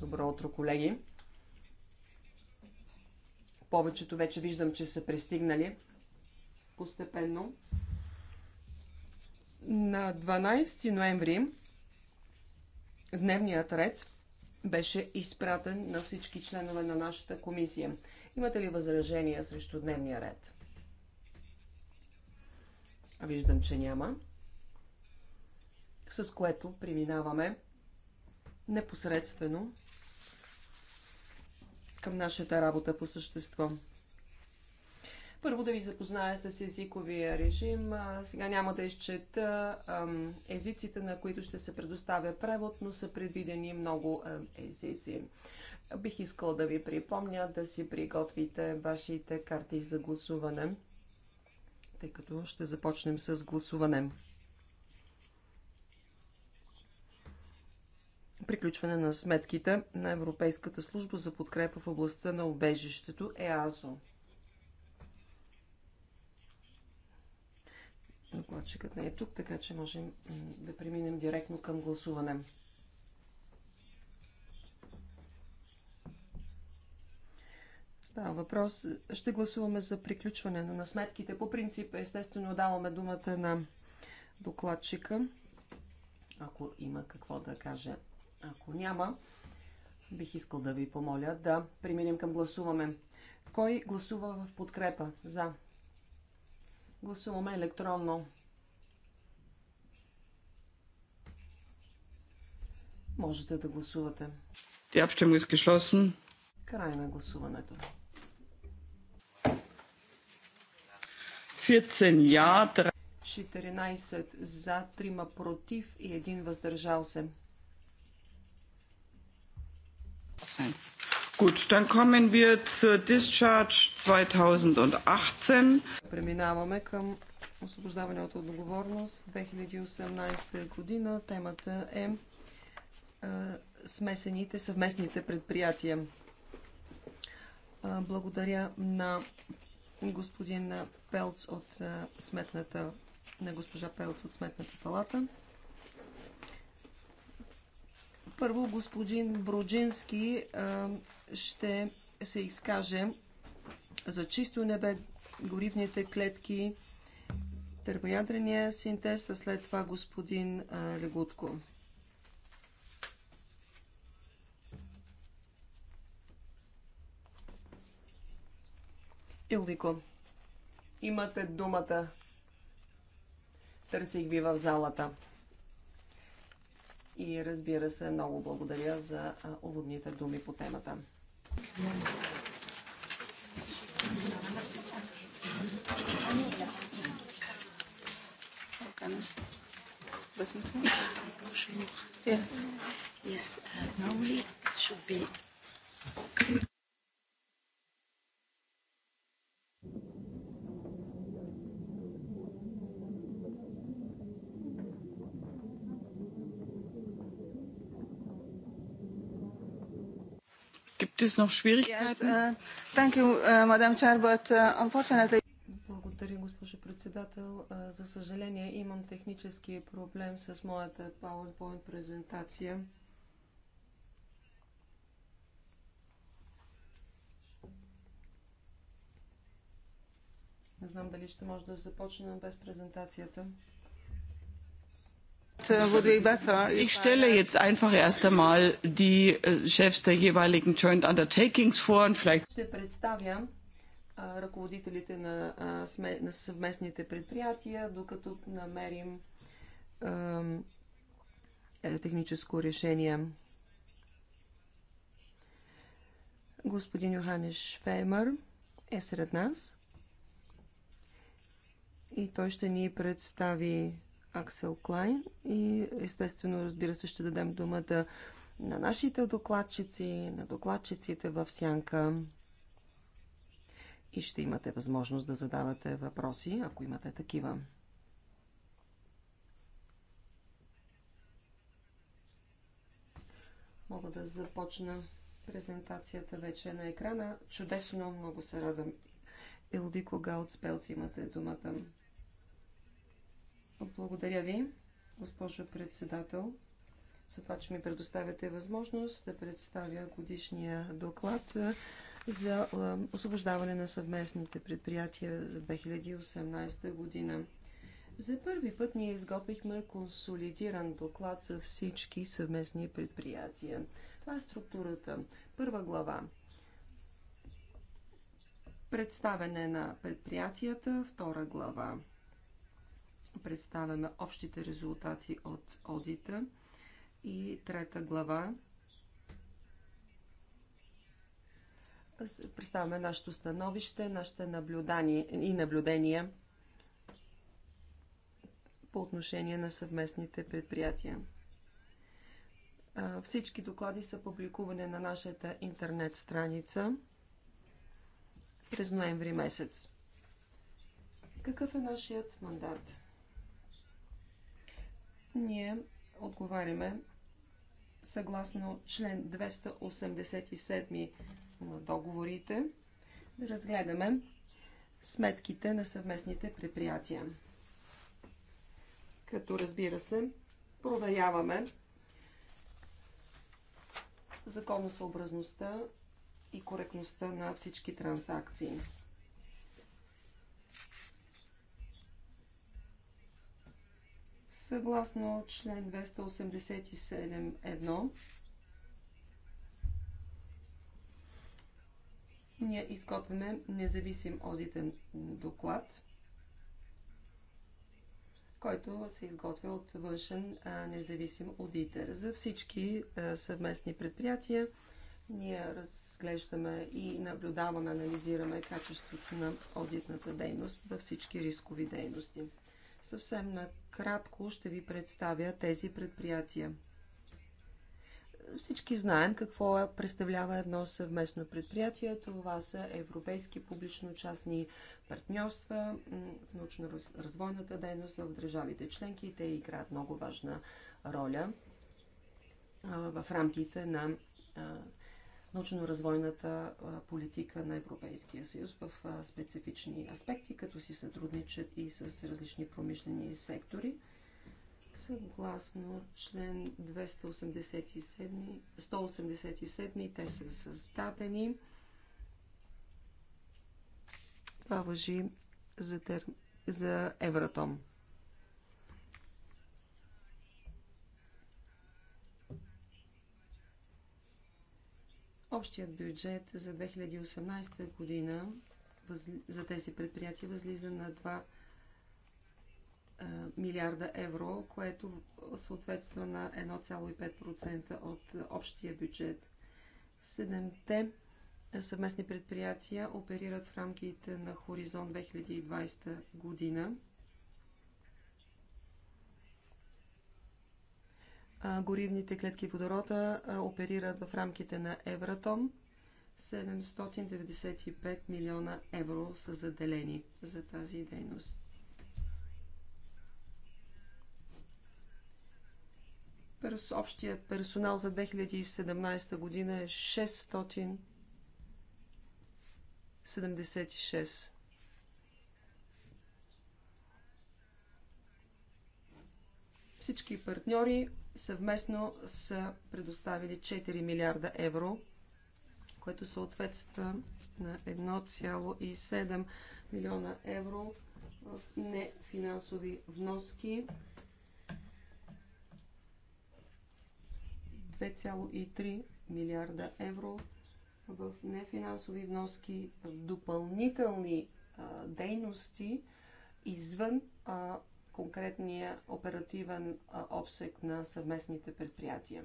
Добро утро, колеги. Повечето вече виждам, че са пристигнали постепенно. На 12 ноември дневният ред беше изпратен на всички членове на нашата комисия. Имате ли възражения срещу дневния ред? Виждам, че няма. С което преминаваме непосредствено към нашата работа по същество. Първо да ви запозная с езиковия режим. Сега няма да изчета езиците, на които ще се предоставя превод, но са предвидени много езици. Бих искала да ви припомня да си приготвите вашите карти за гласуване тъй като ще започнем с гласуване. Приключване на сметките на Европейската служба за подкрепа в областта на обежището ЕАЗО. Докладчикът не е тук, така че можем да преминем директно към гласуване. Става въпрос. Ще гласуваме за приключване на сметките. По принцип, естествено, даваме думата на докладчика, ако има какво да каже. Ако няма, бих искал да ви помоля да преминем към гласуваме. Кой гласува в подкрепа? За. Гласуваме електронно. Можете да гласувате. Die Abstimmung ist geschlossen. Край на гласуването. 14 за, 3 против и 1 въздържал се. Gut, dann kommen wir zur Discharge 2018. Преминаваме към освобождаване от отговорност 2018 година. Темата е смесените съвместните предприятия. Благодаря на господин Пелц от сметната, на госпожа Пелц от сметната палата. Първо господин Броджински ще се изкаже за чисто небе, горивните клетки, термоядрения синтез, а след това господин Легутко. Илдико, имате думата. Търсих ви в залата. И разбира се, много благодаря за уводните думи по темата. Yes. Yes. Uh, normally it should be es noch Schwierigkeiten? Благодаря, госпожо председател. Uh, за съжаление, имам технически проблем с моята PowerPoint презентация. Не знам дали ще може да започнем без презентацията. Ich stelle jetzt einfach erst einmal die äh, Chefs der jeweiligen Joint Undertakings vor und vielleicht. ръководителите на, на съвместните предприятия, докато намерим е, техническо решение. Господин Йоханеш Феймър е сред нас и той ще ни представи Аксел Клайн и естествено, разбира се, ще дадем думата на нашите докладчици, на докладчиците в Сянка и ще имате възможност да задавате въпроси, ако имате такива. Мога да започна презентацията вече на екрана. Чудесно, много се радвам. Елодико от Спелц, имате думата. Благодаря ви, госпожо председател, за това, че ми предоставяте възможност да представя годишния доклад за освобождаване на съвместните предприятия за 2018 година. За първи път ние изготвихме консолидиран доклад за всички съвместни предприятия. Това е структурата. Първа глава. Представяне на предприятията. Втора глава представяме общите резултати от одита и трета глава представяме нашето становище, нашите наблюдания и наблюдения по отношение на съвместните предприятия. Всички доклади са публикувани на нашата интернет страница през ноември месец. Какъв е нашият мандат? ние отговаряме съгласно член 287 на договорите да разгледаме сметките на съвместните предприятия. Като разбира се, проверяваме законосъобразността и коректността на всички транзакции. Съгласно член 287.1 ние изготвяме независим одитен доклад, който се изготвя от външен независим одитер. За всички съвместни предприятия ние разглеждаме и наблюдаваме, анализираме качеството на одитната дейност във всички рискови дейности. Съвсем на Кратко ще ви представя тези предприятия. Всички знаем какво е- представлява едно съвместно предприятие. Това са европейски публично-частни партньорства в научно-развойната дейност в държавите членки те играят много важна роля в рамките на научно-развойната политика на Европейския съюз в специфични аспекти, като си сътрудничат и с различни промишлени сектори. Съгласно член 287, 187, те са създадени. Това въжи за, тер... за Евратом. Общият бюджет за 2018 година за тези предприятия възлиза на 2 милиарда евро, което съответства на 1,5% от общия бюджет. Седемте съвместни предприятия оперират в рамките на Хоризонт 2020 година горивните клетки водорода оперират в рамките на Евратом. 795 милиона евро са заделени за тази дейност. общият персонал за 2017 година е 676. Всички партньори съвместно са предоставили 4 милиарда евро, което съответства на 1,7 милиона евро в нефинансови вноски. 2,3 милиарда евро в нефинансови вноски, в допълнителни а, дейности извън а, конкретния оперативен обсек на съвместните предприятия.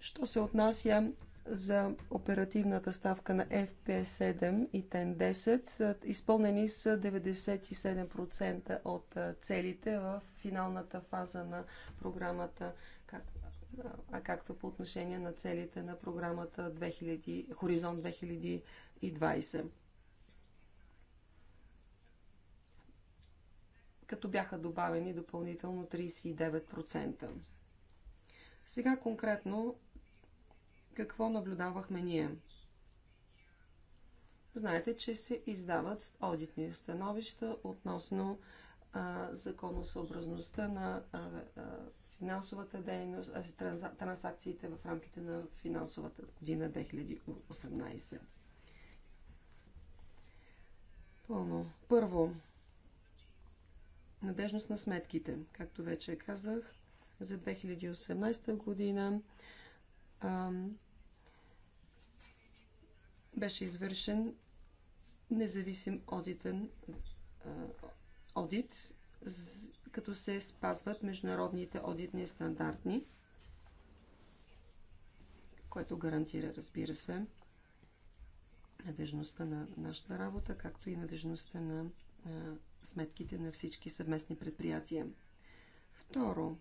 Що се отнася за оперативната ставка на FP7 и TEN10, изпълнени са 97% от целите в финалната фаза на програмата а както по отношение на целите на програмата 2000, Хоризонт 2020. като бяха добавени допълнително 39%. Сега конкретно какво наблюдавахме ние? Знаете, че се издават одитни становища относно а, законосъобразността на а, а, финансовата дейност, трансакциите в рамките на финансовата година 2018. Пълно. Първо, надежност на сметките. Както вече казах, за 2018 година ам, беше извършен независим одитен а, одит като се спазват международните одитни стандарти, което гарантира, разбира се, надежността на нашата работа, както и надежността на а, сметките на всички съвместни предприятия. Второ,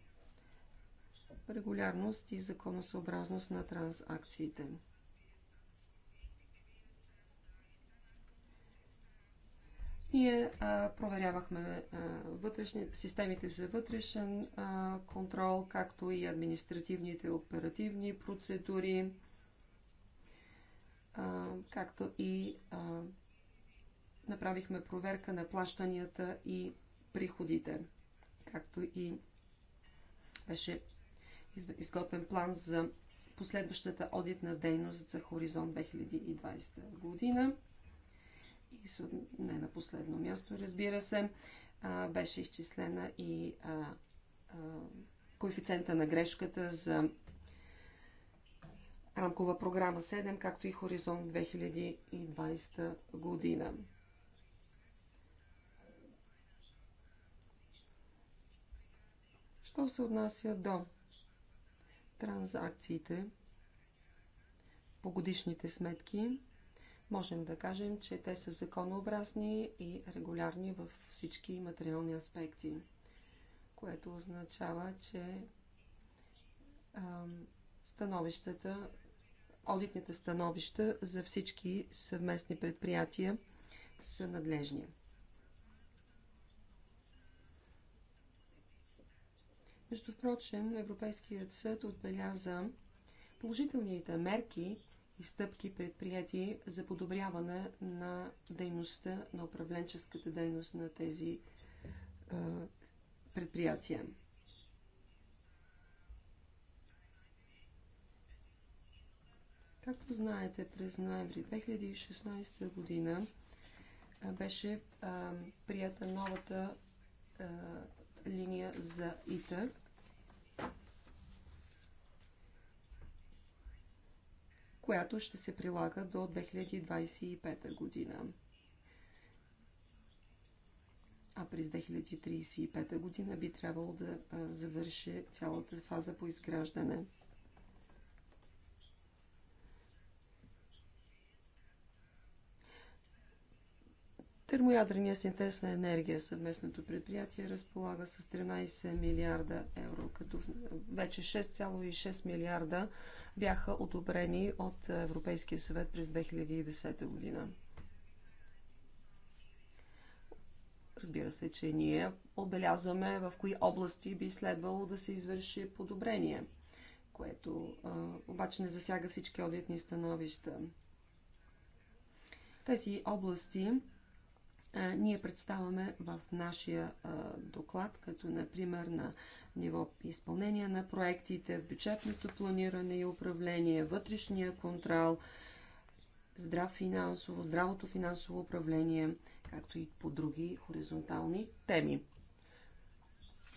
регулярност и законосъобразност на трансакциите. Ние а, проверявахме а, вътрешни, системите за вътрешен а, контрол, както и административните оперативни процедури, а, както и а, направихме проверка на плащанията и приходите, както и беше изготвен план за последващата одитна дейност за Хоризонт 2020 година. И не на последно място, разбира се, беше изчислена и коефициента на грешката за рамкова програма 7, както и Хоризонт 2020 година. Що се отнася до транзакциите по годишните сметки, можем да кажем, че те са законообразни и регулярни във всички материални аспекти, което означава, че становищата, одитните становища за всички съвместни предприятия са надлежни. Между впрочем, Европейският съд отбеляза положителните мерки, и стъпки предприяти за подобряване на дейността, на управленческата дейност на тези а, е, предприятия. Както знаете, през ноември 2016 година е, беше а, е, прията новата а, линия за ИТА, която ще се прилага до 2025 година. А през 2035 година би трябвало да завърши цялата фаза по изграждане. Термоядрения синтез на енергия съвместното предприятие разполага с 13 милиарда евро, като вече 6,6 милиарда евро бяха одобрени от Европейския съвет през 2010 година. Разбира се, че ние обелязваме в кои области би следвало да се извърши подобрение, което а, обаче не засяга всички одитни становища. Тези области ние представяме в нашия доклад, като например на ниво изпълнение на проектите, бюджетното планиране и управление, вътрешния контрол, здрав финансово, здравото финансово управление, както и по други хоризонтални теми.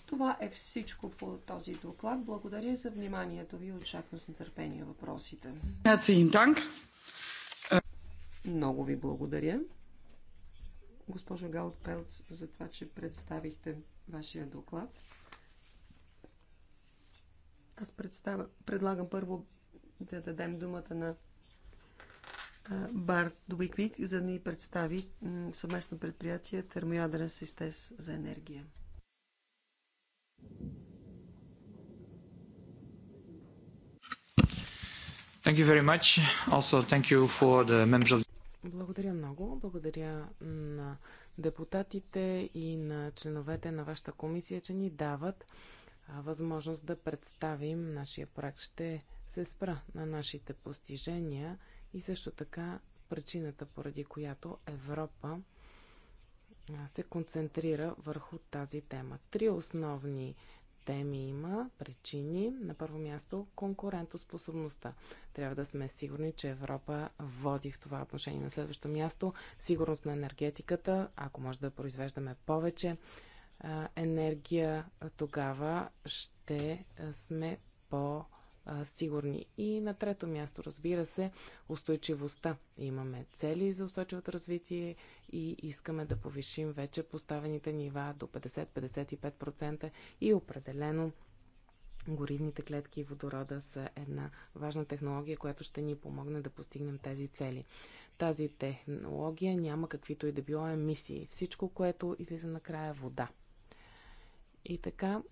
Това е всичко по този доклад. Благодаря за вниманието ви. и Очаквам с нетърпение въпросите. Много ви благодаря госпожо Пелц, за това, че представихте вашия доклад. Аз представя, предлагам първо да дадем думата на Барт Дубиквик, за да ни представи съвместно предприятие термоядрен систес за енергия. Thank you very much. Also, thank you for the members of благодаря много. Благодаря на депутатите и на членовете на вашата комисия, че ни дават възможност да представим нашия проект. Ще се спра на нашите постижения и също така причината, поради която Европа се концентрира върху тази тема. Три основни теми има, причини. На първо място конкурентоспособността. Трябва да сме сигурни, че Европа води в това отношение. На следващо място сигурност на енергетиката. Ако може да произвеждаме повече енергия, тогава ще сме по- а, сигурни. И на трето място, разбира се, устойчивостта. Имаме цели за устойчивото развитие и искаме да повишим вече поставените нива до 50-55% и определено горивните клетки и водорода са една важна технология, която ще ни помогне да постигнем тези цели. Тази технология няма каквито и да било емисии. Всичко, което излиза накрая е вода. И така,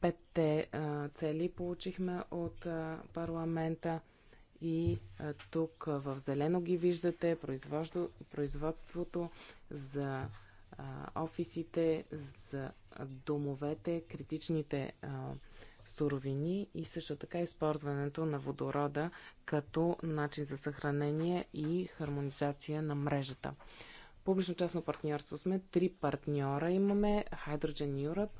петте цели получихме от парламента и тук в зелено ги виждате производството за офисите, за домовете, критичните суровини и също така използването на водорода като начин за съхранение и хармонизация на мрежата. Публично-частно партньорство сме. Три партньора имаме. Hydrogen Europe,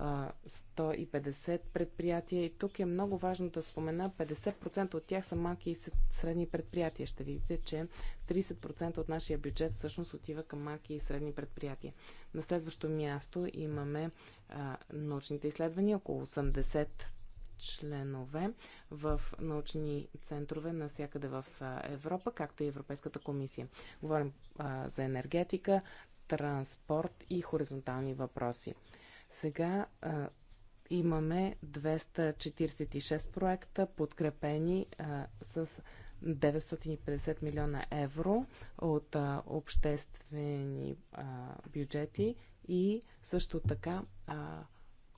150 предприятия и тук е много важно да спомена, 50% от тях са малки и средни предприятия. Ще видите, че 30% от нашия бюджет всъщност отива към малки и средни предприятия. На следващо място имаме а, научните изследвания, около 80 членове в научни центрове навсякъде в Европа, както и Европейската комисия. Говорим а, за енергетика, транспорт и хоризонтални въпроси. Сега а, имаме 246 проекта, подкрепени а, с 950 милиона евро от а, обществени а, бюджети и също така а,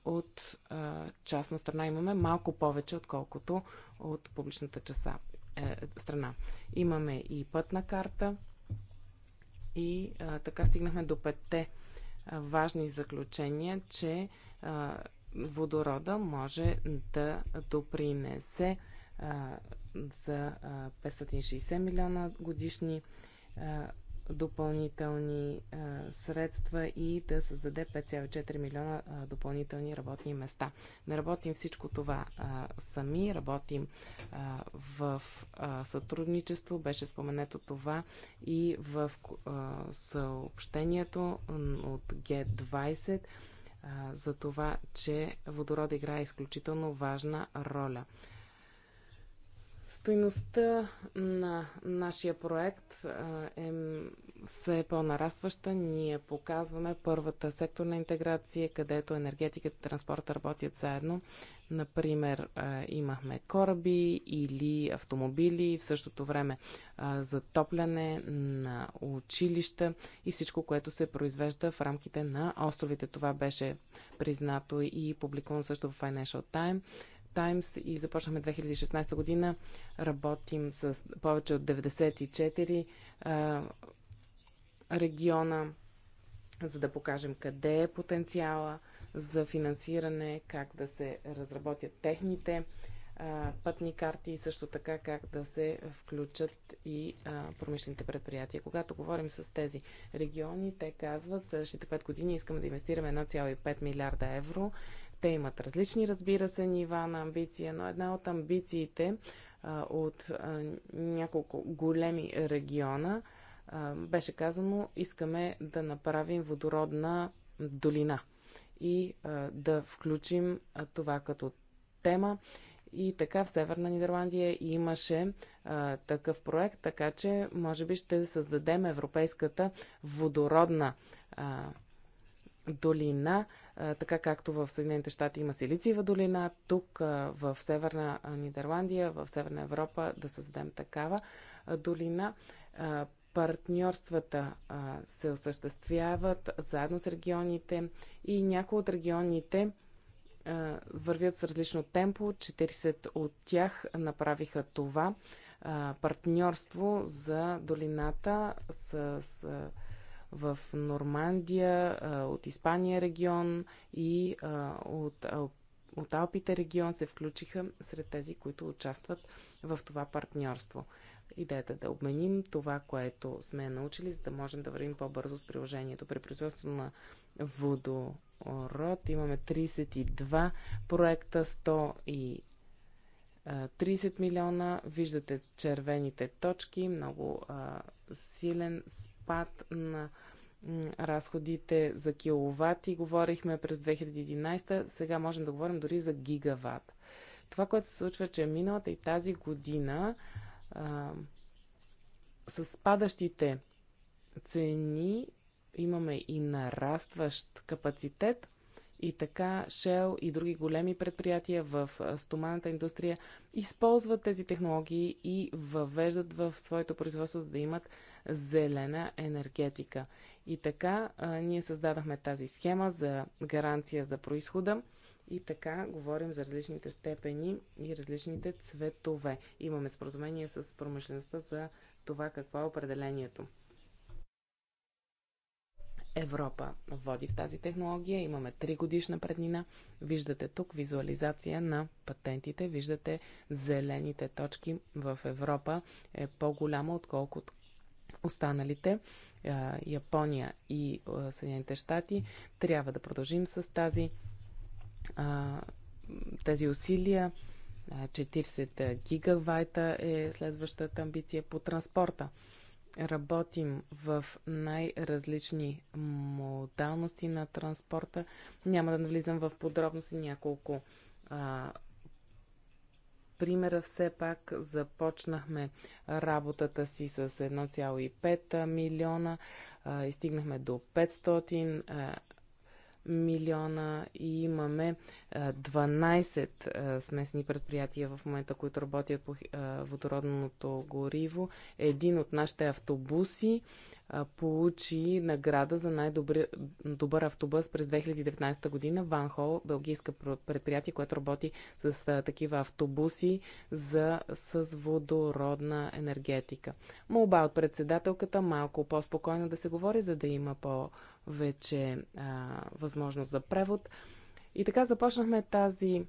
от а, частна страна имаме малко повече, отколкото от публичната часа, е, страна. Имаме и пътна карта и а, така стигнахме до петте важни заключения, че водорода може да допринесе за 560 милиона годишни допълнителни а, средства и да създаде 5,4 милиона а, допълнителни работни места. Не работим всичко това а, сами, работим а, в а, сътрудничество, беше споменето това и в а, съобщението от G20 а, за това, че водород играе изключително важна роля. Стойността на нашия проект е все по-нарастваща. Ние показваме първата секторна интеграция, където енергетиката и транспорта работят заедно. Например, имахме кораби или автомобили, в същото време затопляне на училища и всичко, което се произвежда в рамките на островите. Това беше признато и публикувано също в Financial Times. Times и започнахме 2016 година. Работим с повече от 94 а, региона, за да покажем къде е потенциала за финансиране, как да се разработят техните а, пътни карти и също така как да се включат и а, промишлените предприятия. Когато говорим с тези региони, те казват, следващите 5 години искаме да инвестираме 1,5 милиарда евро те имат различни, разбира се, нива на амбиция, но една от амбициите а, от а, няколко големи региона а, беше казано, искаме да направим водородна долина и а, да включим а, това като тема. И така в Северна Нидерландия имаше а, такъв проект, така че може би ще създадем европейската водородна а, долина, така както в Съединените щати има Силициева долина, тук в Северна Нидерландия, в Северна Европа да създадем такава долина. Партньорствата се осъществяват заедно с регионите и някои от регионите вървят с различно темпо. 40 от тях направиха това партньорство за долината с в Нормандия, от Испания регион и от, от Алпите регион се включиха сред тези, които участват в това партньорство. Идеята е да обменим това, което сме научили, за да можем да вървим по-бързо с приложението. При производство на водород имаме 32 проекта, 100 и 30 милиона. Виждате червените точки, много а, силен спад на разходите за киловатт и говорихме през 2011, сега можем да говорим дори за гигаватт. Това, което се случва, е, че миналата и тази година а, с падащите цени имаме и нарастващ капацитет и така Shell и други големи предприятия в стоманата индустрия използват тези технологии и въвеждат в своето производство, за да имат зелена енергетика. И така а, ние създадахме тази схема за гаранция за происхода. И така говорим за различните степени и различните цветове. Имаме споразумение с промишлеността за това какво е определението. Европа води в тази технология. Имаме 3 годишна преднина. Виждате тук визуализация на патентите. Виждате зелените точки в Европа е по-голяма, отколкото останалите, Япония и Съединените щати, трябва да продължим с тази, тези усилия. 40 гигавайта е следващата амбиция по транспорта. Работим в най-различни модалности на транспорта. Няма да навлизам в подробности няколко а, примера все пак започнахме работата си с 1,5 милиона и стигнахме до 500 милиона и имаме 12 смесни предприятия в момента, които работят по водородното гориво. Един от нашите автобуси получи награда за най-добър автобус през 2019 година. Ван Хол, белгийска предприятие, което работи с а, такива автобуси за, с водородна енергетика. Молба от председателката малко по-спокойно да се говори, за да има повече а, възможност за превод. И така започнахме тази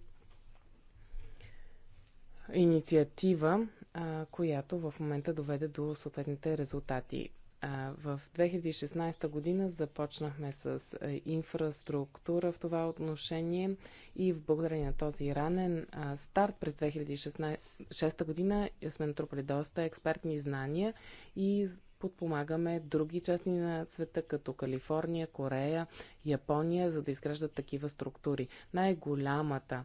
инициатива, а, която в момента доведе до съответните резултати. В 2016 година започнахме с инфраструктура в това отношение и в благодарение на този ранен старт през 2016 година сме натрупали доста експертни знания и подпомагаме други части на света, като Калифорния, Корея, Япония, за да изграждат такива структури. Най-голямата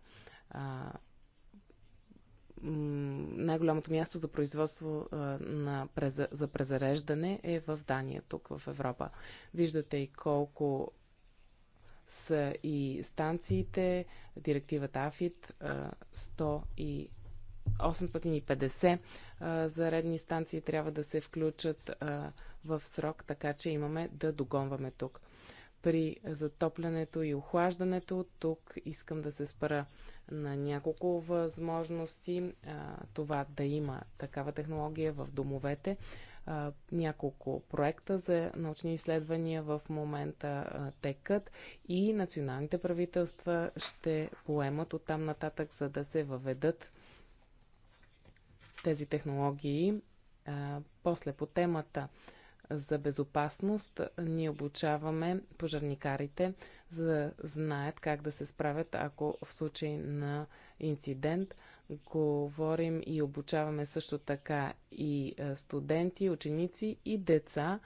най-голямото място за производство а, на, за презареждане е в Дания, тук в Европа. Виждате и колко са и станциите, директивата АФИТ, 100 и 850 а, заредни станции трябва да се включат в срок, така че имаме да догонваме тук при затоплянето и охлаждането. Тук искам да се спра на няколко възможности това да има такава технология в домовете. Няколко проекта за научни изследвания в момента текат и националните правителства ще поемат оттам нататък, за да се въведат тези технологии. После по темата за безопасност. Ние обучаваме пожарникарите, за да знаят как да се справят, ако в случай на инцидент. Говорим и обучаваме също така и студенти, ученици и деца,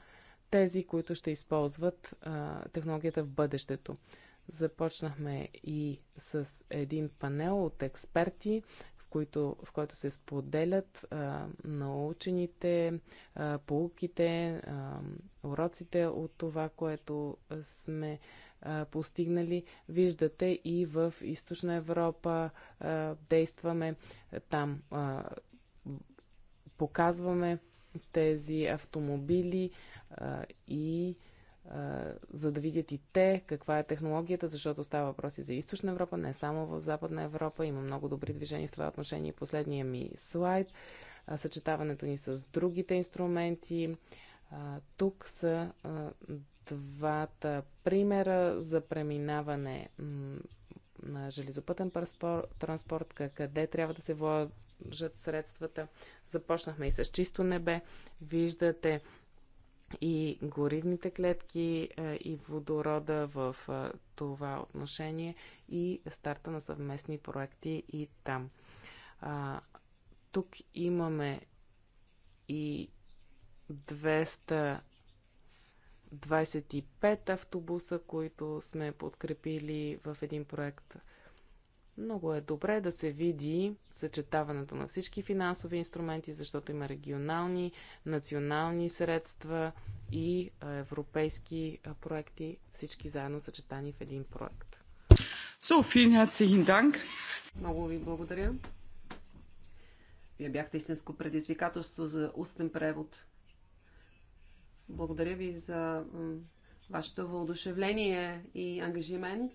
тези, които ще използват технологията в бъдещето. Започнахме и с един панел от експерти, които, в който се споделят а, научените а, полуките, а, уроците от това, което сме а, постигнали. Виждате и в Източна Европа а, действаме там. А, показваме тези автомобили а, и за да видят и те каква е технологията, защото става въпроси за източна Европа, не само в Западна Европа. Има много добри движения в това отношение. Последния ми слайд съчетаването ни с другите инструменти. Тук са двата примера за преминаване на железопътен транспорт, къде трябва да се вложат средствата. Започнахме и с чисто небе. Виждате и горивните клетки е, и водорода в е, това отношение и старта на съвместни проекти и там. Тук имаме и 225 автобуса, които сме подкрепили в един проект – много е добре да се види съчетаването на всички финансови инструменти, защото има регионални, национални средства и европейски проекти, всички заедно съчетани в един проект. So, Dank. Много ви благодаря. Вие бяхте истинско предизвикателство за устен превод. Благодаря ви за вашето въодушевление и ангажимент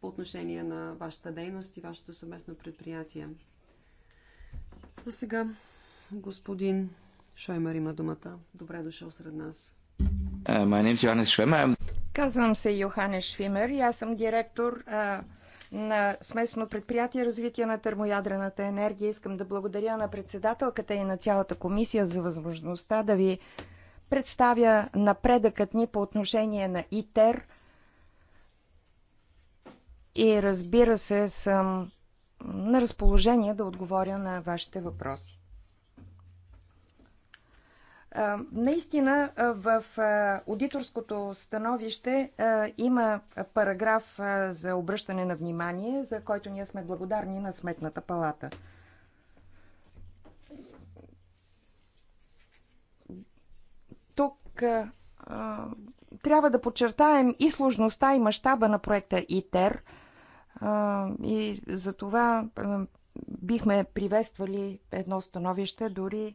по отношение на вашата дейност и вашето съвместно предприятие. А сега господин Шоймер има думата. Добре дошъл сред нас. Е, Казвам се Йоханес Швимер и аз съм директор а, на сместно предприятие развитие на термоядрената енергия. Искам да благодаря на председателката и на цялата комисия за възможността да ви представя напредъкът ни по отношение на ИТЕР и разбира се съм на разположение да отговоря на вашите въпроси. Наистина в аудиторското становище има параграф за обръщане на внимание, за който ние сме благодарни на Сметната палата. Тук трябва да подчертаем и сложността и мащаба на проекта ИТЕР – и за това бихме приветствали едно становище дори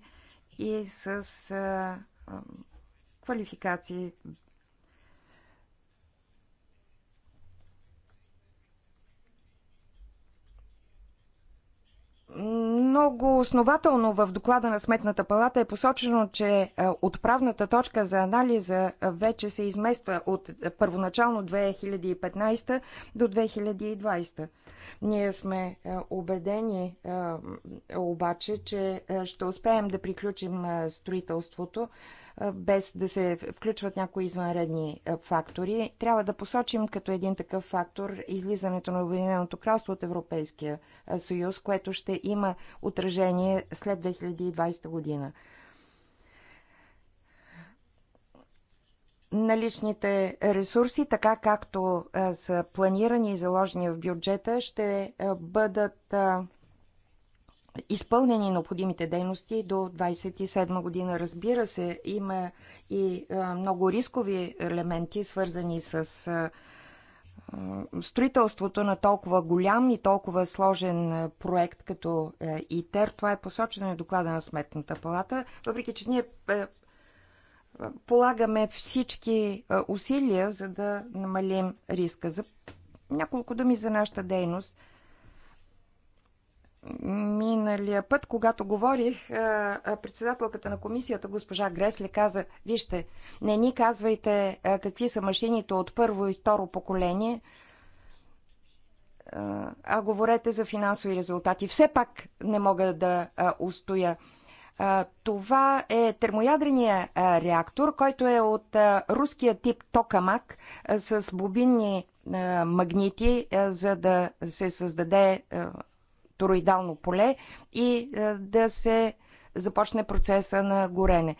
и с квалификации Много основателно в доклада на Сметната палата е посочено, че е, отправната точка за анализа е, вече се измества от е, първоначално 2015 до 2020. Ние сме убедени обаче, че ще успеем да приключим строителството без да се включват някои извънредни фактори. Трябва да посочим като един такъв фактор излизането на Обединеното кралство от Европейския съюз, което ще има отражение след 2020 година. наличните ресурси, така както са планирани и заложени в бюджета, ще бъдат изпълнени необходимите дейности до 27 година. Разбира се, има и много рискови елементи, свързани с строителството на толкова голям и толкова сложен проект като ИТЕР. Това е посочено и доклада на Сметната палата, въпреки че ние полагаме всички усилия, за да намалим риска. За няколко думи за нашата дейност – Миналия път, когато говорих, председателката на комисията, госпожа Гресли, каза, вижте, не ни казвайте какви са машините от първо и второ поколение, а говорете за финансови резултати. Все пак не мога да устоя. Това е термоядрения реактор, който е от руския тип токамак с бобинни магнити, за да се създаде тороидално поле и е, да се започне процеса на горене.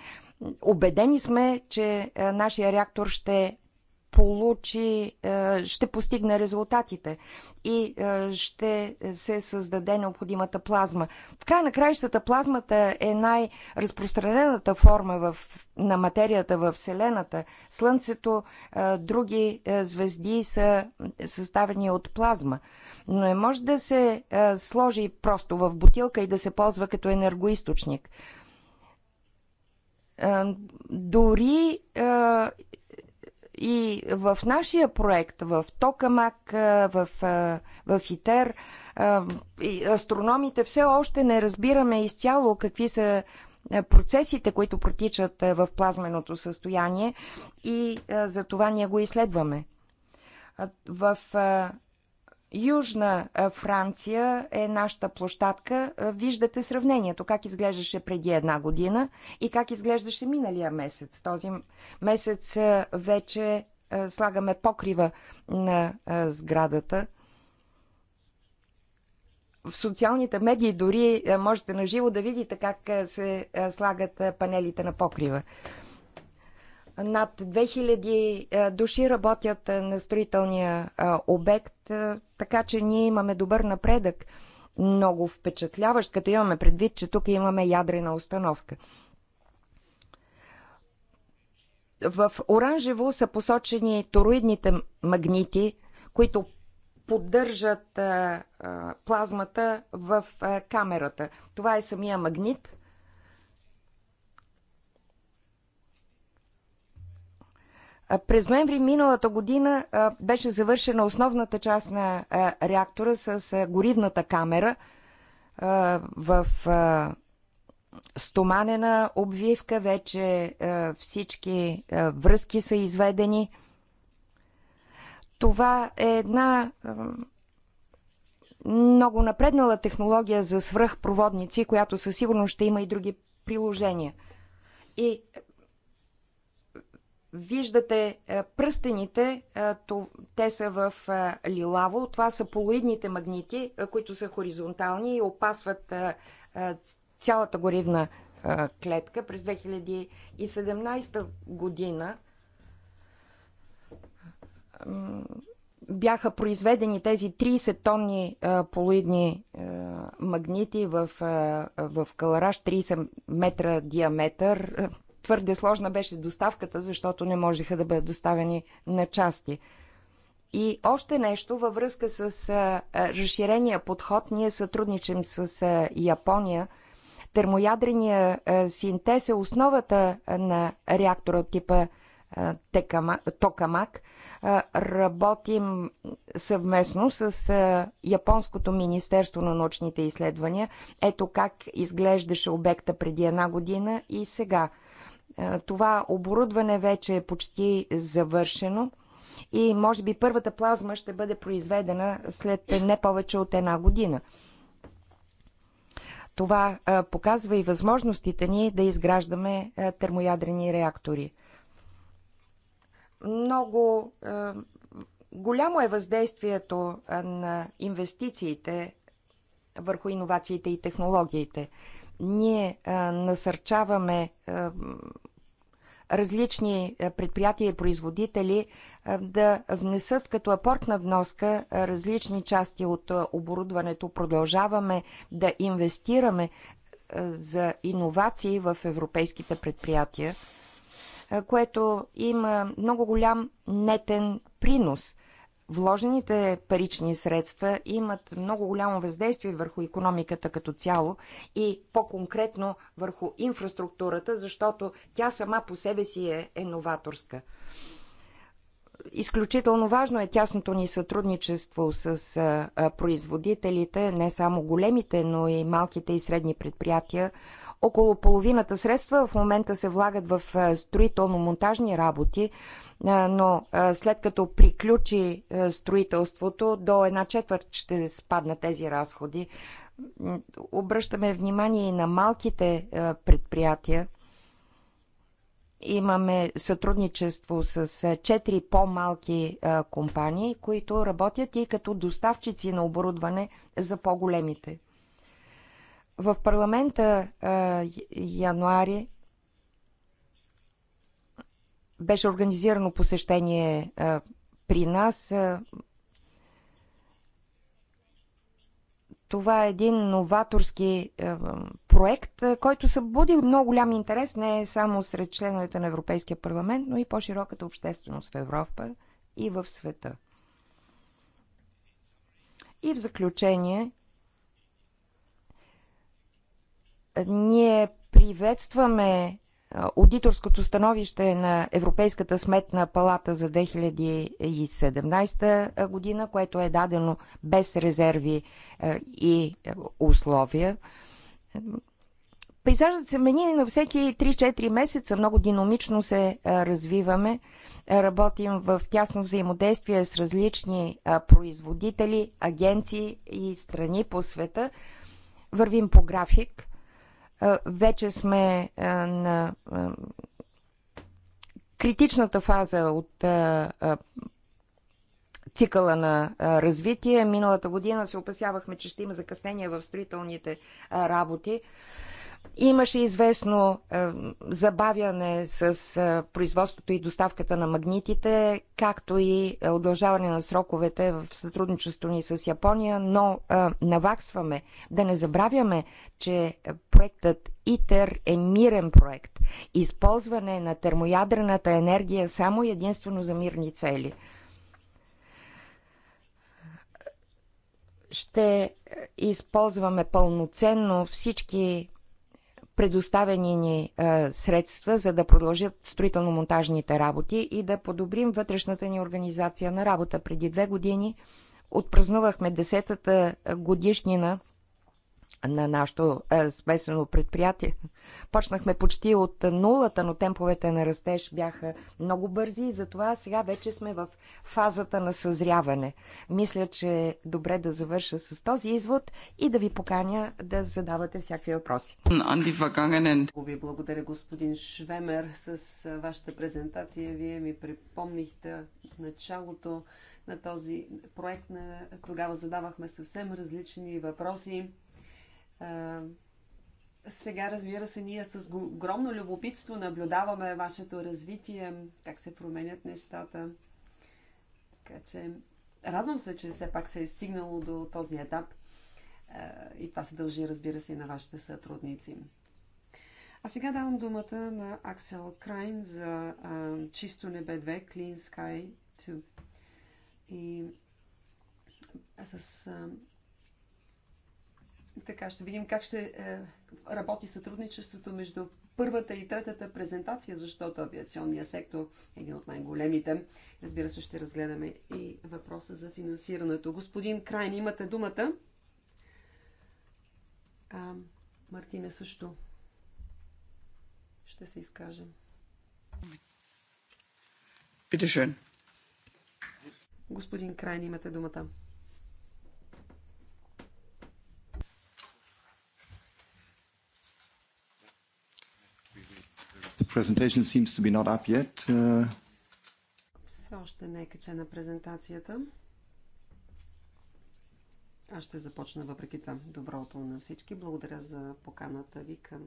Обедени сме, че е, нашия реактор ще получи, е, ще постигне резултатите и ще се създаде необходимата плазма. В край на краищата плазмата е най-разпространената форма в, на материята в Вселената. Слънцето, други звезди са съставени от плазма но не може да се е, сложи просто в бутилка и да се ползва като енергоисточник. Е, дори е, и в нашия проект, в Токамак, в, в ИТЕР, астрономите все още не разбираме изцяло какви са процесите, които протичат в плазменото състояние и за това ние го изследваме. В Южна Франция е нашата площадка. Виждате сравнението как изглеждаше преди една година и как изглеждаше миналия месец. Този месец вече слагаме покрива на сградата. В социалните медии дори можете на живо да видите как се слагат панелите на покрива. Над 2000 души работят на строителния обект така че ние имаме добър напредък, много впечатляващ, като имаме предвид, че тук имаме ядрена установка. В оранжево са посочени тороидните магнити, които поддържат а, а, плазмата в а, камерата. Това е самия магнит. През ноември миналата година беше завършена основната част на реактора с горивната камера в стоманена обвивка. Вече всички връзки са изведени. Това е една много напреднала технология за свръхпроводници, която със сигурност ще има и други приложения. И Виждате е, пръстените, е, те са в е, лилаво. Това са полоидните магнити, които са хоризонтални и опасват цялата горивна клетка. През 2017 година бяха произведени тези 30 тонни полоидни магнити в, в калараж 30 метра диаметър Твърде сложна беше доставката, защото не можеха да бъдат доставени на части. И още нещо във връзка с а, разширения подход. Ние сътрудничим с а, Япония. Термоядрения а, синтез е основата на реактора от типа а, текама, Токамак. А, работим съвместно с а, Японското Министерство на научните изследвания. Ето как изглеждаше обекта преди една година и сега. Е, това оборудване вече е почти завършено и може би първата плазма ще бъде произведена след не повече от една година. Това е, показва и възможностите ни да изграждаме е, термоядрени реактори. Много голямо е въздействието на инвестициите върху иновациите и технологиите. Ние насърчаваме различни е, предприятия и производители е, да внесат като апортна вноска е, различни части от оборудването. Продължаваме да инвестираме за иновации в европейските предприятия, което има много голям нетен принос вложените парични средства имат много голямо въздействие върху економиката като цяло и по-конкретно върху инфраструктурата, защото тя сама по себе си е, е новаторска. Изключително важно е тясното ни сътрудничество с а, производителите, не само големите, но и малките и средни предприятия, около половината средства в момента се влагат в строително-монтажни работи, но след като приключи строителството, до една четвърт ще спаднат тези разходи. Обръщаме внимание и на малките предприятия. Имаме сътрудничество с четири по-малки компании, които работят и като доставчици на оборудване за по-големите. В парламента а, януари беше организирано посещение а, при нас. А, това е един новаторски а, проект, а, който събуди много голям интерес не само сред членовете на Европейския парламент, но и по-широката общественост в Европа и в света. И в заключение, Ние приветстваме аудиторското становище на Европейската сметна палата за 2017 година, което е дадено без резерви и условия. Пейзажът се мени на всеки 3-4 месеца, много динамично се развиваме. Работим в тясно взаимодействие с различни производители, агенции и страни по света. Вървим по график – вече сме на критичната фаза от цикъла на развитие. Миналата година се опасявахме, че ще има закъснение в строителните работи. Имаше известно е, забавяне с е, производството и доставката на магнитите, както и е, удължаване на сроковете в сътрудничество ни с Япония, но е, наваксваме. Да не забравяме, че проектът ИТЕР е мирен проект. Използване на термоядрената енергия само единствено за мирни цели. Ще е, използваме пълноценно всички Предоставени ни е, средства, за да продължат строително-монтажните работи и да подобрим вътрешната ни организация на работа. Преди две години отпразнувахме 10-та годишнина на нашето е, смесено предприятие. Почнахме почти от нулата, но темповете на растеж бяха много бързи и затова сега вече сме в фазата на съзряване. Мисля, че е добре да завърша с този извод и да ви поканя да задавате всякакви въпроси. ви благодаря, господин Швемер. С вашата презентация вие ми припомнихте началото на този проект. Тогава задавахме съвсем различни въпроси сега, разбира се, ние с огромно любопитство наблюдаваме вашето развитие, как се променят нещата. Така че радвам се, че все пак се е стигнало до този етап. И това се дължи, разбира се, и на вашите сътрудници. А сега давам думата на Аксел Крайн за а, Чисто небе 2, Clean Sky 2. И с а, така ще видим как ще е, работи сътрудничеството между първата и третата презентация, защото авиационният сектор е един от най-големите. Разбира се, ще разгледаме и въпроса за финансирането. Господин Крайн, имате думата. А, Мартина също ще се изкаже. Питешен. Господин Крайн, имате думата. presentation seems to be not up yet. Uh, Все още не е качена презентацията. Аз ще започна въпреки това. Доброто на всички. Благодаря за поканата ви към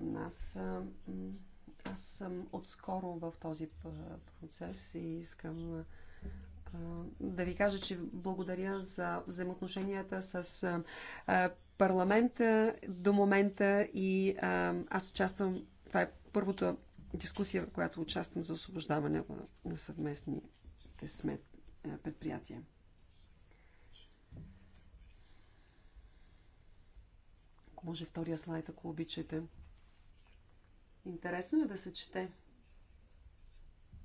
нас. Аз съм отскоро в този процес и искам да ви кажа, че благодаря за взаимоотношенията с парламента до момента и аз участвам това е първата дискусия, в която участвам за освобождаване на съвместните смет е, предприятия. Ако може втория слайд, ако обичате. Интересно е да се чете.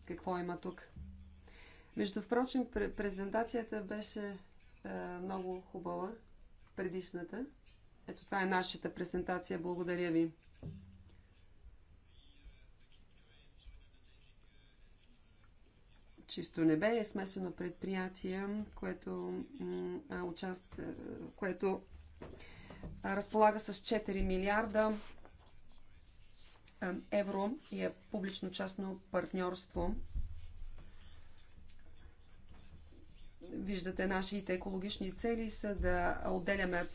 Какво има тук? Между впрочем, презентацията беше е, много хубава, предишната. Ето това е нашата презентация. Благодаря ви. чисто небе е смесено предприятие, което, участ... което разполага с 4 милиарда евро и е публично-частно партньорство. Виждате, нашите екологични цели са да отделяме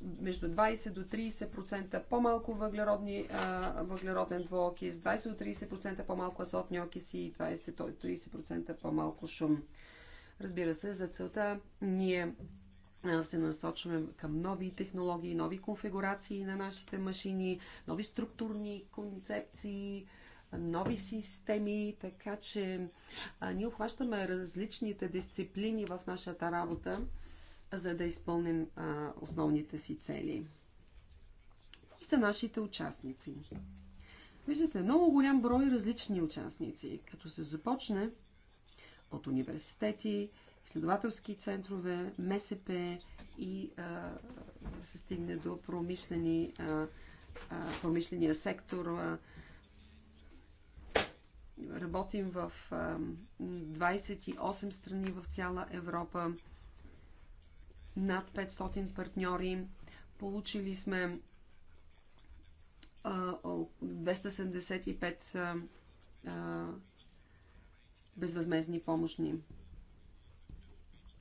между 20 до 30% по-малко въглеродни, а, въглероден двуокис, 20 до 30% по-малко азотни окиси и 20 до 30% по-малко шум. Разбира се, за целта ние се насочваме към нови технологии, нови конфигурации на нашите машини, нови структурни концепции, нови системи, така че а, ние обхващаме различните дисциплини в нашата работа за да изпълним а, основните си цели. Кои са нашите участници? Виждате, много голям брой различни участници, като се започне от университети, изследователски центрове, МСП и а, се стигне до промишлени, а, а, промишления сектор. А, работим в а, 28 страни в цяла Европа над 500 партньори. Получили сме 275 безвъзмезни помощни.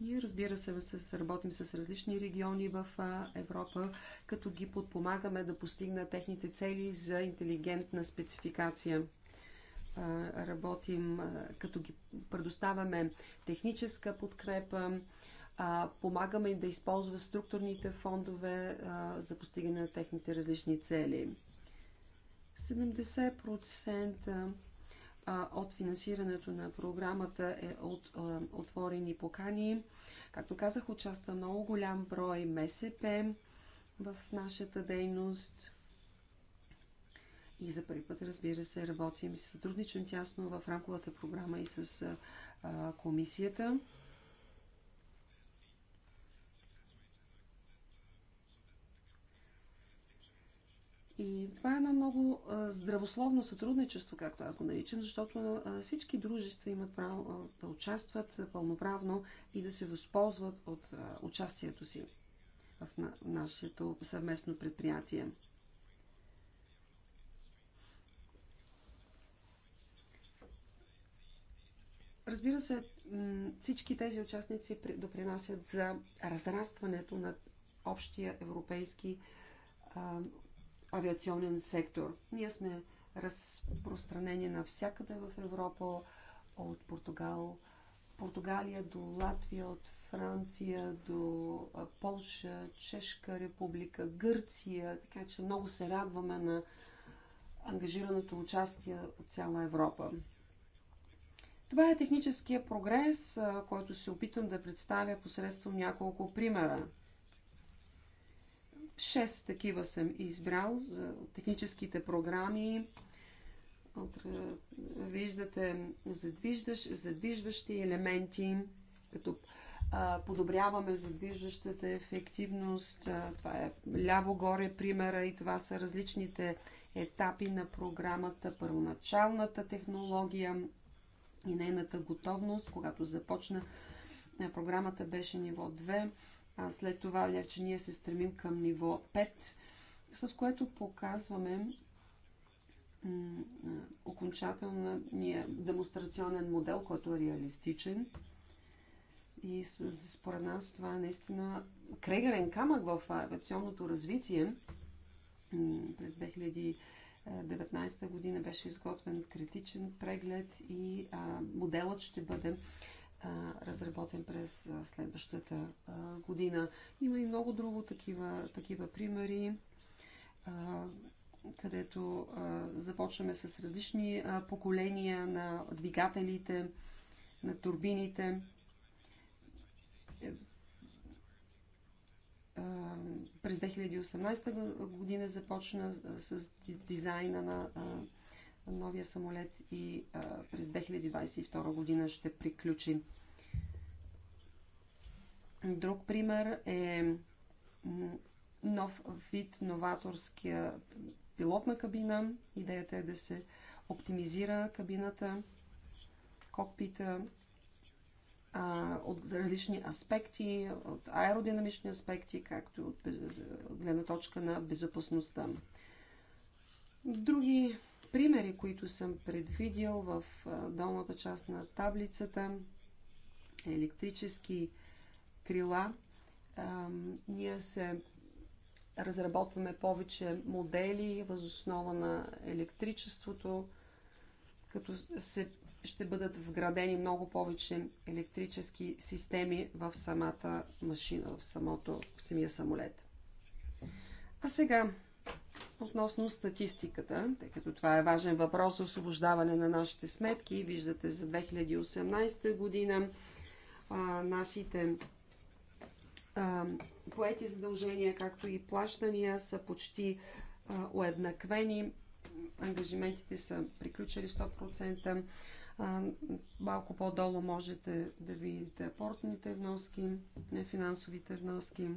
И разбира се, работим с различни региони в Европа, като ги подпомагаме да постигнат техните цели за интелигентна спецификация. Работим, като ги предоставяме техническа подкрепа, а, помагаме да използва структурните фондове а, за постигане на техните различни цели. 70% от финансирането на програмата е от а, отворени покани. Както казах, участва много голям брой МСП в нашата дейност. И за първи път, разбира се, работим и сътрудничам тясно в рамковата програма и с а, комисията. И това е едно много здравословно сътрудничество, както аз го наричам, защото всички дружества имат право да участват пълноправно и да се възползват от участието си в нашето съвместно предприятие. Разбира се, всички тези участници допринасят за разрастването на общия европейски авиационен сектор. Ние сме разпространени навсякъде в Европа, от Португал, Португалия до Латвия, от Франция до Полша, Чешка република, Гърция, така че много се радваме на ангажираното участие от цяла Европа. Това е техническия прогрес, който се опитвам да представя посредством няколко примера. Шест такива съм избрал за техническите програми. Е, виждате задвиждаш, задвижващи елементи, като а, подобряваме задвижващата ефективност. А, това е ляво горе примера и това са различните етапи на програмата, първоначалната технология и нейната готовност, когато започна програмата беше ниво 2 а след това видях, че ние се стремим към ниво 5, с което показваме окончателния демонстрационен модел, който е реалистичен. И според нас това е наистина крегърен камък в авиационното развитие. През 2019 година беше изготвен критичен преглед и моделът ще бъде разработен през следващата година. Има и много друго такива, такива примери, където започваме с различни поколения на двигателите, на турбините. Е, през 2018 година започна с дизайна на новия самолет и а, през 2022 година ще приключи. Друг пример е нов вид новаторския пилотна кабина. Идеята е да се оптимизира кабината, кокпита а, от различни аспекти, от аеродинамични аспекти, както и от гледна точка на безопасността. Други примери, които съм предвидил в долната част на таблицата, електрически крила. Ние се разработваме повече модели възоснова на електричеството, като се, ще бъдат вградени много повече електрически системи в самата машина, в самото, в самия самолет. А сега Относно статистиката, тъй като това е важен въпрос, за освобождаване на нашите сметки, виждате за 2018 година а, нашите а, поети задължения, както и плащания са почти а, уеднаквени. Ангажиментите са приключили 100%. А, малко по-долу можете да видите апортните вноски, нефинансовите вноски.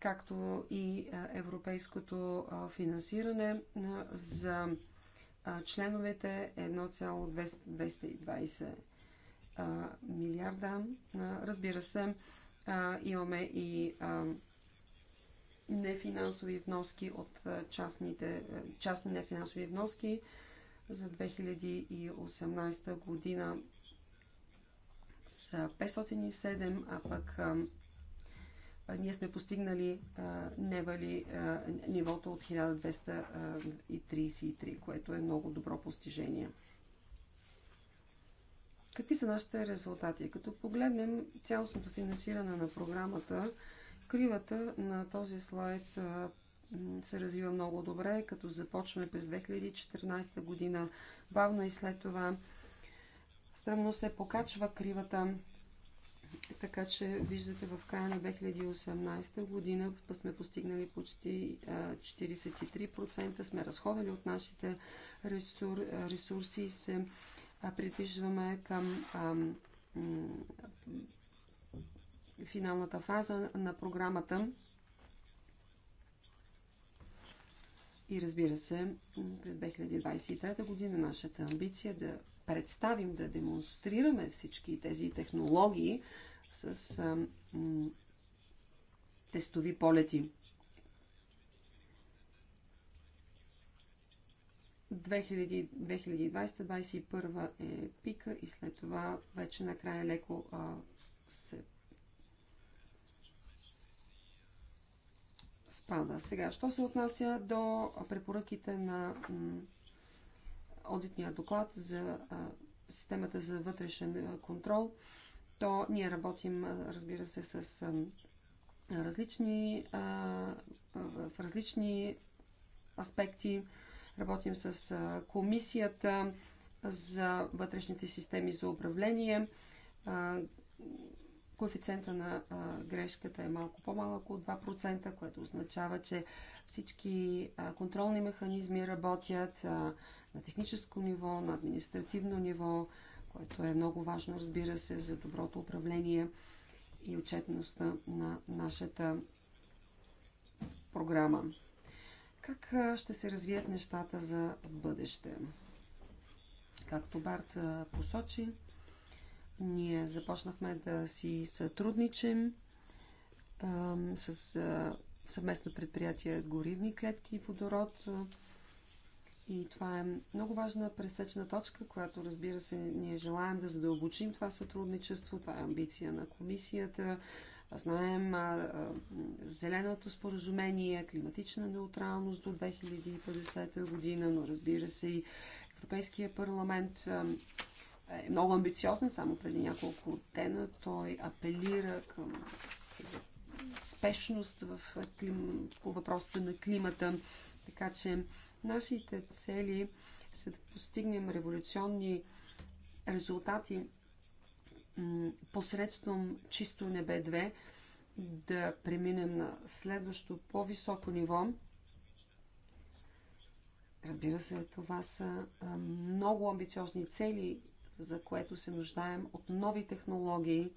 както и европейското финансиране за членовете 1,220 милиарда. Разбира се, имаме и нефинансови вноски от частните, частни нефинансови вноски за 2018 година са 507, а пък ние сме постигнали невали нивото от 1233, което е много добро постижение. Какви са нашите резултати? Като погледнем цялостното финансиране на програмата, кривата на този слайд се развива много добре, като започваме през 2014 година бавно и след това стръмно се покачва кривата така че виждате в края на 2018 година сме постигнали почти 43%, сме разходили от нашите ресур, ресурси и се придвижваме към ам, финалната фаза на програмата. И разбира се, през 2023 година нашата амбиция е да представим, да демонстрираме всички тези технологии с а, м, тестови полети. 2020-2021 е пика и след това вече накрая леко а, се спада. Сега, що се отнася до препоръките на одитния доклад за системата за вътрешен контрол, то ние работим, разбира се, с различни, в различни аспекти. Работим с комисията за вътрешните системи за управление, коефициента на а, грешката е малко по-малък от 2%, което означава, че всички а, контролни механизми работят а, на техническо ниво, на административно ниво, което е много важно, разбира се, за доброто управление и отчетността на нашата програма. Как ще се развият нещата за бъдеще? Както Барт посочи, ние започнахме да си сътрудничим с съвместно предприятие горивни клетки и водород. И това е много важна пресечна точка, която разбира се ние желаем да задълбочим това сътрудничество. Това е амбиция на комисията. Знаем зеленото споразумение, климатична неутралност до 2050 година, но разбира се и Европейския парламент е много амбициозен. Само преди няколко дена той апелира към спешност в клим... по въпросите на климата. Така че нашите цели са да постигнем революционни резултати посредством чисто небе 2, да преминем на следващо по-високо ниво. Разбира се, това са много амбициозни цели за което се нуждаем от нови технологии.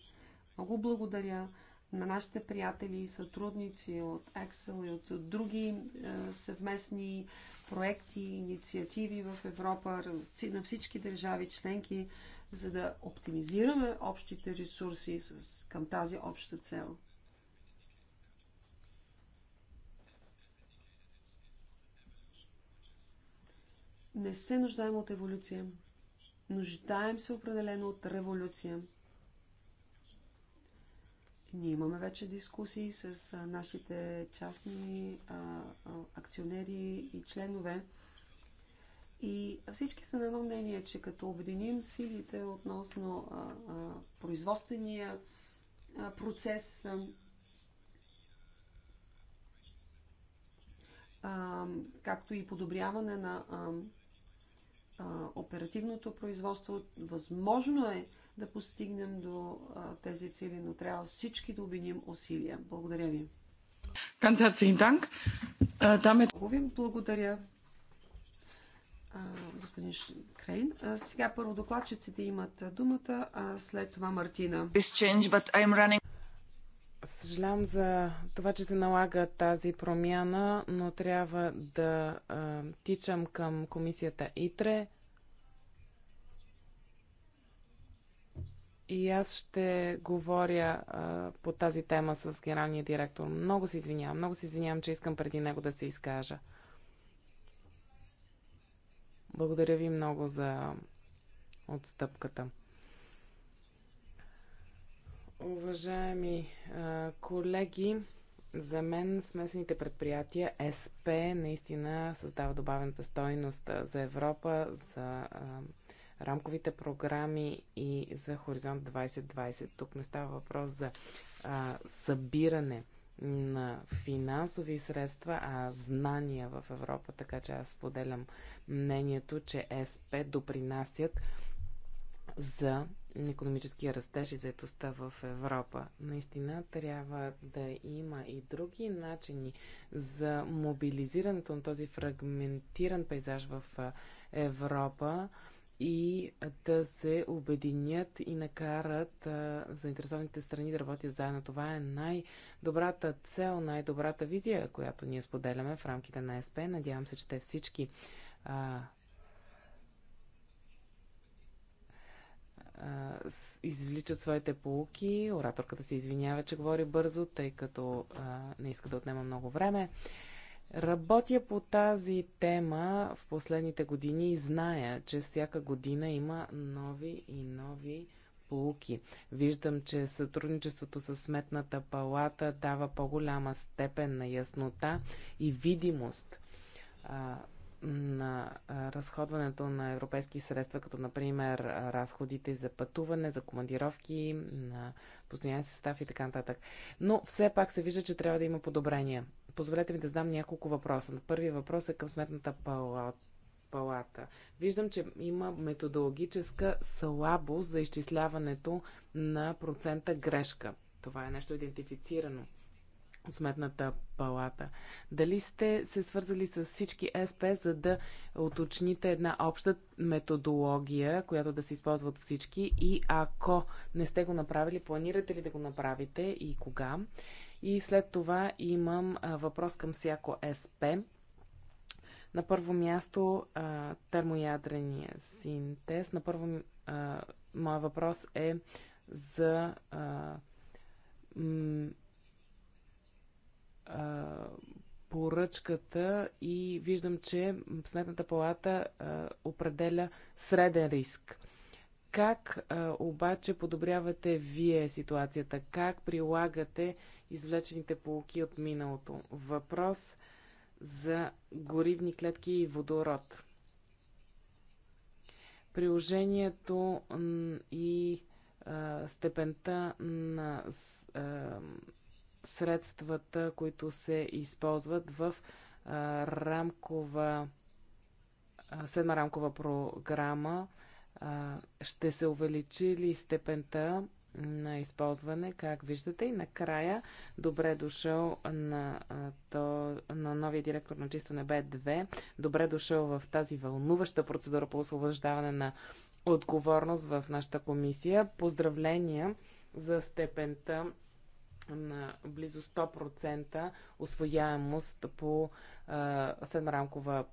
Много благодаря на нашите приятели и сътрудници от Excel и от други е, съвместни проекти, инициативи в Европа, на всички държави членки, за да оптимизираме общите ресурси към тази обща цел. Не се нуждаем от еволюция. Нуждаем се определено от революция. Ние имаме вече дискусии с нашите частни акционери и членове. И всички са на едно мнение, че като обединим силите относно а, а, производствения а, процес, а, както и подобряване на а, оперативното производство. Възможно е да постигнем до тези цели, но трябва всички да обединим усилия. Благодаря ви. Ganz herzlichen Dank. Äh, Много ви благодаря, господин Крейн. Сега първо докладчиците имат думата, а след това Мартина. Change, running... Съжалявам за това, че се налага тази промяна, но трябва да а, тичам към комисията ИТРЕ. И аз ще говоря а, по тази тема с генералния директор. Много се извинявам, много се извинявам, че искам преди него да се изкажа. Благодаря ви много за отстъпката. Уважаеми а, колеги, за мен смесените предприятия СП наистина създава добавената стойност за Европа, за а, рамковите програми и за Хоризонт 2020. Тук не става въпрос за а, събиране на финансови средства, а знания в Европа. Така че аз споделям мнението, че СП допринасят за економическия растеж и заетостта в Европа. Наистина трябва да има и други начини за мобилизирането на този фрагментиран пейзаж в Европа и да се обединят и накарат заинтересованите страни да работят заедно. Това е най-добрата цел, най-добрата визия, която ние споделяме в рамките на СП. Надявам се, че те всички извличат своите полуки. Ораторката се извинява, че говори бързо, тъй като а, не иска да отнема много време. Работя по тази тема в последните години и зная, че всяка година има нови и нови полуки. Виждам, че сътрудничеството с Сметната палата дава по-голяма степен на яснота и видимост на разходването на европейски средства, като например разходите за пътуване, за командировки, на постоянен състав и така нататък. Но все пак се вижда, че трябва да има подобрения. Позволете ми да задам няколко въпроса. Първият въпрос е към сметната палата палата. Виждам, че има методологическа слабост за изчисляването на процента грешка. Това е нещо идентифицирано. Сметната палата. Дали сте се свързали с всички СП, за да уточните една обща методология, която да се използва от всички и ако не сте го направили, планирате ли да го направите и кога? И след това имам въпрос към всяко СП. На първо място термоядрения синтез. На първо моят въпрос е за а, поръчката и виждам, че Сметната палата а, определя среден риск. Как а, обаче подобрявате вие ситуацията? Как прилагате извлечените полуки от миналото? Въпрос за горивни клетки и водород. Приложението и а, степента на средствата, които се използват в а, рамкова, а, седма рамкова програма, а, ще се увеличи ли степента на използване, как виждате. И накрая, добре дошъл на, то, на новия директор на Чисто небе 2. Добре дошъл в тази вълнуваща процедура по освобождаване на отговорност в нашата комисия. Поздравления за степента на близо 100% освояемост по а,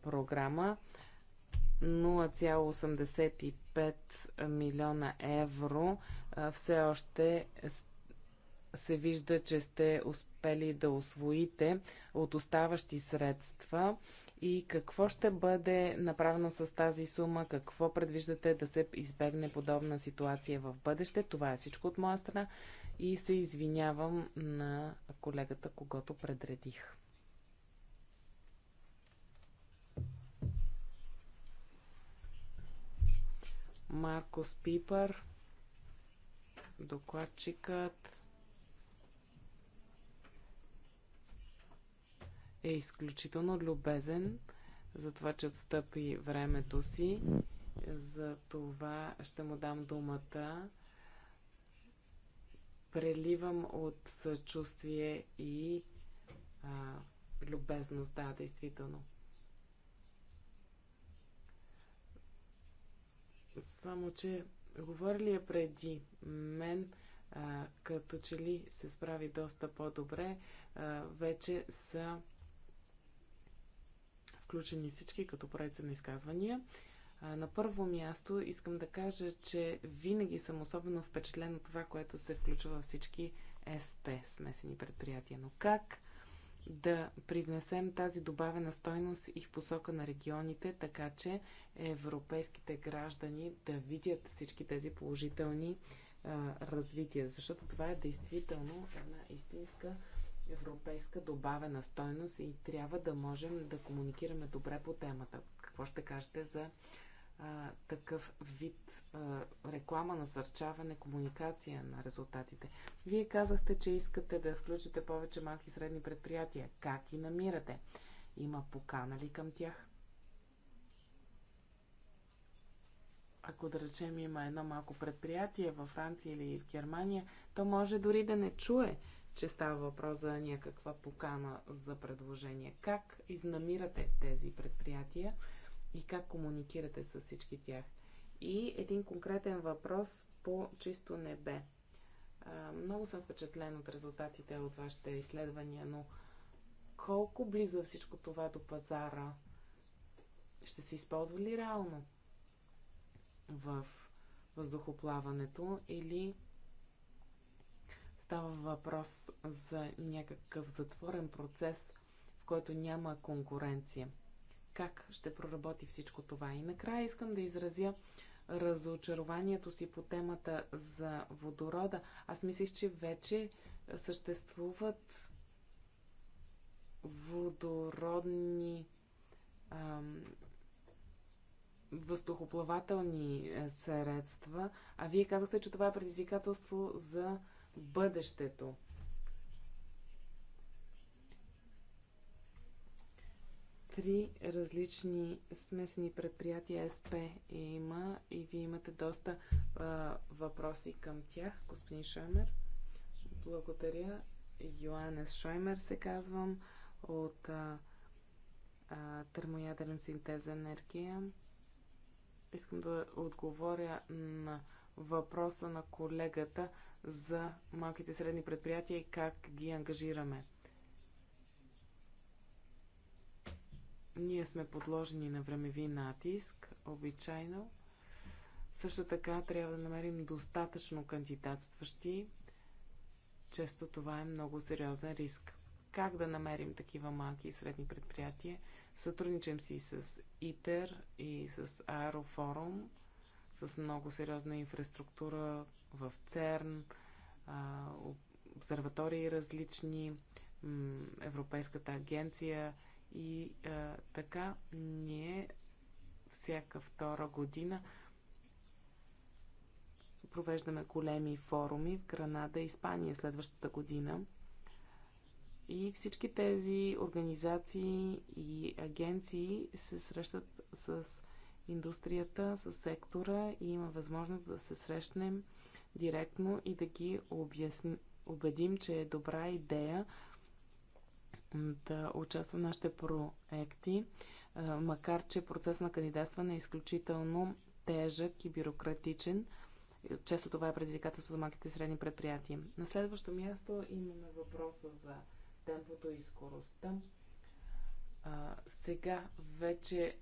програма. 0,85 милиона евро а, все още се вижда, че сте успели да освоите от оставащи средства и какво ще бъде направено с тази сума, какво предвиждате да се избегне подобна ситуация в бъдеще. Това е всичко от моя страна и се извинявам на колегата, когато предредих. Марко Пипър, докладчикът е изключително любезен за това, че отстъпи времето си. За това ще му дам думата преливам от съчувствие и а, любезност. Да, действително. Само, че я преди мен, а, като че ли се справи доста по-добре, вече са включени всички като проект на изказвания на първо място искам да кажа, че винаги съм особено впечатлен от това, което се включва във всички СП, смесени предприятия. Но как да привнесем тази добавена стойност и в посока на регионите, така че европейските граждани да видят всички тези положителни а, развития? Защото това е действително една истинска европейска добавена стойност и трябва да можем да комуникираме добре по темата. Какво ще кажете за а, такъв вид а, реклама, насърчаване, комуникация на резултатите. Вие казахте, че искате да включите повече малки и средни предприятия. Как ги намирате? Има покана ли към тях? Ако да речем има едно малко предприятие във Франция или в Германия, то може дори да не чуе, че става въпрос за някаква покана за предложение. Как изнамирате тези предприятия? и как комуникирате с всички тях. И един конкретен въпрос по чисто небе. А, много съм впечатлен от резултатите от вашите изследвания, но колко близо е всичко това до пазара? Ще се използва ли реално в въздухоплаването или става въпрос за някакъв затворен процес, в който няма конкуренция? как ще проработи всичко това. И накрая искам да изразя разочарованието си по темата за водорода. Аз мислих, че вече съществуват водородни ам, въздухоплавателни е, средства, а вие казахте, че това е предизвикателство за бъдещето. три различни смесени предприятия СП има и вие имате доста а, въпроси към тях, господин Шоймер. Благодаря. Йоанес Шоймер се казвам от а, а, термоядрен синтез енергия. Искам да отговоря на въпроса на колегата за малките и средни предприятия и как ги ангажираме. Ние сме подложени на времеви натиск, обичайно. Също така трябва да намерим достатъчно кандидатстващи. Често това е много сериозен риск. Как да намерим такива малки и средни предприятия? Сътрудничам си с ИТЕР и с Аерофорум, с много сериозна инфраструктура в ЦЕРН, обсерватории различни, Европейската агенция и а, така ние всяка втора година провеждаме големи форуми в Гранада и Испания следващата година. И всички тези организации и агенции се срещат с индустрията, с сектора и има възможност да се срещнем директно и да ги обясни, убедим, че е добра идея да участва в нашите проекти, макар че процес на кандидатстване е изключително тежък и бюрократичен. Често това е предизвикателство за малките и средни предприятия. На следващо място имаме въпроса за темпото и скоростта. А, сега вече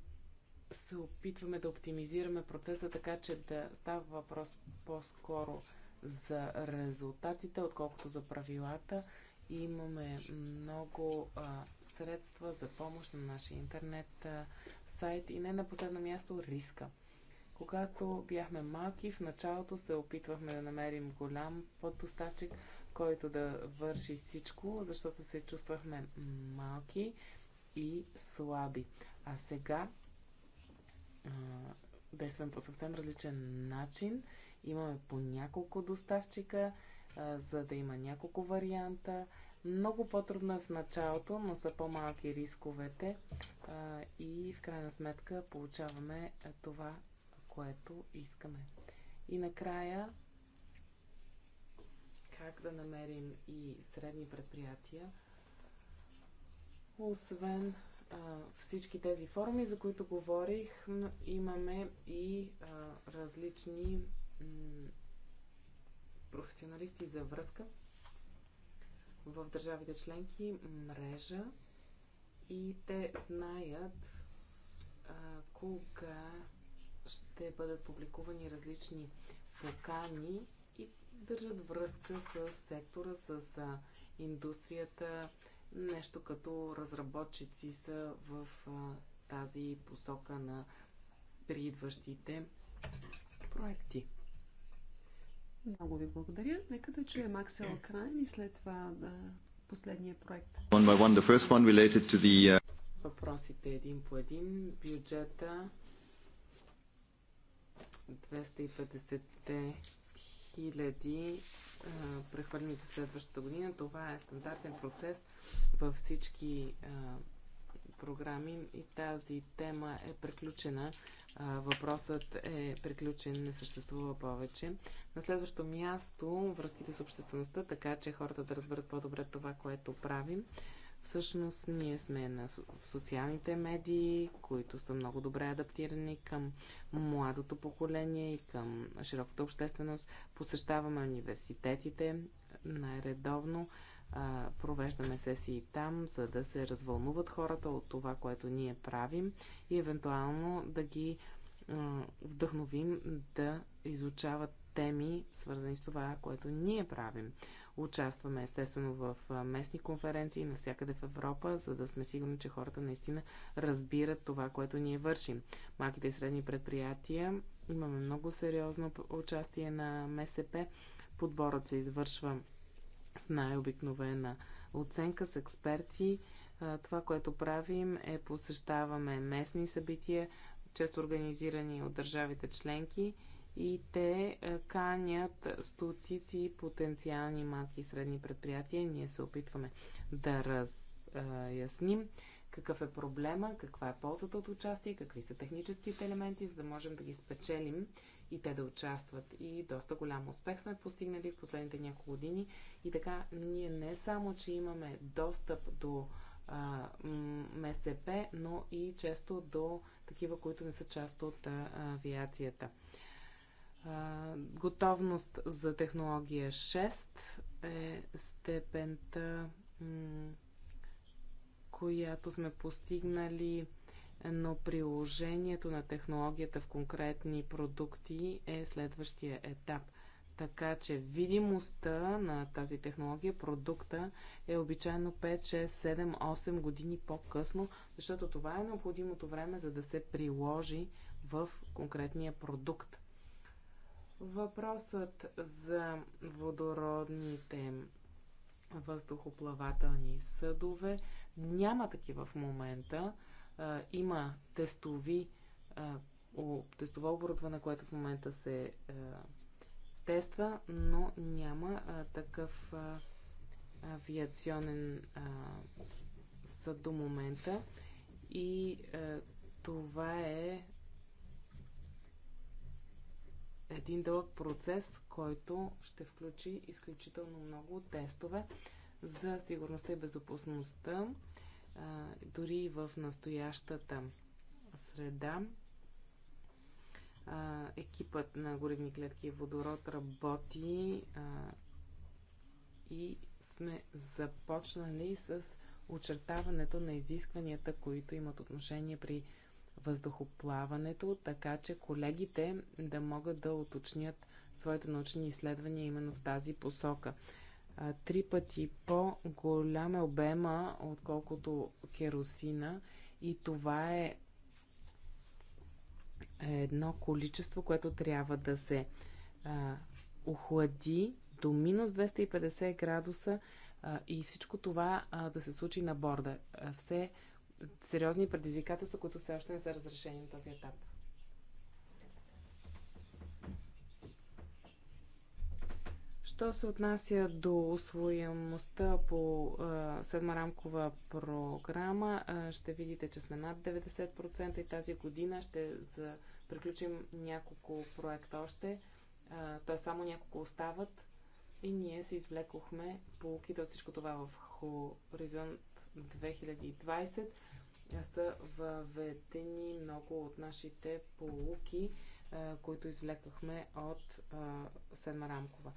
се опитваме да оптимизираме процеса така, че да става въпрос по-скоро за резултатите, отколкото за правилата. Имаме много а, средства за помощ на нашия интернет а, сайт и не на последно място риска. Когато бяхме малки, в началото се опитвахме да намерим голям поддоставчик, който да върши всичко, защото се чувствахме малки и слаби. А сега а, действаме по съвсем различен начин. Имаме по няколко доставчика за да има няколко варианта. Много по-трудно е в началото, но са по-малки рисковете и в крайна сметка получаваме това, което искаме. И накрая, как да намерим и средни предприятия, освен всички тези форми, за които говорих, имаме и различни професионалисти за връзка в държавите членки, мрежа и те знаят а, кога ще бъдат публикувани различни покани и държат връзка с сектора, с а, индустрията, нещо като разработчици са в а, тази посока на приидващите проекти. Много ви благодаря. Нека да чуем Максел Крайн и след това да, последния проект. One by one, the first one related to the... Uh, Въпросите един по един. Бюджета 250 хиляди прехвърлени за следващата година. Това е стандартен процес във всички програми и тази тема е приключена. Въпросът е приключен, не съществува повече. На следващо място връзките с обществеността, така че хората да разберат по-добре това, което правим. Всъщност ние сме на социалните медии, които са много добре адаптирани към младото поколение и към широката общественост. Посещаваме университетите най-редовно провеждаме сесии там, за да се развълнуват хората от това, което ние правим и евентуално да ги вдъхновим да изучават теми, свързани с това, което ние правим. Участваме естествено в местни конференции навсякъде в Европа, за да сме сигурни, че хората наистина разбират това, което ние вършим. Малките и средни предприятия имаме много сериозно участие на МСП. Подборът се извършва с най-обикновена оценка, с експерти. Това, което правим е посещаваме местни събития, често организирани от държавите членки и те канят стотици потенциални малки и средни предприятия. Ние се опитваме да разясним какъв е проблема, каква е ползата от участие, какви са техническите елементи, за да можем да ги спечелим и те да участват. И доста голям успех сме постигнали в последните няколко години. И така, ние не само, че имаме достъп до а, МСП, но и често до такива, които не са част от а, авиацията. А, готовност за технология 6 е степента, която сме постигнали но приложението на технологията в конкретни продукти е следващия етап. Така че видимостта на тази технология, продукта е обичайно 5, 6, 7, 8 години по-късно, защото това е необходимото време за да се приложи в конкретния продукт. Въпросът за водородните въздухоплавателни съдове няма такива в момента а, има тестови, а, о, тестово оборудване, което в момента се а, тества, но няма а, такъв а, авиационен а, съд до момента. И а, това е един дълъг процес, който ще включи изключително много тестове за сигурността и безопасността дори и в настоящата среда. Екипът на горивни клетки и водород работи и сме започнали с очертаването на изискванията, които имат отношение при въздухоплаването, така че колегите да могат да уточнят своите научни изследвания именно в тази посока три пъти по-голям е обема, отколкото керосина. И това е едно количество, което трябва да се а, охлади до минус 250 градуса а, и всичко това а, да се случи на борда. Все сериозни предизвикателства, които все още не са разрешени на този етап. Що се отнася до освоемостта по а, седма рамкова програма, а, ще видите, че сме над 90% и тази година ще за... приключим няколко проекта още. Т.е. само няколко остават и ние се извлекохме полуките от всичко това в Хоризонт 2020. Са въведени много от нашите полуки които извлекохме от а, Седма Рамкова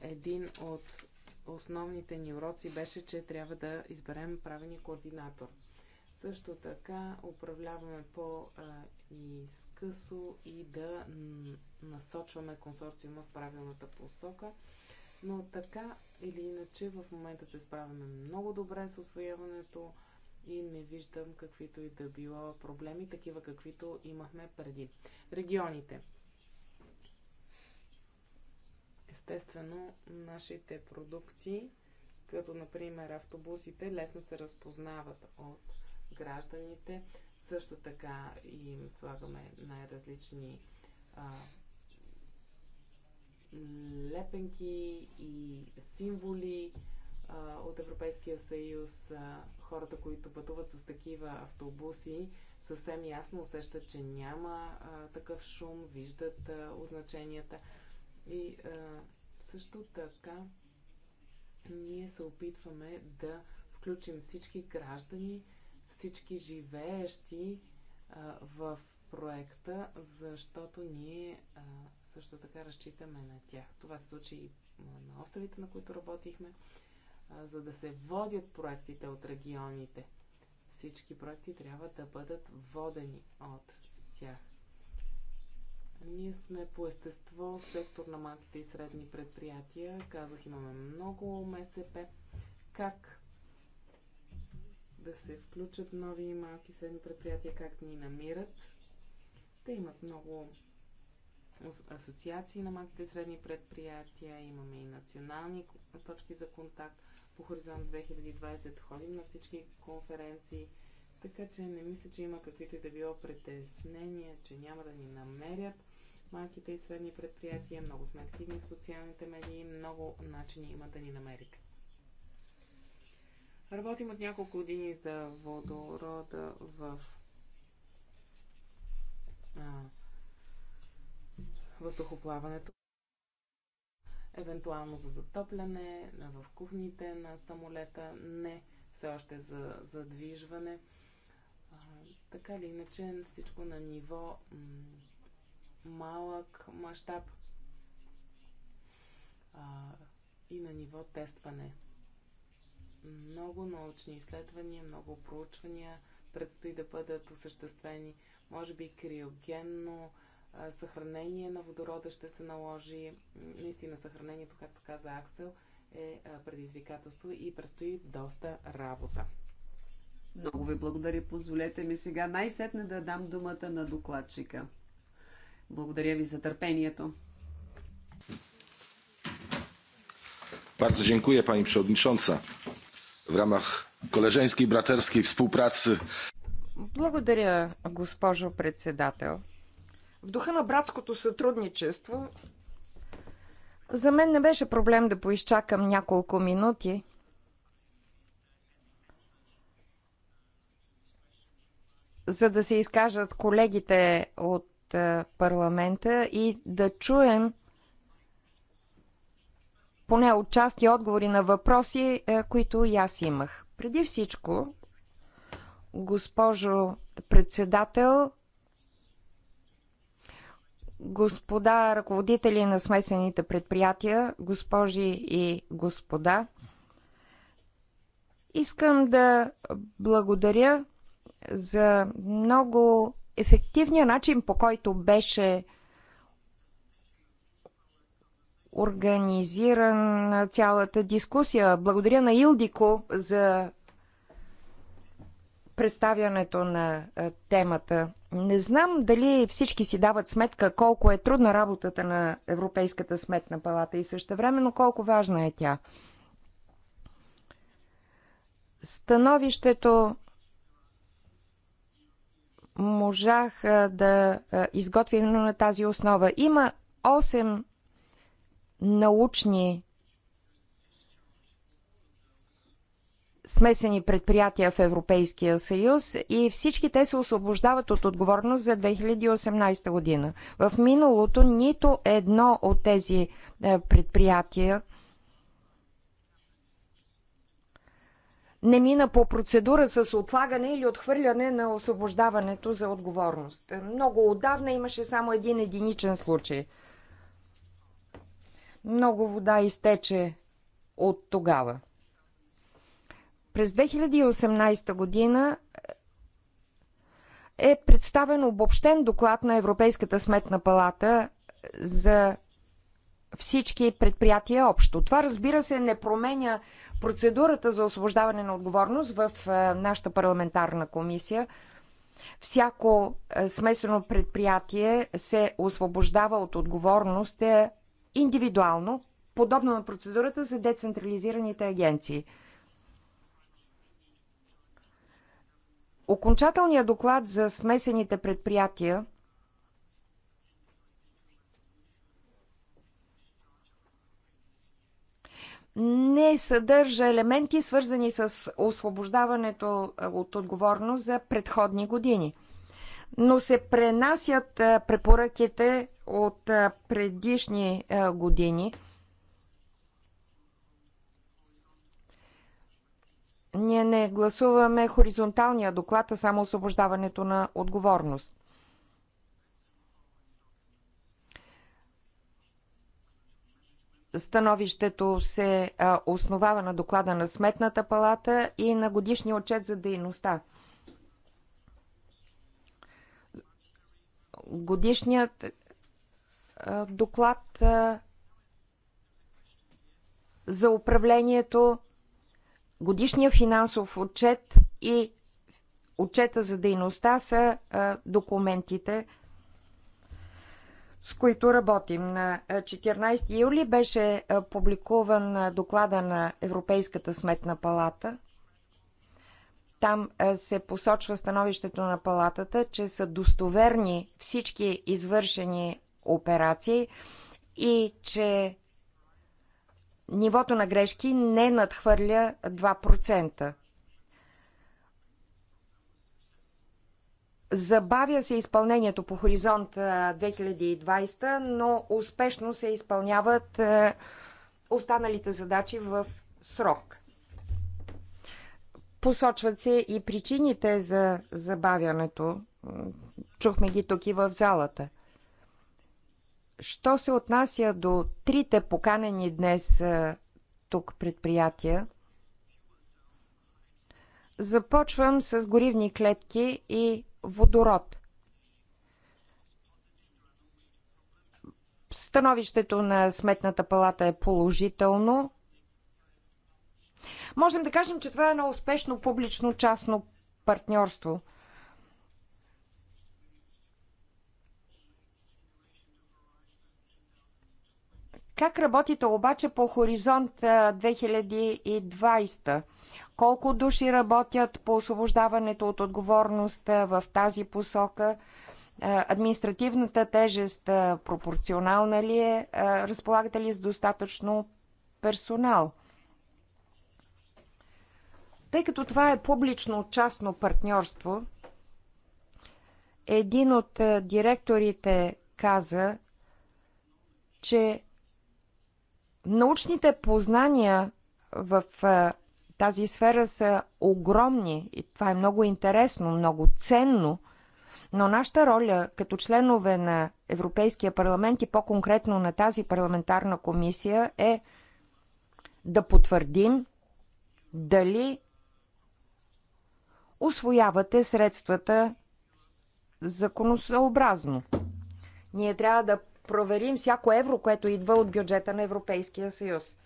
един от основните ни уроци беше, че трябва да изберем правилния координатор. Също така управляваме по-изкъсо и да насочваме консорциума в правилната посока. Но така или иначе в момента се справяме много добре с освояването и не виждам каквито и да било проблеми, такива каквито имахме преди. Регионите. Естествено, нашите продукти, като например автобусите, лесно се разпознават от гражданите. Също така им слагаме най-различни лепенки и символи а, от Европейския съюз. А, хората, които пътуват с такива автобуси, съвсем ясно усещат, че няма а, такъв шум, виждат означенията. И а, също така ние се опитваме да включим всички граждани, всички живеещи а, в проекта, защото ние а, също така разчитаме на тях. Това се случи и на островите, на които работихме, а, за да се водят проектите от регионите. Всички проекти трябва да бъдат водени от тях. Ние сме по естество сектор на малките и средни предприятия. Казах, имаме много МСП. Как да се включат нови малки и средни предприятия, как ни намират? Те имат много асоциации на малките и средни предприятия, имаме и национални точки за контакт по Хоризонт 2020, ходим на всички конференции, така че не мисля, че има каквито и да било притеснения, че няма да ни намерят малките и средни предприятия, много сме активни в социалните медии, много начини има да ни намерите. Работим от няколко години за водорода в а, въздухоплаването, евентуално за затопляне в кухните на самолета, не все още за задвижване. А, така или иначе, всичко на ниво малък мащаб и на ниво тестване. Много научни изследвания, много проучвания предстои да бъдат осъществени. Може би криогенно съхранение на водорода ще се наложи. Наистина съхранението, както каза Аксел, е предизвикателство и предстои доста работа. Много ви благодаря. Позволете ми сега най-сетне да дам думата на докладчика. Благодаря ви за търпението. Bardzo dziękuję Pani Przewodnicząca. W ramach koleżeńskiej, braterskiej współpracy. Благодаря, госпожо председател. В духа на братското сътрудничество за мен не беше проблем да поизчакам няколко минути. За да се изкажат колегите от парламента и да чуем поне отчасти отговори на въпроси, които и аз имах. Преди всичко, госпожо председател, господа ръководители на смесените предприятия, госпожи и господа, искам да благодаря за много ефективният начин, по който беше организиран цялата дискусия. Благодаря на Илдико за представянето на темата. Не знам дали всички си дават сметка колко е трудна работата на Европейската сметна палата и същевременно колко важна е тя. Становището можах да изготвя именно на тази основа. Има 8 научни смесени предприятия в Европейския съюз и всички те се освобождават от отговорност за 2018 година. В миналото нито едно от тези е, предприятия не мина по процедура с отлагане или отхвърляне на освобождаването за отговорност. Много отдавна имаше само един единичен случай. Много вода изтече от тогава. През 2018 година е представен обобщен доклад на Европейската сметна палата за всички предприятия общо. Това разбира се не променя процедурата за освобождаване на отговорност в е, нашата парламентарна комисия всяко е, смесено предприятие се освобождава от отговорност е, индивидуално, подобно на процедурата за децентрализираните агенции. Окончателният доклад за смесените предприятия не съдържа елементи, свързани с освобождаването от отговорност за предходни години. Но се пренасят препоръките от предишни години. Ние не гласуваме хоризонталния доклад, а само освобождаването на отговорност. Становището се основава на доклада на Сметната палата и на годишния отчет за дейността. Годишният доклад за управлението, годишния финансов отчет и отчета за дейността са документите, с които работим. На 14 е, юли беше е, публикуван е, доклада на Европейската сметна палата. Там се посочва становището на палатата, че са достоверни всички извършени операции и че нивото на грешки не надхвърля 2%. Забавя се изпълнението по хоризонт 2020, но успешно се изпълняват останалите задачи в срок. Посочват се и причините за забавянето. Чухме ги тук и в залата. Що се отнася до трите поканени днес тук предприятия, започвам с горивни клетки и водород. Становището на Сметната палата е положително. Можем да кажем, че това е едно успешно публично-частно партньорство. Как работите обаче по хоризонт 2020? колко души работят по освобождаването от отговорност в тази посока, административната тежест пропорционална ли е, разполагате ли с достатъчно персонал. Тъй като това е публично-частно партньорство, един от директорите каза, че научните познания в тази сфера са огромни и това е много интересно, много ценно, но нашата роля като членове на Европейския парламент и по-конкретно на тази парламентарна комисия е да потвърдим дали освоявате средствата законосъобразно. Ние трябва да проверим всяко евро, което идва от бюджета на Европейския съюз.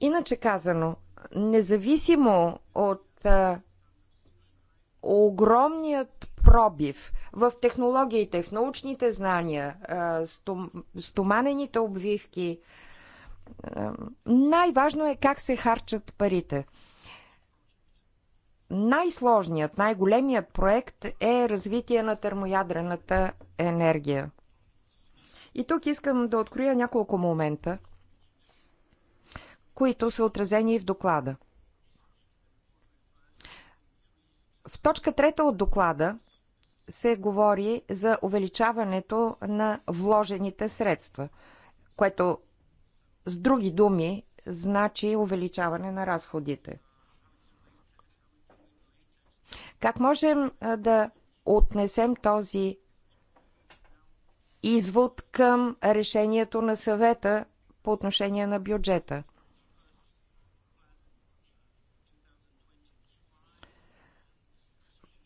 Иначе казано, независимо от а, огромният пробив в технологиите, в научните знания, а, стом, стоманените обвивки, най-важно е как се харчат парите. Най-сложният, най-големият проект е развитие на термоядрената енергия. И тук искам да откроя няколко момента – които са отразени в доклада. В точка трета от доклада се говори за увеличаването на вложените средства, което с други думи значи увеличаване на разходите. Как можем да отнесем този извод към решението на съвета по отношение на бюджета?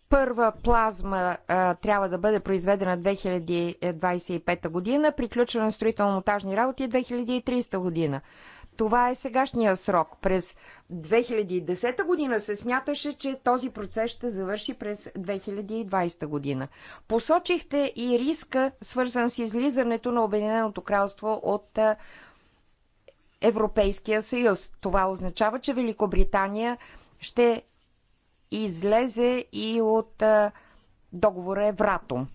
първа плазма а, трябва да бъде произведена 2025 година, приключване на строително-монтажни работи 2030 година. Това е сегашния срок. През 2010 година се смяташе, че този процес ще завърши през 2020 година. Посочихте и риска, свързан с излизането на Обединеното кралство от Европейския съюз. Това означава, че Великобритания ще излезе и от договора Евратом.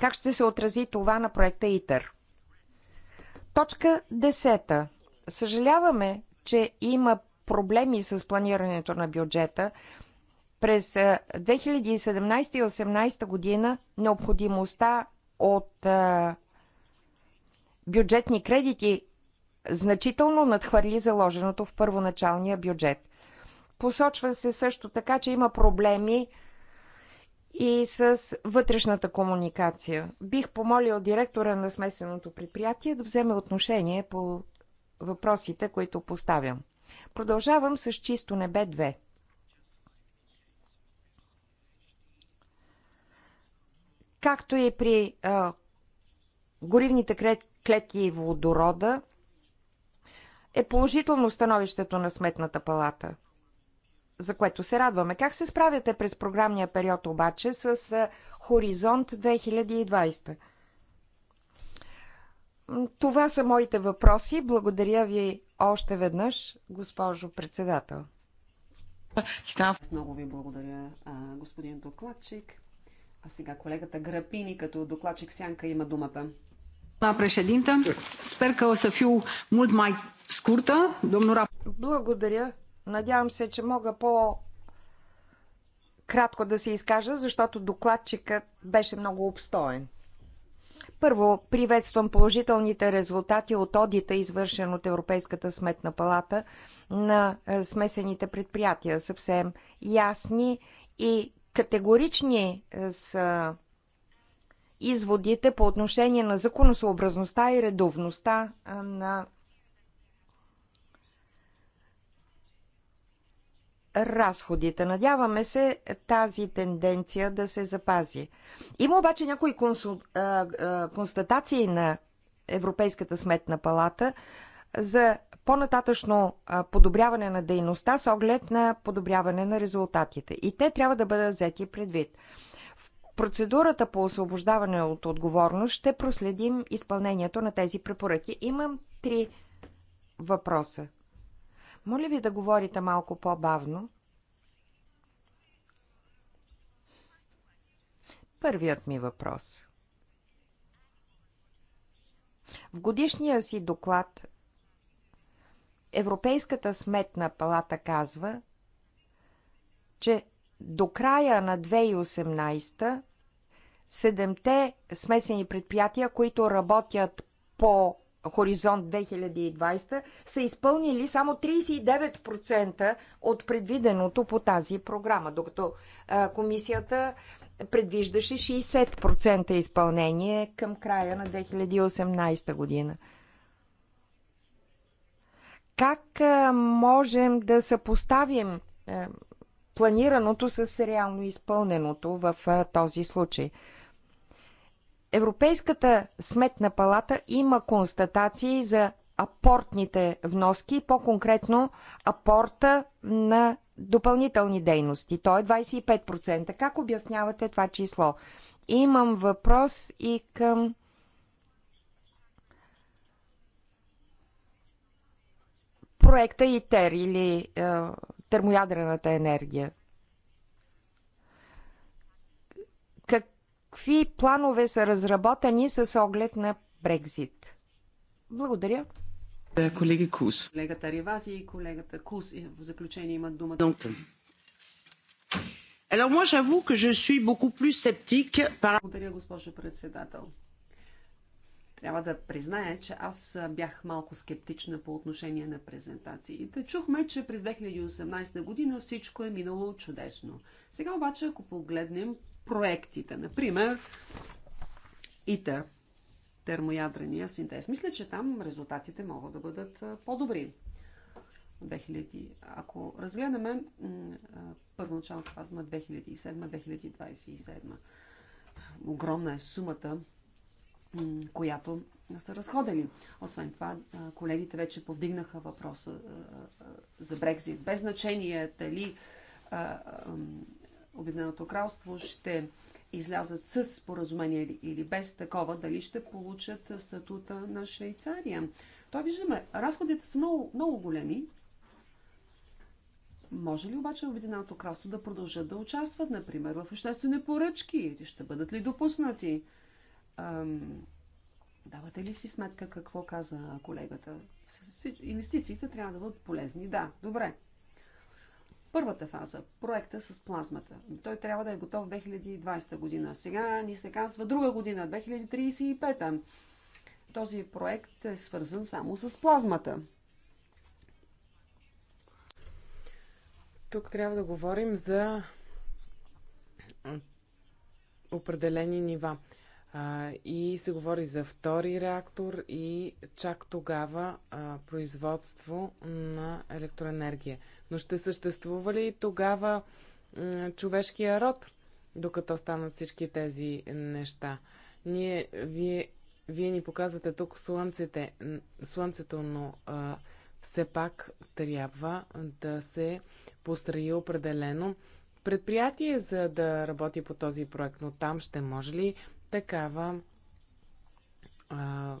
Как ще се отрази това на проекта ИТЕР? Точка 10. Съжаляваме, че има проблеми с планирането на бюджета. През 2017 и 2018 година необходимостта от бюджетни кредити значително надхвърли заложеното в първоначалния бюджет – Посочва се също така, че има проблеми и с вътрешната комуникация. Бих помолил директора на смесеното предприятие да вземе отношение по въпросите, които поставям. Продължавам с чисто небе 2. Както и при а, горивните клетки и водорода, е положително становището на Сметната палата – за което се радваме. Как се справяте през програмния период обаче с Хоризонт 2020? Това са моите въпроси. Благодаря ви още веднъж, госпожо председател. Аз много ви благодаря, господин докладчик. А сега колегата Грапини, като докладчик Сянка, има думата. Doamna președintă, sper că să fiu mult mai scurtă, domnul Благодаря, Надявам се, че мога по кратко да се изкажа, защото докладчикът беше много обстоен. Първо, приветствам положителните резултати от одита, извършен от Европейската сметна палата на е, смесените предприятия. Съвсем ясни и категорични е, с изводите по отношение на законосообразността и редовността е, на разходите. Надяваме се тази тенденция да се запази. Има обаче някои консу... констатации на Европейската сметна палата за по-нататъчно подобряване на дейността с оглед на подобряване на резултатите. И те трябва да бъдат взети предвид. В процедурата по освобождаване от отговорност ще проследим изпълнението на тези препоръки. Имам три въпроса. Моля ви да говорите малко по-бавно. Първият ми въпрос. В годишния си доклад Европейската сметна палата казва, че до края на 2018 седемте смесени предприятия, които работят по Хоризонт 2020 са изпълнили само 39% от предвиденото по тази програма, докато комисията предвиждаше 60% изпълнение към края на 2018 година. Как можем да съпоставим планираното с реално изпълненото в този случай? Европейската сметна палата има констатации за апортните вноски, по-конкретно апорта на допълнителни дейности. Той е 25%. Как обяснявате това число? Имам въпрос и към проекта ИТЕР или е, термоядрената енергия. какви планове са разработени с оглед на Брекзит? Благодаря. Колеги Кус. Колегата Ривази и колегата Кус в заключение имат думата. Alors moi j'avoue que je suis beaucoup plus sceptique par... Благодаря, госпожо председател. Трябва да призная, че аз бях малко скептична по отношение на презентациите. Чухме, че през 2018 година всичко е минало чудесно. Сега обаче, ако погледнем проектите. Например, ИТЕР, термоядрения синтез. Мисля, че там резултатите могат да бъдат по-добри. 2000, ако разгледаме първоначалната фазма 2007-2027, огромна е сумата, която са разходени. Освен това, колегите вече повдигнаха въпроса за Брекзит. Без значение дали Обединеното кралство ще излязат с споразумение или, без такова, дали ще получат статута на Швейцария. Това виждаме, разходите са много, много големи. Може ли обаче Обединеното кралство да продължат да участват, например, в обществени поръчки? Ще бъдат ли допуснати? Ам... Давате ли си сметка какво каза колегата? Инвестициите трябва да бъдат полезни. Да, добре първата фаза, проекта с плазмата. Той трябва да е готов 2020 година. Сега ни се казва друга година, 2035. Този проект е свързан само с плазмата. Тук трябва да говорим за определени нива а, и се говори за втори реактор и чак тогава а, производство на електроенергия. Но ще съществува ли тогава човешкия род, докато станат всички тези неща? Ние, вие, вие ни показвате тук слънцете, слънцето, но а, все пак трябва да се построи определено предприятие, за да работи по този проект, но там ще може ли такава а,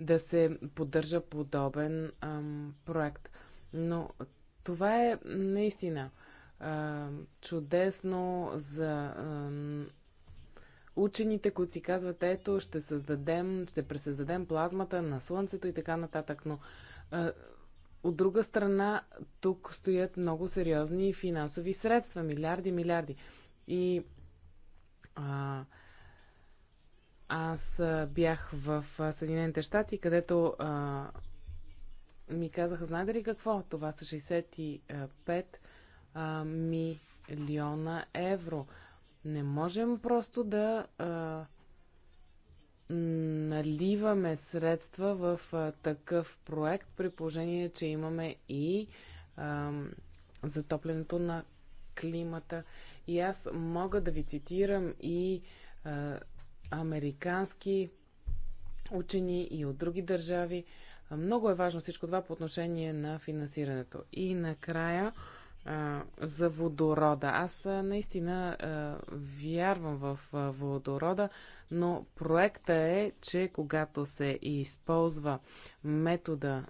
да се поддържа подобен а, проект. Но това е наистина а, чудесно за а, учените, които си казват, ето, ще създадем, ще пресъздадем плазмата на Слънцето и така нататък. Но а, от друга страна, тук стоят много сериозни финансови средства, милиарди, милиарди. И а, аз бях в Съединените щати, където а, ми казаха, знаете ли какво? Това са 65 а, милиона евро. Не можем просто да а, наливаме средства в а, такъв проект, при положение, че имаме и а, затоплянето на климата. И аз мога да ви цитирам и а, американски учени и от други държави. Много е важно всичко това по отношение на финансирането. И накрая за водорода. Аз наистина вярвам в водорода, но проекта е, че когато се използва метода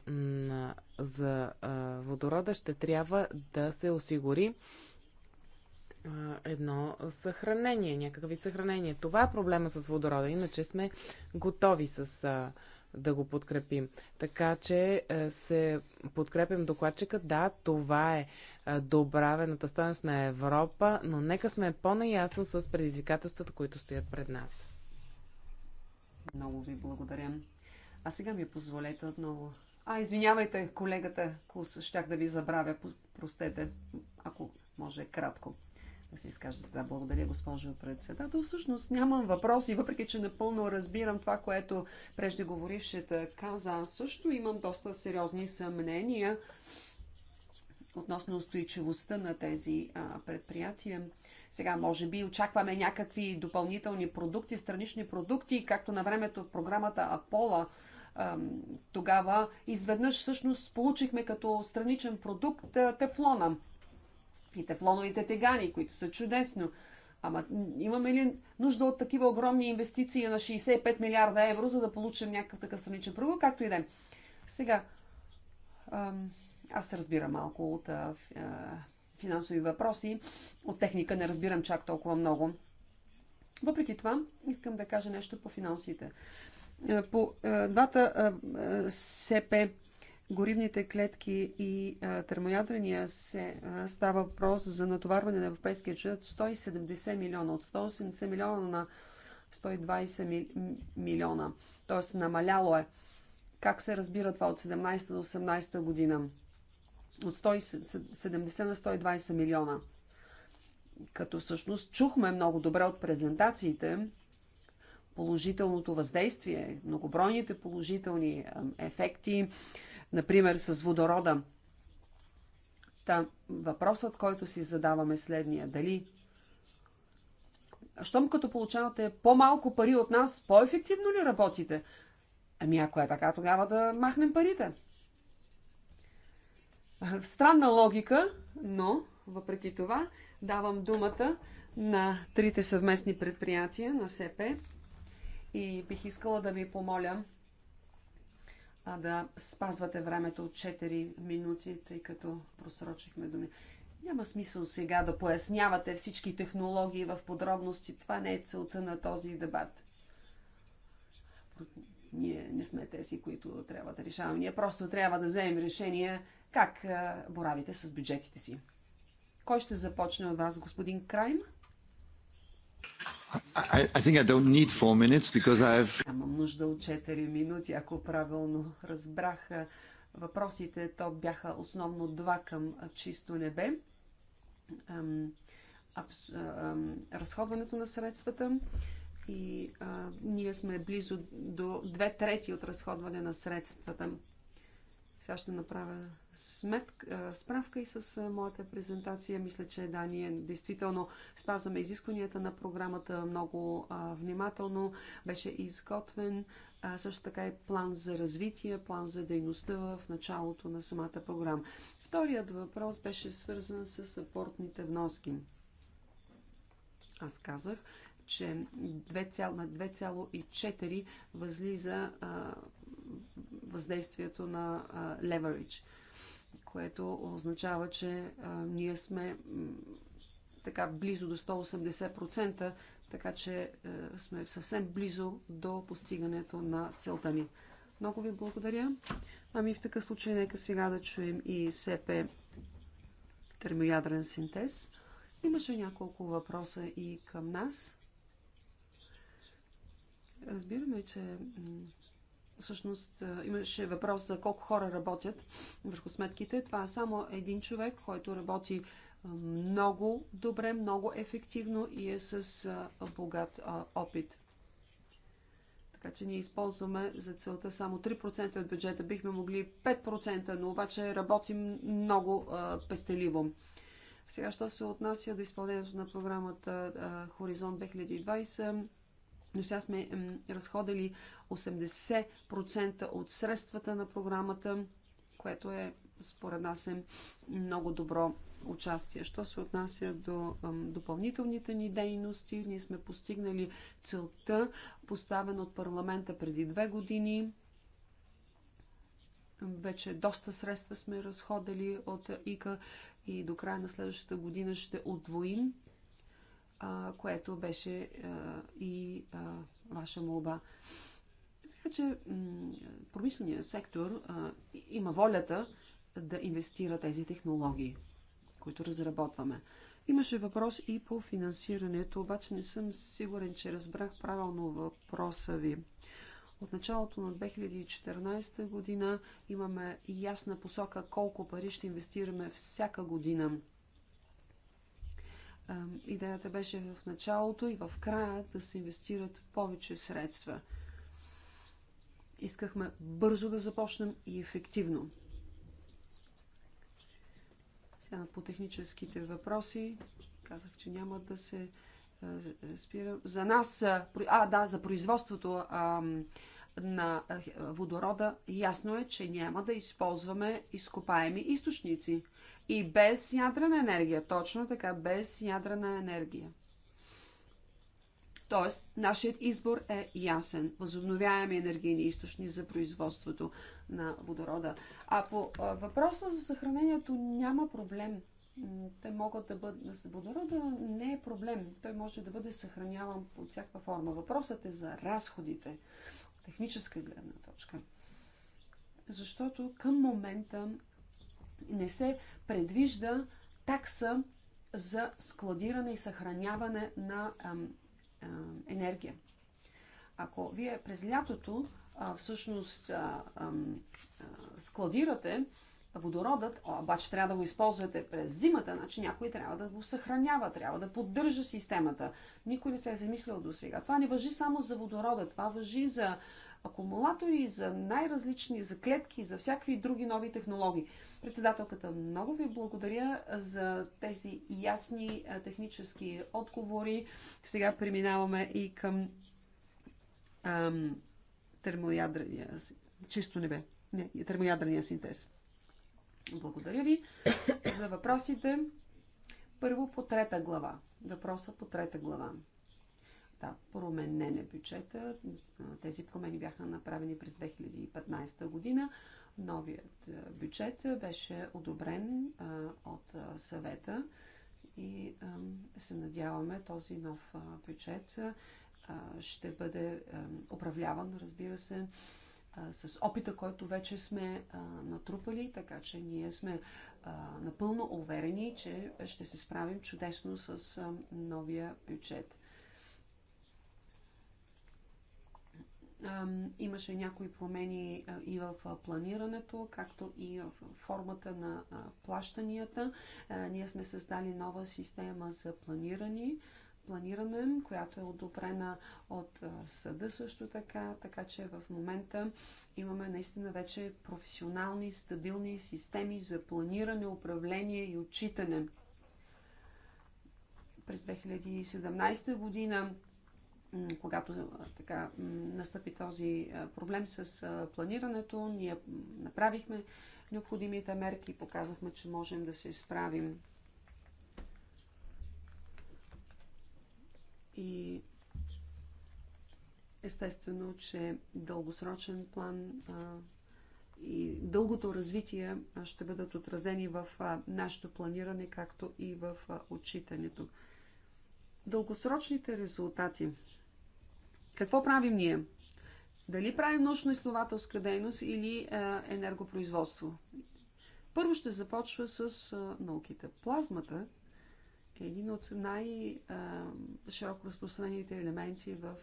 за водорода, ще трябва да се осигури едно съхранение, някакъв вид съхранение. Това е проблема с водорода, иначе сме готови с, а, да го подкрепим. Така че а, е, се подкрепим докладчика. Да, това е, е добравената стоеност на Европа, но нека сме по-наясно с предизвикателствата, които стоят пред нас. Много ви благодаря. А сега ми позволете отново. А, извинявайте, колегата Кус, щях да ви забравя. Простете, ако може кратко да се изкажат. Да, благодаря, госпожо председател. Всъщност нямам въпроси, въпреки че напълно разбирам това, което преждеговорившата каза. Аз също имам доста сериозни съмнения относно устойчивостта на тези а, предприятия. Сега, може би, очакваме някакви допълнителни продукти, странични продукти, както на времето програмата Апола тогава изведнъж всъщност получихме като страничен продукт тефлона и тефлоновите тегани, които са чудесно. Ама имаме ли нужда от такива огромни инвестиции на 65 милиарда евро, за да получим някакъв такъв страничен продукт, както и да е. Сега, аз разбирам малко от а, финансови въпроси, от техника не разбирам чак толкова много. Въпреки това, искам да кажа нещо по финансите. Е, по е, двата е, СП горивните клетки и термоядрения се става въпрос за натоварване на европейския бюджет 170 милиона, от 180 милиона на 120 милиона. Тоест намаляло е. Как се разбира това от 17 до 18 година? От 170 на 120 милиона. Като всъщност чухме много добре от презентациите, положителното въздействие, многобройните положителни ефекти, например с водорода. Та, въпросът, който си задаваме е следния, дали щом като получавате по-малко пари от нас, по-ефективно ли работите? Ами ако е така, тогава да махнем парите. Странна логика, но въпреки това давам думата на трите съвместни предприятия на СЕПЕ и бих искала да ви помоля а, да спазвате времето от 4 минути, тъй като просрочихме думи. Няма смисъл сега да пояснявате всички технологии в подробности. Това не е целта на този дебат. Ние не сме тези, които трябва да решаваме. Ние просто трябва да вземем решение как боравите с бюджетите си. Кой ще започне от вас, господин Крайм? I, I think I don't need four minutes because Нямам нужда от 4 минути, ако правилно разбрах въпросите, то бяха основно два към чисто небе. Абс... разходването на средствата и а, ние сме близо до две трети от разходване на средствата. Сега ще направя сметка, справка и с моята презентация. Мисля, че да, ние действително спазваме изискванията на програмата много внимателно. Беше изготвен също така и план за развитие, план за дейността в началото на самата програма. Вторият въпрос беше свързан с апортните вноски. Аз казах, че 2, на 2,4 възлиза а, въздействието на leverage – което означава, че а, ние сме така близо до 180%, така че а, сме съвсем близо до постигането на целта ни. Много ви благодаря. Ами в такъв случай нека сега да чуем и СП термоядрен синтез. Имаше няколко въпроса и към нас. Разбираме, че Всъщност имаше въпрос за колко хора работят върху сметките. Това е само един човек, който работи много добре, много ефективно и е с богат опит. Така че ние използваме за целта само 3% от бюджета. Бихме могли 5%, но обаче работим много пестеливо. Сега, що се отнася до изпълнението на програмата Хоризонт 2020, но сега сме разходили 80% от средствата на програмата, което е, според нас, е много добро участие. Що се отнася до допълнителните ни дейности, ние сме постигнали целта, поставена от парламента преди две години. Вече доста средства сме разходили от ИКА и до края на следващата година ще отвоим а, което беше а, и а, ваша молба. Така че промисленият сектор а, има волята да инвестира тези технологии, които разработваме. Имаше въпрос и по финансирането, обаче не съм сигурен, че разбрах правилно въпроса ви. От началото на 2014 година имаме ясна посока колко пари ще инвестираме всяка година Идеята беше в началото и в края да се инвестират повече средства. Искахме бързо да започнем и ефективно. Сега по техническите въпроси казах, че няма да се спирам. За нас, а да, за производството. А, на е, водорода, ясно е, че няма да използваме изкопаеми източници. И без ядрена енергия, точно така, без ядрена енергия. Тоест, нашият избор е ясен. Възобновяеми енергийни източни за производството на водорода. А по е, въпроса за съхранението няма проблем. Те могат да бъдат... Водорода не е проблем. Той може да бъде съхраняван под всяка форма. Въпросът е за разходите техническа гледна точка. Защото към момента не се предвижда такса за складиране и съхраняване на ам, ам, енергия. Ако вие през лятото а, всъщност а, а, складирате водородът, обаче трябва да го използвате през зимата, значи някой трябва да го съхранява, трябва да поддържа системата. Никой не се е замислял до сега. Това не въжи само за водорода, това въжи за акумулатори, за най-различни, за клетки, за всякакви други нови технологии. Председателката, много ви благодаря за тези ясни технически отговори. Сега преминаваме и към ам, термоядрения, чисто небе, не, термоядрения синтез. Благодаря ви за въпросите. Първо по трета глава. Въпроса по трета глава. Да, променен е бюджета. Тези промени бяха направени през 2015 година. Новият бюджет беше одобрен от съвета и се надяваме този нов бюджет ще бъде управляван, разбира се, с опита, който вече сме натрупали, така че ние сме напълно уверени, че ще се справим чудесно с новия бюджет. Имаше някои промени и в планирането, както и в формата на плащанията. Ние сме създали нова система за планиране планиране, която е одобрена от съда също така, така че в момента имаме наистина вече професионални, стабилни системи за планиране, управление и отчитане. През 2017 година когато така настъпи този проблем с планирането, ние направихме необходимите мерки и показахме, че можем да се справим И естествено, че дългосрочен план а, и дългото развитие ще бъдат отразени в а, нашето планиране, както и в а, отчитането. Дългосрочните резултати. Какво правим ние? Дали правим научно-изследователска дейност или а, енергопроизводство? Първо ще започва с а, науките. Плазмата един от най-широко разпространените елементи в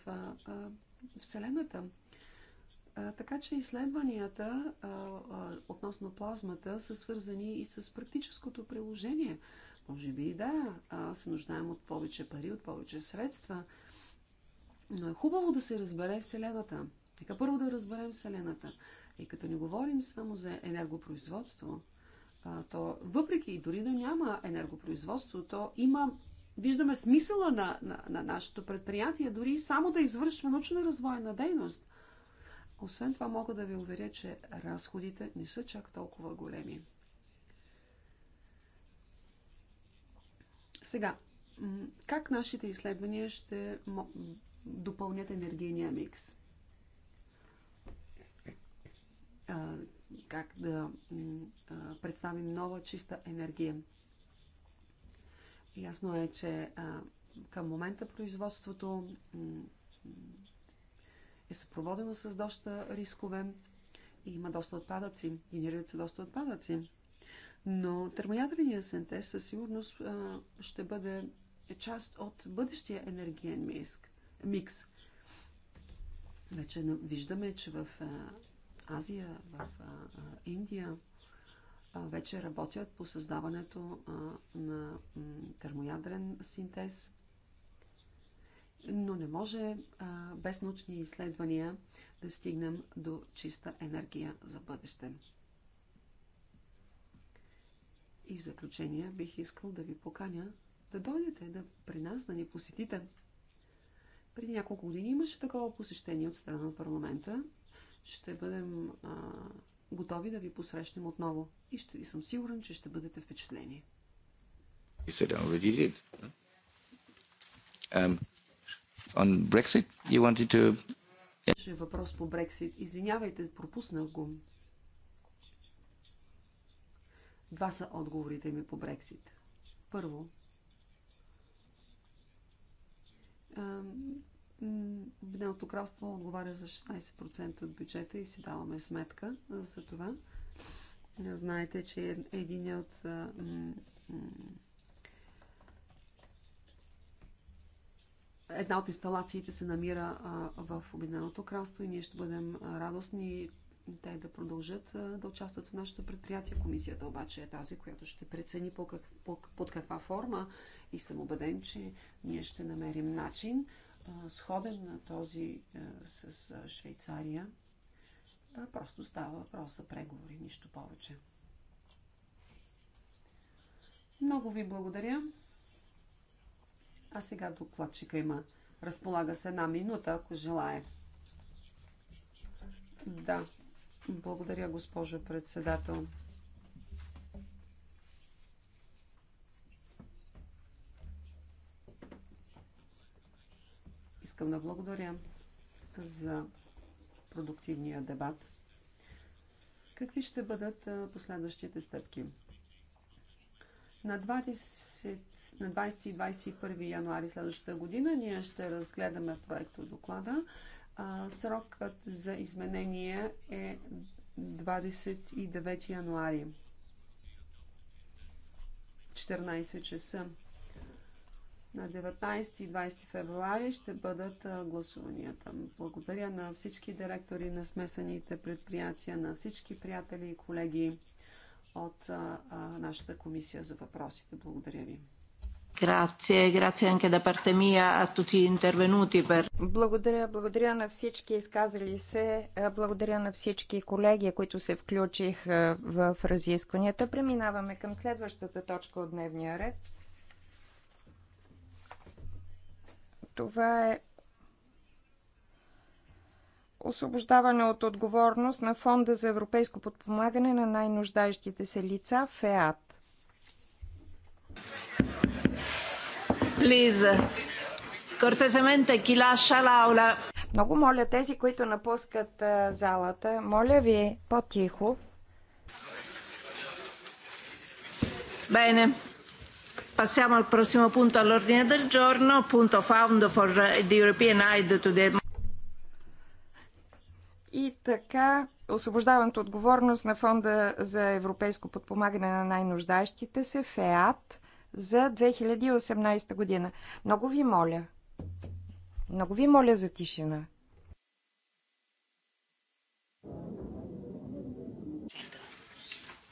Вселената. Така че изследванията относно плазмата са свързани и с практическото приложение. Може би и да, се нуждаем от повече пари, от повече средства, но е хубаво да се разбере Вселената. Нека първо да разберем Вселената. И като не говорим само за енергопроизводство, то въпреки и дори да няма енергопроизводство, то има, виждаме смисъла на, на, на нашето предприятие, дори само да извършва научно-развойна дейност. Освен това мога да ви уверя, че разходите не са чак толкова големи. Сега, как нашите изследвания ще допълнят енергийния микс? как да представим нова чиста енергия. Ясно е, че към момента производството е съпроводено с доста рискове и има доста отпадъци, генерират се доста отпадъци. Но термоядреният синтез със сигурност ще бъде част от бъдещия енергиен микс. Вече виждаме, че в Азия, в Индия вече работят по създаването на термоядрен синтез, но не може без научни изследвания да стигнем до чиста енергия за бъдеще. И в заключение бих искал да ви поканя да дойдете да при нас, да ни посетите. Преди няколко години имаше такова посещение от страна на парламента ще бъдем а, готови да ви посрещнем отново и, ще, и съм сигурен, че ще бъдете впечатлени. Um, on Brexit, you wanted to... въпрос по Брексит. Извинявайте, пропуснах го. Два са отговорите ми по Брексит. Първо, Обединеното кралство отговаря за 16% от бюджета и си даваме сметка за това. Е, знаете, че е, един от една от инсталациите се намира в Обединеното кралство и ние ще бъдем радостни те да продължат да участват в нашето предприятие. Комисията обаче е тази, която ще прецени по как, по, под каква форма и съм убеден, че ние ще намерим начин сходен на този с Швейцария. Просто става въпрос за преговори, нищо повече. Много ви благодаря. А сега докладчика има. Разполага се една минута, ако желая. Да. Благодаря, госпожо председател. Искам да благодаря за продуктивния дебат. Какви ще бъдат последващите стъпки? На 20, на 20 и 21 януари следващата година ние ще разгледаме проекто доклада. срокът за изменение е 29 януари. 14 часа на 19 и 20 февруари ще бъдат гласуванията. Благодаря на всички директори на смесаните предприятия, на всички приятели и колеги от нашата комисия за въпросите. Благодаря ви. Grazie, grazie anche da parte mia a tutti intervenuti per... Благодаря, благодаря на всички изказали се, благодаря на всички колеги, които се включих в разискванията. Преминаваме към следващата точка от дневния ред. Това е освобождаване от отговорност на Фонда за европейско подпомагане на най-нуждаещите се лица ФЕАТ. Please. Кортезаменте, chi lascia Много моля тези, които напускат залата, моля ви по-тихо. Bene. Passiamo al prossimo punto all'ordine del giorno, appunto Found for the European Aid to the... И така, освобождаването отговорност на Фонда за европейско подпомагане на най-нуждащите се, ФЕАТ, за 2018 година. Много ви моля, много ви моля за тишина.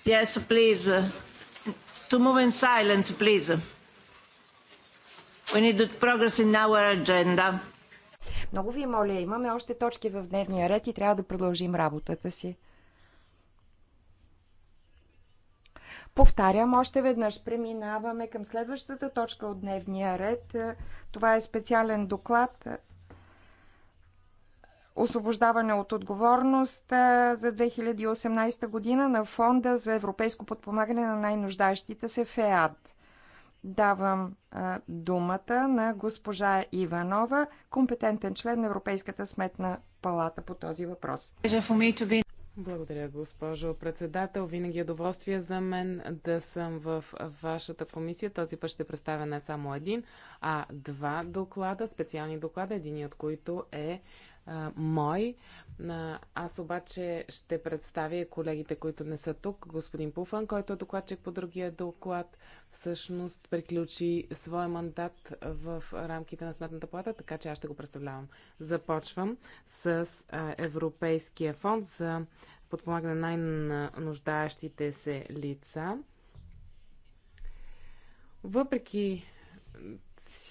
Yes, please to move in silence, please. We need to progress in our agenda. Много ви моля, имаме още точки в дневния ред и трябва да продължим работата си. Повтарям още веднъж, преминаваме към следващата точка от дневния ред. Това е специален доклад освобождаване от отговорност за 2018 година на Фонда за европейско подпомагане на най-нуждащите се ФЕАД. Давам а, думата на госпожа Иванова, компетентен член на Европейската сметна палата по този въпрос. Благодаря, госпожо председател. Винаги е удоволствие за мен да съм в вашата комисия. Този път ще представя не само един, а два доклада, специални доклада, един от които е а, мой. А, аз обаче ще представя колегите, които не са тук. Господин Пуфан, който е докладчик по другия доклад, всъщност приключи своя мандат в рамките на Сметната плата, така че аз ще го представлявам. Започвам с а, Европейския фонд за подпомагане на най-нуждаещите се лица. Въпреки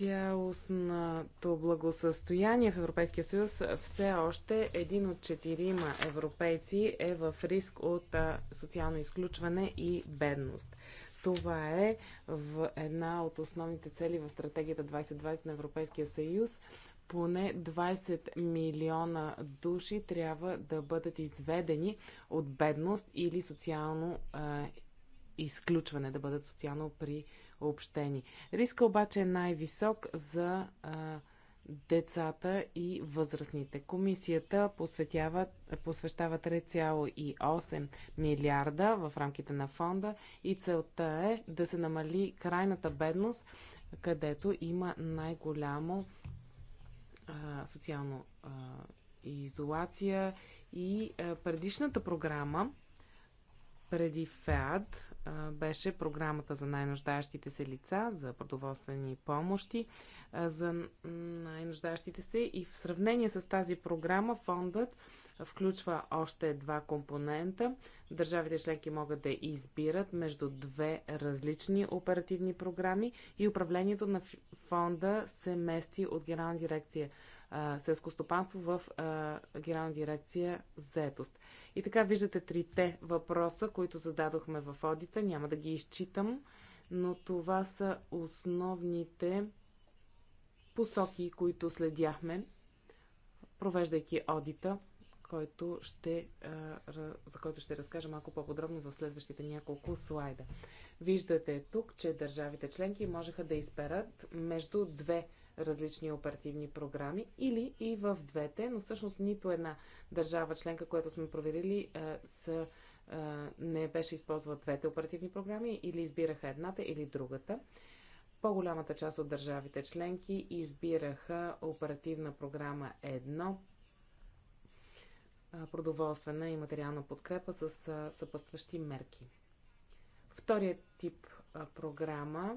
цялостното благосъстояние в Европейския съюз, все още един от четирима европейци е в риск от социално изключване и бедност. Това е в една от основните цели в стратегията 2020 на Европейския съюз. Поне 20 милиона души трябва да бъдат изведени от бедност или социално а, изключване, да бъдат социално при общени. Риска обаче е най-висок за а, децата и възрастните. Комисията посвещава 3,8 милиарда в рамките на фонда и целта е да се намали крайната бедност, където има най-голямо социално а, изолация и а, предишната програма преди ФЕАД беше програмата за най-нуждащите се лица, за продоволствени помощи за най-нуждащите се и в сравнение с тази програма фондът включва още два компонента. Държавите членки могат да избират между две различни оперативни програми и управлението на фонда се мести от Генерална дирекция селско стопанство в а, Генерална дирекция заетост. И така виждате трите въпроса, които зададохме в одита. Няма да ги изчитам, но това са основните посоки, които следяхме, провеждайки одита, който ще, за който ще разкажа малко по-подробно в следващите няколко слайда. Виждате тук, че държавите членки можеха да изберат между две различни оперативни програми или и в двете, но всъщност нито една държава членка, която сме проверили, е, са, е, не беше използвала двете оперативни програми или избираха едната или другата. По-голямата част от държавите членки избираха оперативна програма 1, е, продоволствена и материална подкрепа с съпътстващи мерки. Вторият тип програма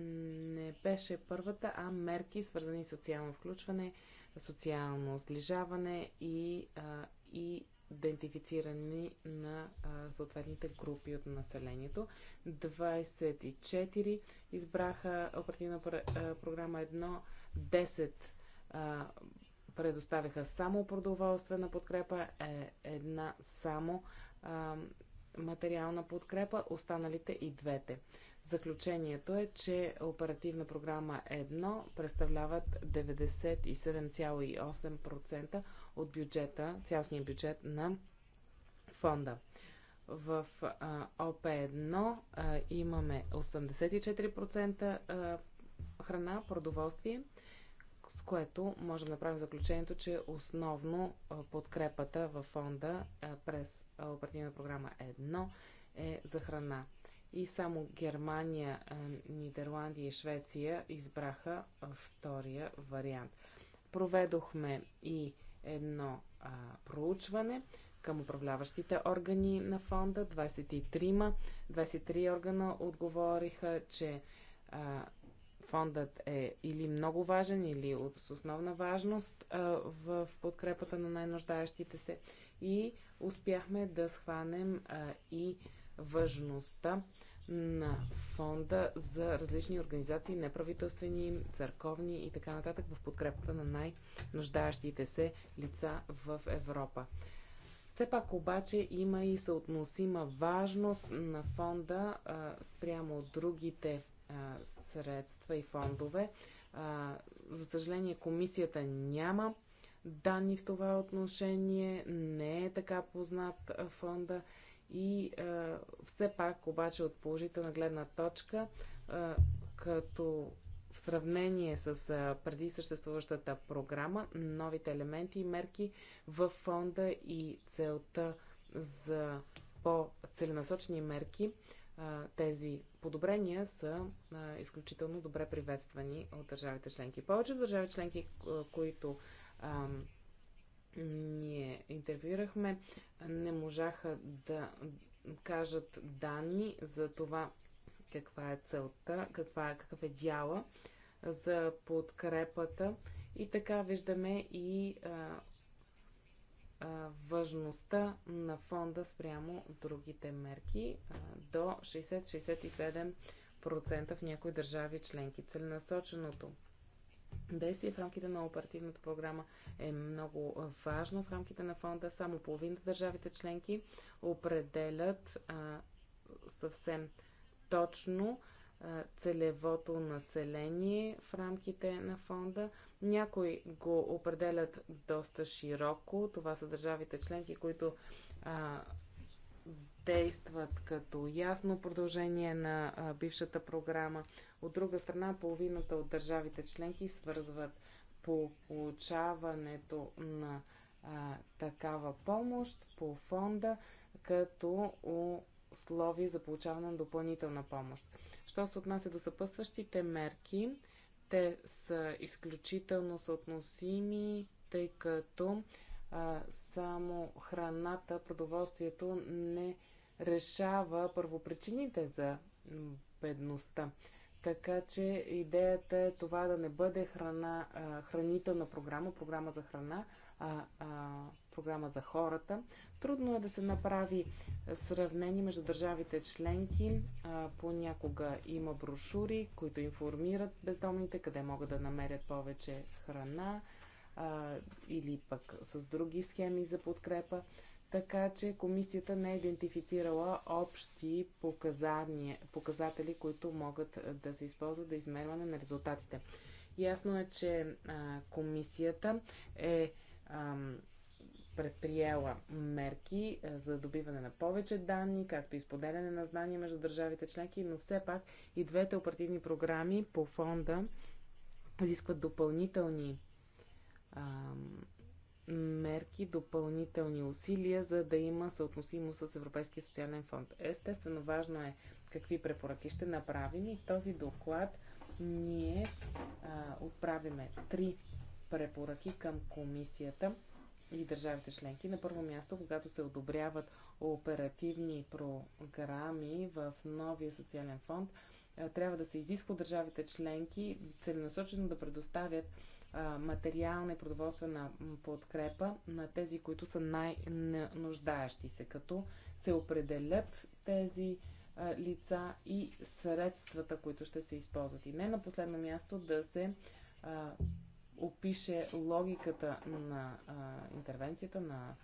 не беше първата, а мерки, свързани с социално включване, социално сближаване и, а, и идентифициране на а, съответните групи от населението. 24 избраха оперативна програма 1, 10 предоставяха само продоволствена подкрепа, е, една само а, материална подкрепа, останалите и двете. Заключението е, че оперативна програма 1 представляват 97,8% от бюджета, цялостния бюджет на фонда. В ОП1 имаме 84% храна, продоволствие, с което можем да направим заключението, че основно подкрепата във фонда през оперативна програма 1 е за храна и само Германия, Нидерландия и Швеция избраха втория вариант. Проведохме и едно а, проучване към управляващите органи на фонда. 23-ма, 23 органа отговориха, че а, фондът е или много важен, или от, с основна важност а, в подкрепата на най-нуждаещите се. И успяхме да схванем а, и важността на фонда за различни организации, неправителствени, църковни и така нататък в подкрепата на най-нуждаещите се лица в Европа. Все пак обаче има и съотносима важност на фонда а, спрямо от другите а, средства и фондове. А, за съжаление, комисията няма данни в това отношение, не е така познат фонда и а, е, все пак, обаче, от положителна гледна точка, а, е, като в сравнение с а, е, преди съществуващата програма, новите елементи и мерки в фонда и целта за по-целенасочени мерки, а, тези подобрения са а, изключително добре приветствани от държавите членки. Повече от държави членки, които ние интервюирахме, не можаха да кажат данни за това каква е целта, каква, е, какъв е дяла за подкрепата. И така виждаме и а, а, важността на фонда спрямо другите мерки а, до 60-67% в някои държави членки. Целенасоченото действие в рамките на оперативната програма е много важно. В рамките на фонда само половината държавите членки определят а, съвсем точно а, целевото население в рамките на фонда. Някои го определят доста широко. Това са държавите членки, които а, действат като ясно продължение на бившата програма. От друга страна, половината от държавите членки свързват по получаването на а, такава помощ по фонда като условие за получаване на допълнителна помощ. Що се отнася до съпътстващите мерки, те са изключително съотносими, тъй като а, само храната, продоволствието не решава първопричините за бедността. Така че идеята е това да не бъде храна, хранителна програма, програма за храна, а, а програма за хората. Трудно е да се направи сравнение между държавите членки. А, понякога има брошури, които информират бездомните къде могат да намерят повече храна а, или пък с други схеми за подкрепа така че комисията не е идентифицирала общи показатели, които могат да се използват за да измерване на резултатите. Ясно е, че а, комисията е а, предприела мерки за добиване на повече данни, както и споделяне на знания между държавите членки, но все пак и двете оперативни програми по фонда изискват допълнителни а, мерки, допълнителни усилия, за да има съотносимо с Европейския социален фонд. Естествено, важно е какви препоръки ще направим и в този доклад ние а, отправиме три препоръки към комисията и държавите членки. На първо място, когато се одобряват оперативни програми в новия социален фонд, трябва да се изисква от държавите членки целенасочено да предоставят материална и продоволствена подкрепа на тези, които са най-нуждаещи се, като се определят тези лица и средствата, които ще се използват. И не на последно място да се а, опише логиката на а, интервенцията, на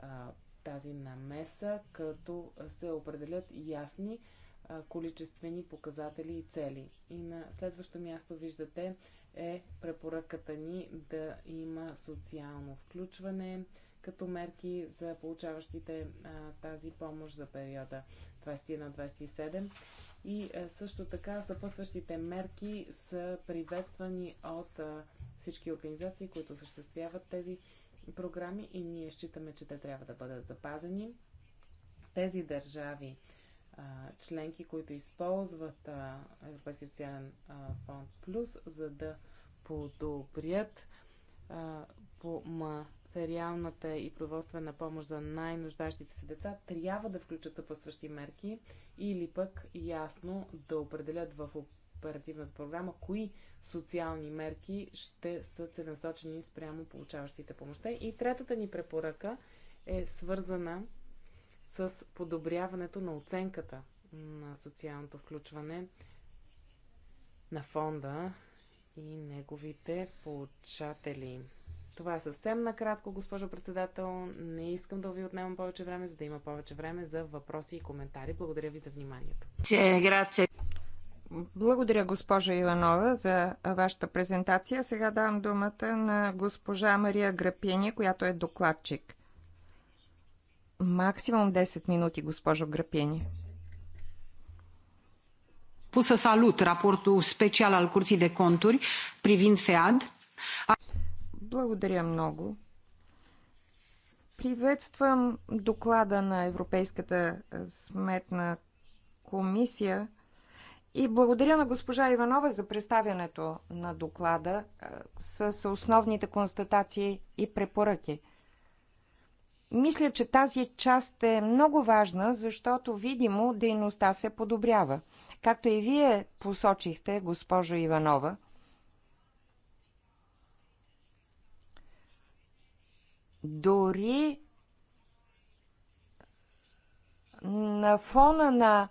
а, тази намеса, като се определят ясни количествени показатели и цели. И на следващо място виждате е препоръката ни да има социално включване като мерки за получаващите а, тази помощ за периода 21-27. И а, също така съпътстващите мерки са приветствани от а, всички организации, които съществяват тези програми и ние считаме, че те трябва да бъдат запазени. Тези държави, а, членки, които използват а, Европейския социален а, фонд Плюс, за да подобрят а, по материалната и продоволствена помощ за най-нуждащите се деца, трябва да включат съпъсващи мерки или пък ясно да определят в оперативната програма кои социални мерки ще са целенасочени спрямо получаващите помощта. И третата ни препоръка е свързана с подобряването на оценката на социалното включване на фонда и неговите получатели. Това е съвсем накратко, госпожо председател. Не искам да ви отнемам повече време, за да има повече време за въпроси и коментари. Благодаря ви за вниманието. Благодаря, госпожа Иванова за вашата презентация. Сега давам думата на госпожа Мария Грапини, която е докладчик. Максимум 10 минути, госпожо Грапени. Пус să salut raportul special al Curții de Conturi privind FEAD. Благодаря много. Приветствам доклада на Европейската е, сметна комисия и благодаря на госпожа Иванова за представянето на доклада е, с основните констатации и препоръки – мисля, че тази част е много важна, защото видимо дейността се подобрява. Както и вие посочихте, госпожо Иванова, дори на фона на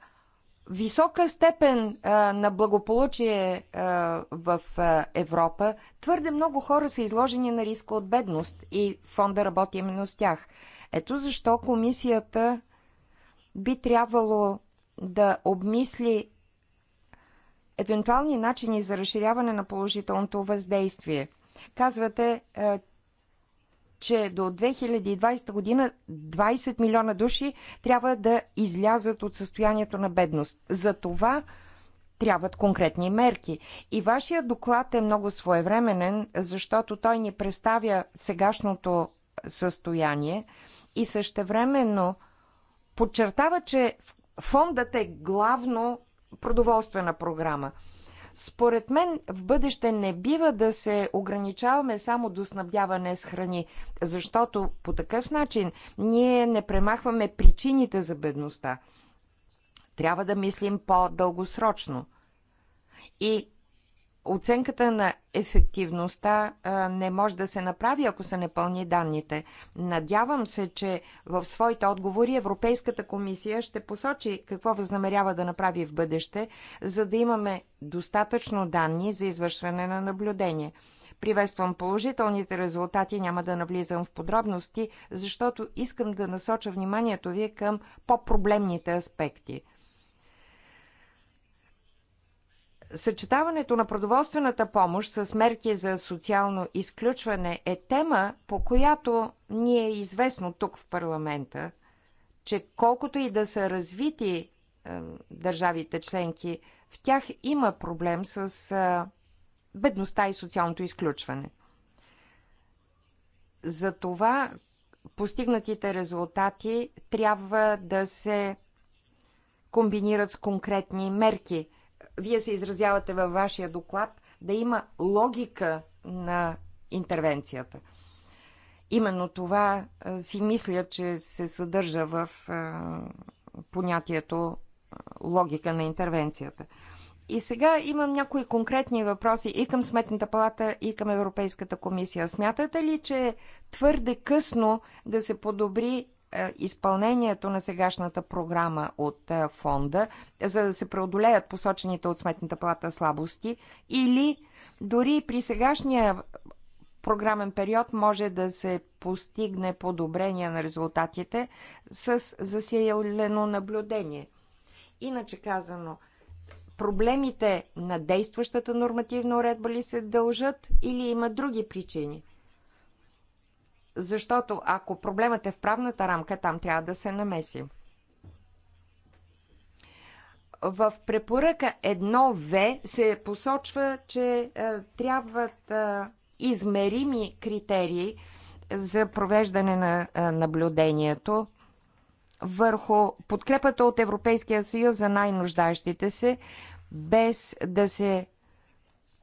висока степен а, на благополучие а, в а, Европа, твърде много хора са изложени на риска от бедност и фонда работи именно с тях. Ето защо комисията би трябвало да обмисли евентуални начини за разширяване на положителното въздействие. Казвате, че до 2020 година 20 милиона души трябва да излязат от състоянието на бедност. За това трябват конкретни мерки. И вашия доклад е много своевременен, защото той ни представя сегашното състояние и същевременно подчертава, че фондът е главно продоволствена програма – според мен в бъдеще не бива да се ограничаваме само до снабдяване с храни, защото по такъв начин ние не премахваме причините за бедността. Трябва да мислим по-дългосрочно. И Оценката на ефективността не може да се направи, ако са непълни данните. Надявам се, че в своите отговори Европейската комисия ще посочи какво възнамерява да направи в бъдеще, за да имаме достатъчно данни за извършване на наблюдение. Приветствам положителните резултати, няма да навлизам в подробности, защото искам да насоча вниманието ви към по-проблемните аспекти. Съчетаването на продоволствената помощ с мерки за социално изключване е тема, по която ни е известно тук в парламента, че колкото и да са развити е, държавите членки, в тях има проблем с е, бедността и социалното изключване. Затова постигнатите резултати трябва да се комбинират с конкретни мерки – вие се изразявате във вашия доклад, да има логика на интервенцията. Именно това си мисля, че се съдържа в понятието логика на интервенцията. И сега имам някои конкретни въпроси и към Сметната палата, и към Европейската комисия. Смятате ли, че е твърде късно да се подобри е, изпълнението на сегашната програма от е, фонда, за да се преодолеят посочените от Сметната плата слабости, или дори при сегашния програмен период може да се постигне подобрение на резултатите с засилено наблюдение. Иначе казано, проблемите на действащата нормативна уредба ли се дължат или има други причини – защото ако проблемът е в правната рамка, там трябва да се намеси. В препоръка 1В се посочва, че е, трябват е, измерими критерии за провеждане на е, наблюдението върху подкрепата от Европейския съюз за най-нуждащите се, без да се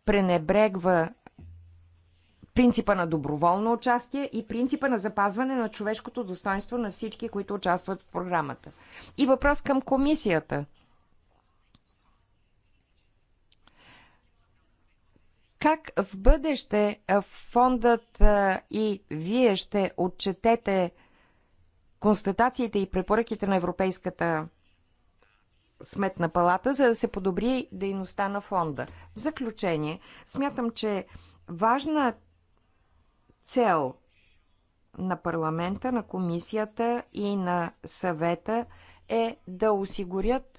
пренебрегва принципа на доброволно участие и принципа на запазване на човешкото достоинство на всички, които участват в програмата. И въпрос към комисията. Как в бъдеще фондът и вие ще отчетете констатациите и препоръките на Европейската сметна палата, за да се подобри дейността на фонда? В заключение, смятам, че важна цел на парламента, на комисията и на съвета е да осигурят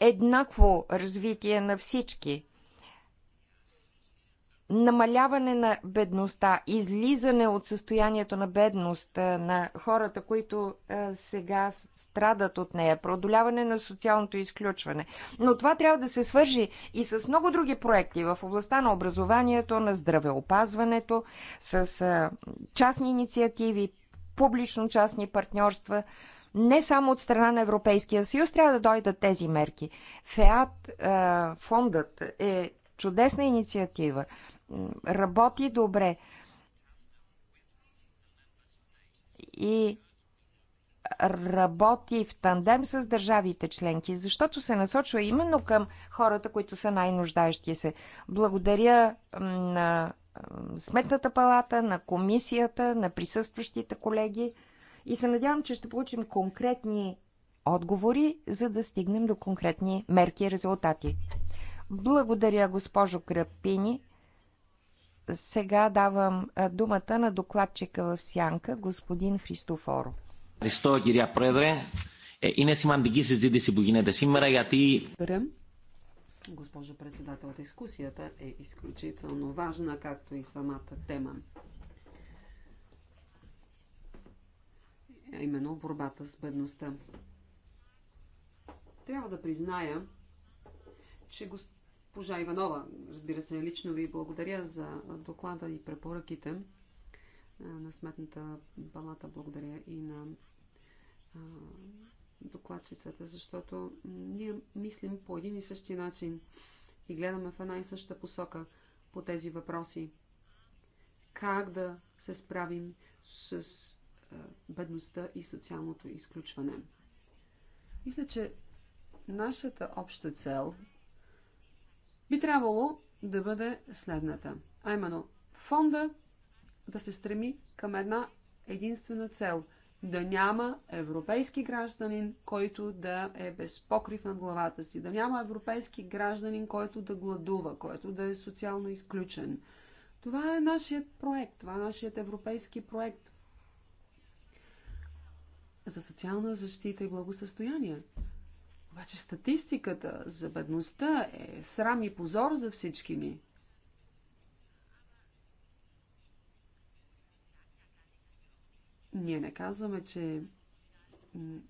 еднакво развитие на всички намаляване на бедността, излизане от състоянието на бедност на хората, които сега страдат от нея, продоляване на социалното изключване. Но това трябва да се свържи и с много други проекти в областта на образованието, на здравеопазването, с частни инициативи, публично-частни партньорства. Не само от страна на Европейския съюз трябва да дойдат тези мерки. ФЕАТ, фондът е чудесна инициатива работи добре. И работи в тандем с държавите членки, защото се насочва именно към хората, които са най-нуждаещи се. Благодаря на Сметната палата, на комисията, на присъстващите колеги и се надявам, че ще получим конкретни отговори, за да стигнем до конкретни мерки и резултати. Благодаря, госпожо Крапини. Сега давам думата на докладчика в Сянка, господин Христофоро. Христо, кирия Предре. Είναι σημαντική συζήτηση που γίνεται σήμερα γιατί... Госпожо председател, дискусията е изключително важна, както и самата тема. А именно борбата с бедността. Трябва да призная, че госп госпожа Иванова. Разбира се, лично ви благодаря за доклада и препоръките е, на Сметната палата. Благодаря и на докладчицата, защото ние мислим по един и същи начин и гледаме в една и съща посока по тези въпроси. Как да се справим с бедността и социалното изключване? Мисля, че нашата обща цел би трябвало да бъде следната. А именно, фонда да се стреми към една единствена цел да няма европейски гражданин, който да е без покрив над главата си, да няма европейски гражданин, който да гладува, който да е социално изключен. Това е нашият проект, това е нашият европейски проект за социална защита и благосъстояние. Обаче статистиката за бедността е срам и позор за всички ни. Ние не казваме, че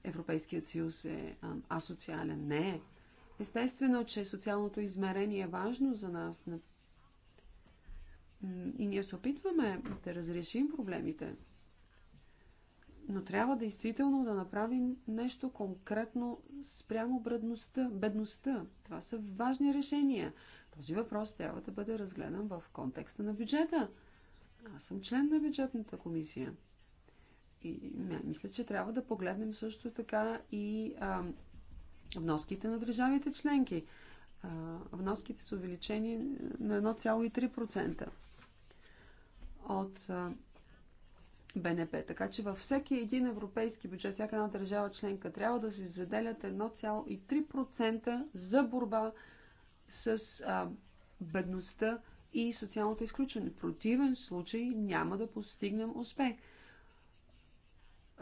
Европейският съюз е асоциален. Не. Естествено, че социалното измерение е важно за нас. И ние се опитваме да разрешим проблемите. Но трябва действително да направим нещо конкретно спрямо бедността. бедността. Това са важни решения. Този въпрос трябва да бъде разгледан в контекста на бюджета. Аз съм член на бюджетната комисия. И мисля, че трябва да погледнем също така и а, вноските на държавите членки. А, вноските са увеличени на 1,3% от а, БНП. Така че във всеки един европейски бюджет, всяка една държава членка трябва да се заделят 1,3% за борба с а, бедността и социалното изключване. В противен случай няма да постигнем успех.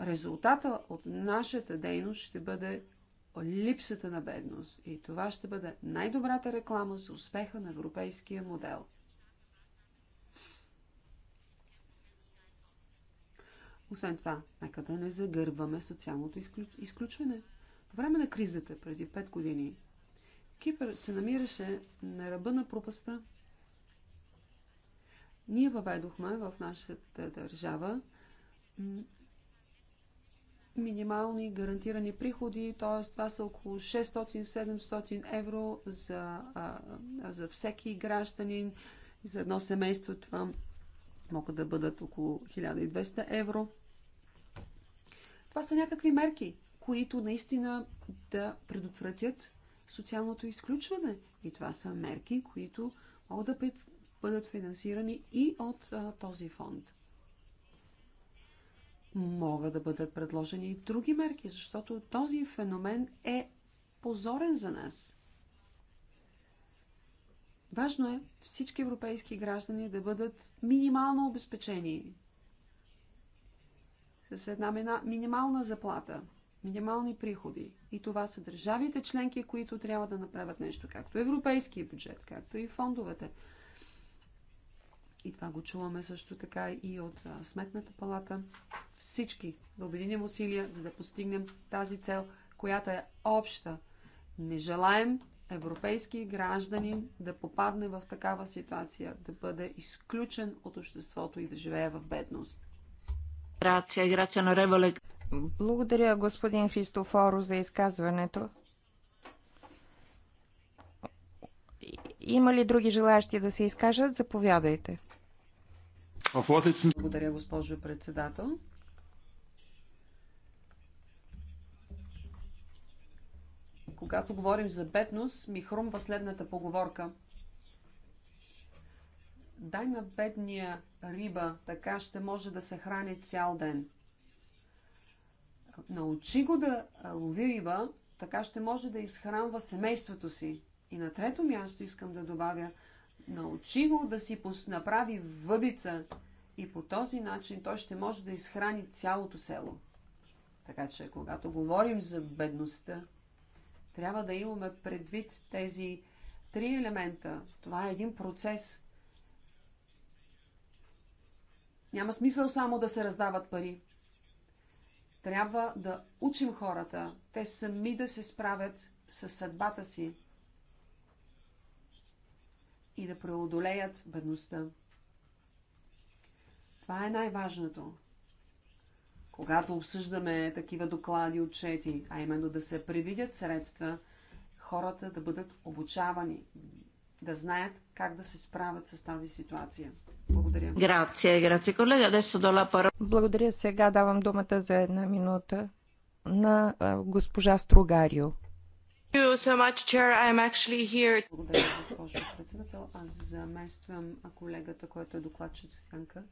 Резултата от нашата дейност ще бъде липсата на бедност. И това ще бъде най-добрата реклама за успеха на европейския модел. Освен това, нека да не загърбваме социалното изключване. По време на кризата, преди 5 години, Кипър се намираше на ръба на пропаста. Ние въведохме в нашата държава минимални гарантирани приходи, т.е. това са около 600-700 евро за, а, за всеки гражданин, за едно семейство това могат да бъдат около 1200 евро. Това са някакви мерки, които наистина да предотвратят социалното изключване. И това са мерки, които могат да бъдат финансирани и от а, този фонд. Могат да бъдат предложени и други мерки, защото този феномен е позорен за нас. Важно е всички европейски граждани да бъдат минимално обезпечени с една минимална заплата, минимални приходи. И това са държавите членки, които трябва да направят нещо, както европейския бюджет, както и фондовете. И това го чуваме също така и от Сметната палата. Всички да обединим усилия, за да постигнем тази цел, която е обща. Не желаем европейски гражданин да попадне в такава ситуация, да бъде изключен от обществото и да живее в бедност. Благодаря, господин Христофоро, за изказването. Има ли други желаящи да се изкажат? Заповядайте. Благодаря, госпожо председател. Когато говорим за бедност, ми хрумва следната поговорка – Дай на бедния риба, така ще може да се храни цял ден. Научи го да лови риба, така ще може да изхранва семейството си. И на трето място искам да добавя, научи го да си направи въдица и по този начин той ще може да изхрани цялото село. Така че, когато говорим за бедността, трябва да имаме предвид тези три елемента. Това е един процес. Няма смисъл само да се раздават пари. Трябва да учим хората, те сами да се справят с съдбата си и да преодолеят бедността. Това е най-важното. Когато обсъждаме такива доклади, отчети, а именно да се предвидят средства, хората да бъдат обучавани, да знаят как да се справят с тази ситуация. Благодаря. Грация, грация, колега. Десо дола пара. Благодаря. Сега давам думата за една минута на госпожа Стругарио. Благодаря, госпожо председател. Аз замествам колегата, който е докладчик в Сянка.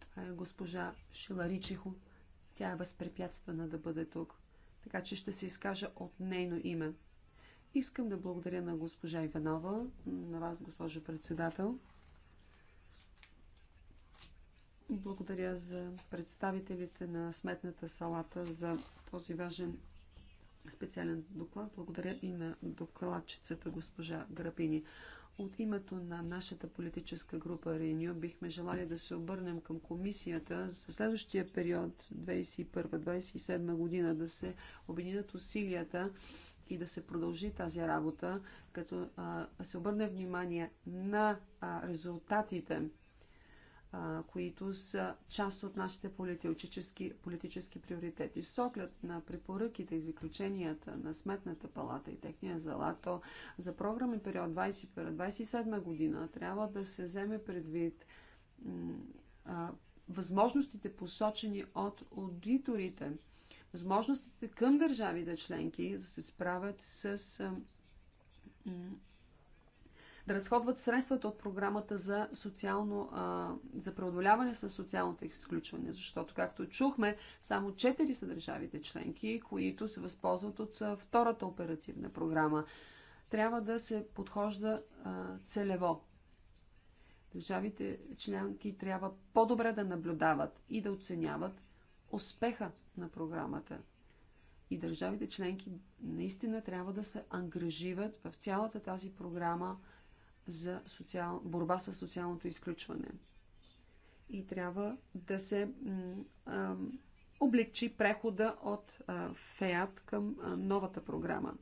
Това е госпожа Шиларичихо. Тя е възпрепятствана да бъде тук. Така че ще се изкажа от нейно име. Искам да благодаря на госпожа Иванова, на вас, госпожо председател, благодаря за представителите на Сметната салата за този важен специален доклад. Благодаря и на докладчицата госпожа Грапини. От името на нашата политическа група Renew бихме желали да се обърнем към комисията за следващия период 2021-2027 година да се объединят усилията и да се продължи тази работа, като а, се обърне внимание на а, резултатите които са част от нашите политически, политически приоритети. С оглед на препоръките и заключенията на Сметната палата и техния зала, то за програмен период 2027 година трябва да се вземе предвид възможностите посочени от аудиторите, възможностите към държавите членки да се справят с да разходват средствата от програмата за, социално, а, за преодоляване с социалното изключване. Защото, както чухме, само 4 са държавите членки, които се възползват от а, втората оперативна програма. Трябва да се подхожда а, целево. Държавите членки трябва по-добре да наблюдават и да оценяват успеха на програмата. И държавите членки наистина трябва да се ангажират в цялата тази програма за социал... борба с социалното изключване. И трябва да се а, облегчи прехода от а, ФЕАТ към а, новата програма.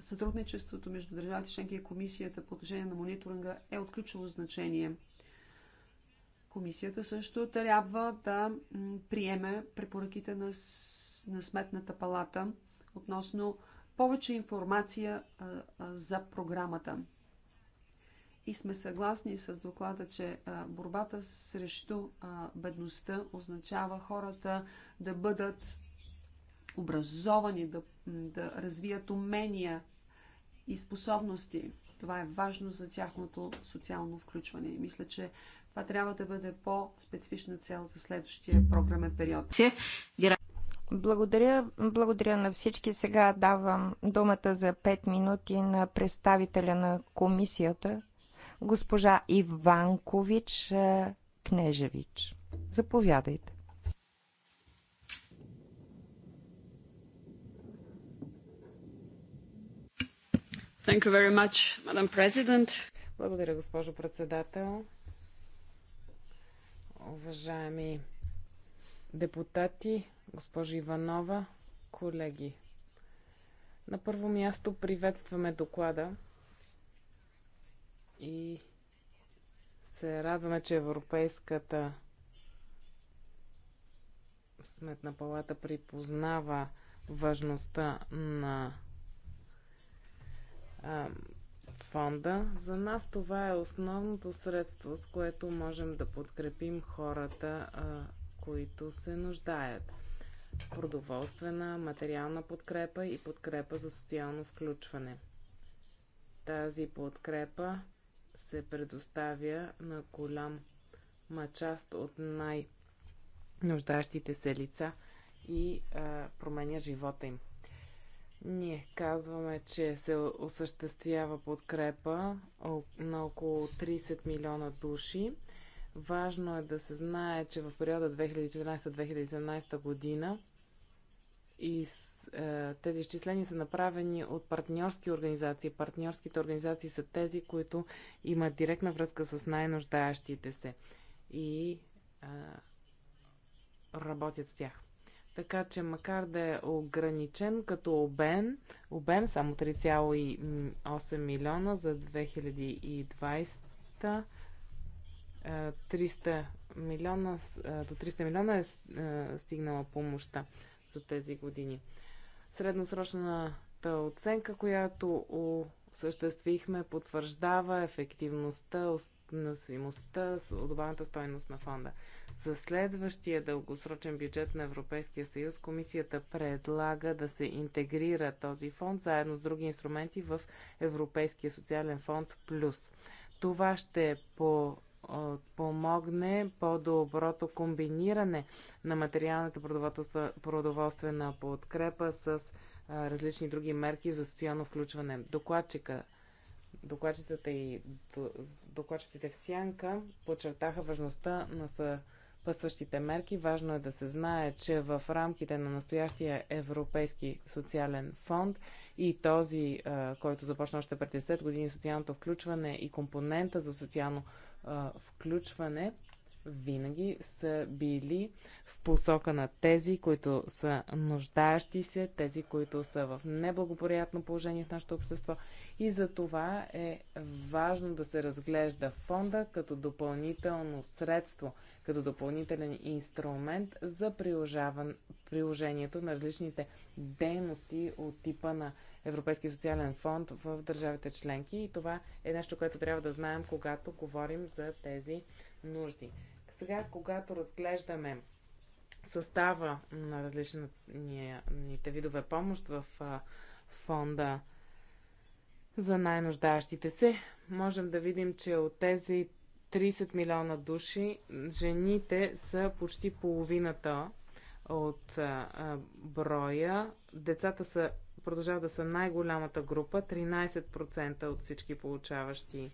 Сътрудничеството между държавите членки и комисията по отношение на мониторинга е от ключово значение. Комисията също трябва да приеме препоръките на, на Сметната палата относно повече информация за програмата. И сме съгласни с доклада, че борбата срещу бедността означава хората да бъдат образовани, да, да развият умения и способности. Това е важно за тяхното социално включване. И мисля, че това трябва да бъде по-специфична цел за следващия програмен период. Благодаря, благодаря на всички. Сега давам думата за 5 минути на представителя на комисията, госпожа Иванкович е, Кнежевич. Заповядайте. Thank you very much, Madam President. Благодаря, госпожо председател. Уважаеми депутати, госпожа Иванова, колеги. На първо място приветстваме доклада и се радваме, че Европейската сметна палата припознава важността на а, фонда. За нас това е основното средство, с което можем да подкрепим хората а, които се нуждаят. Продоволствена, материална подкрепа и подкрепа за социално включване. Тази подкрепа се предоставя на голям ма част от най-нуждащите се лица и а, променя живота им. Ние казваме, че се осъществява подкрепа на около 30 милиона души Важно е да се знае, че в периода 2014-2017 година и е, тези изчисления са направени от партньорски организации. Партньорските организации са тези, които имат директна връзка с най-нуждаещите се и е, работят с тях. Така че макар да е ограничен като обем, обем само 3,8 милиона за 2020 300 милиона, до 300 милиона е стигнала помощта за тези години. Средносрочната оценка, която осъществихме, потвърждава ефективността, носимостта, добавената стойност на фонда. За следващия дългосрочен бюджет на Европейския съюз комисията предлага да се интегрира този фонд заедно с други инструменти в Европейския социален фонд Плюс. Това ще по помогне по-доброто комбиниране на материалната продоволствена подкрепа с различни други мерки за социално включване. Докладчика, докладчицата и докладчиците в Сянка подчертаха важността на съпъсващите мерки. Важно е да се знае, че в рамките на настоящия Европейски социален фонд и този, който започна още преди 10 години, социалното включване и компонента за социално включване винаги са били в посока на тези, които са нуждаещи се, тези, които са в неблагоприятно положение в нашето общество. И за това е важно да се разглежда фонда като допълнително средство, като допълнителен инструмент за приложението на различните дейности от типа на Европейския социален фонд в държавите членки. И това е нещо, което трябва да знаем, когато говорим за тези нужди. Сега, когато разглеждаме състава на различните видове помощ в фонда за най-нуждаещите се, можем да видим, че от тези 30 милиона души, жените са почти половината от а, броя. Децата са, продължават да са най-голямата група, 13% от всички получаващи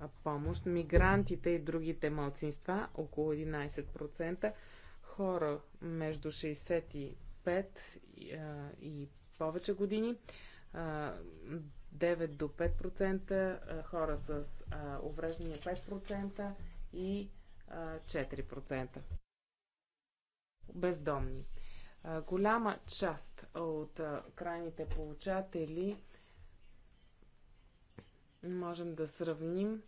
а, помощ. Мигрантите и другите малцинства, около 11%. Хора между 65 и, а, и повече години, 9 до 5%, хора с увреждания 5% и 4% бездомни. Голяма част от крайните получатели можем да сравним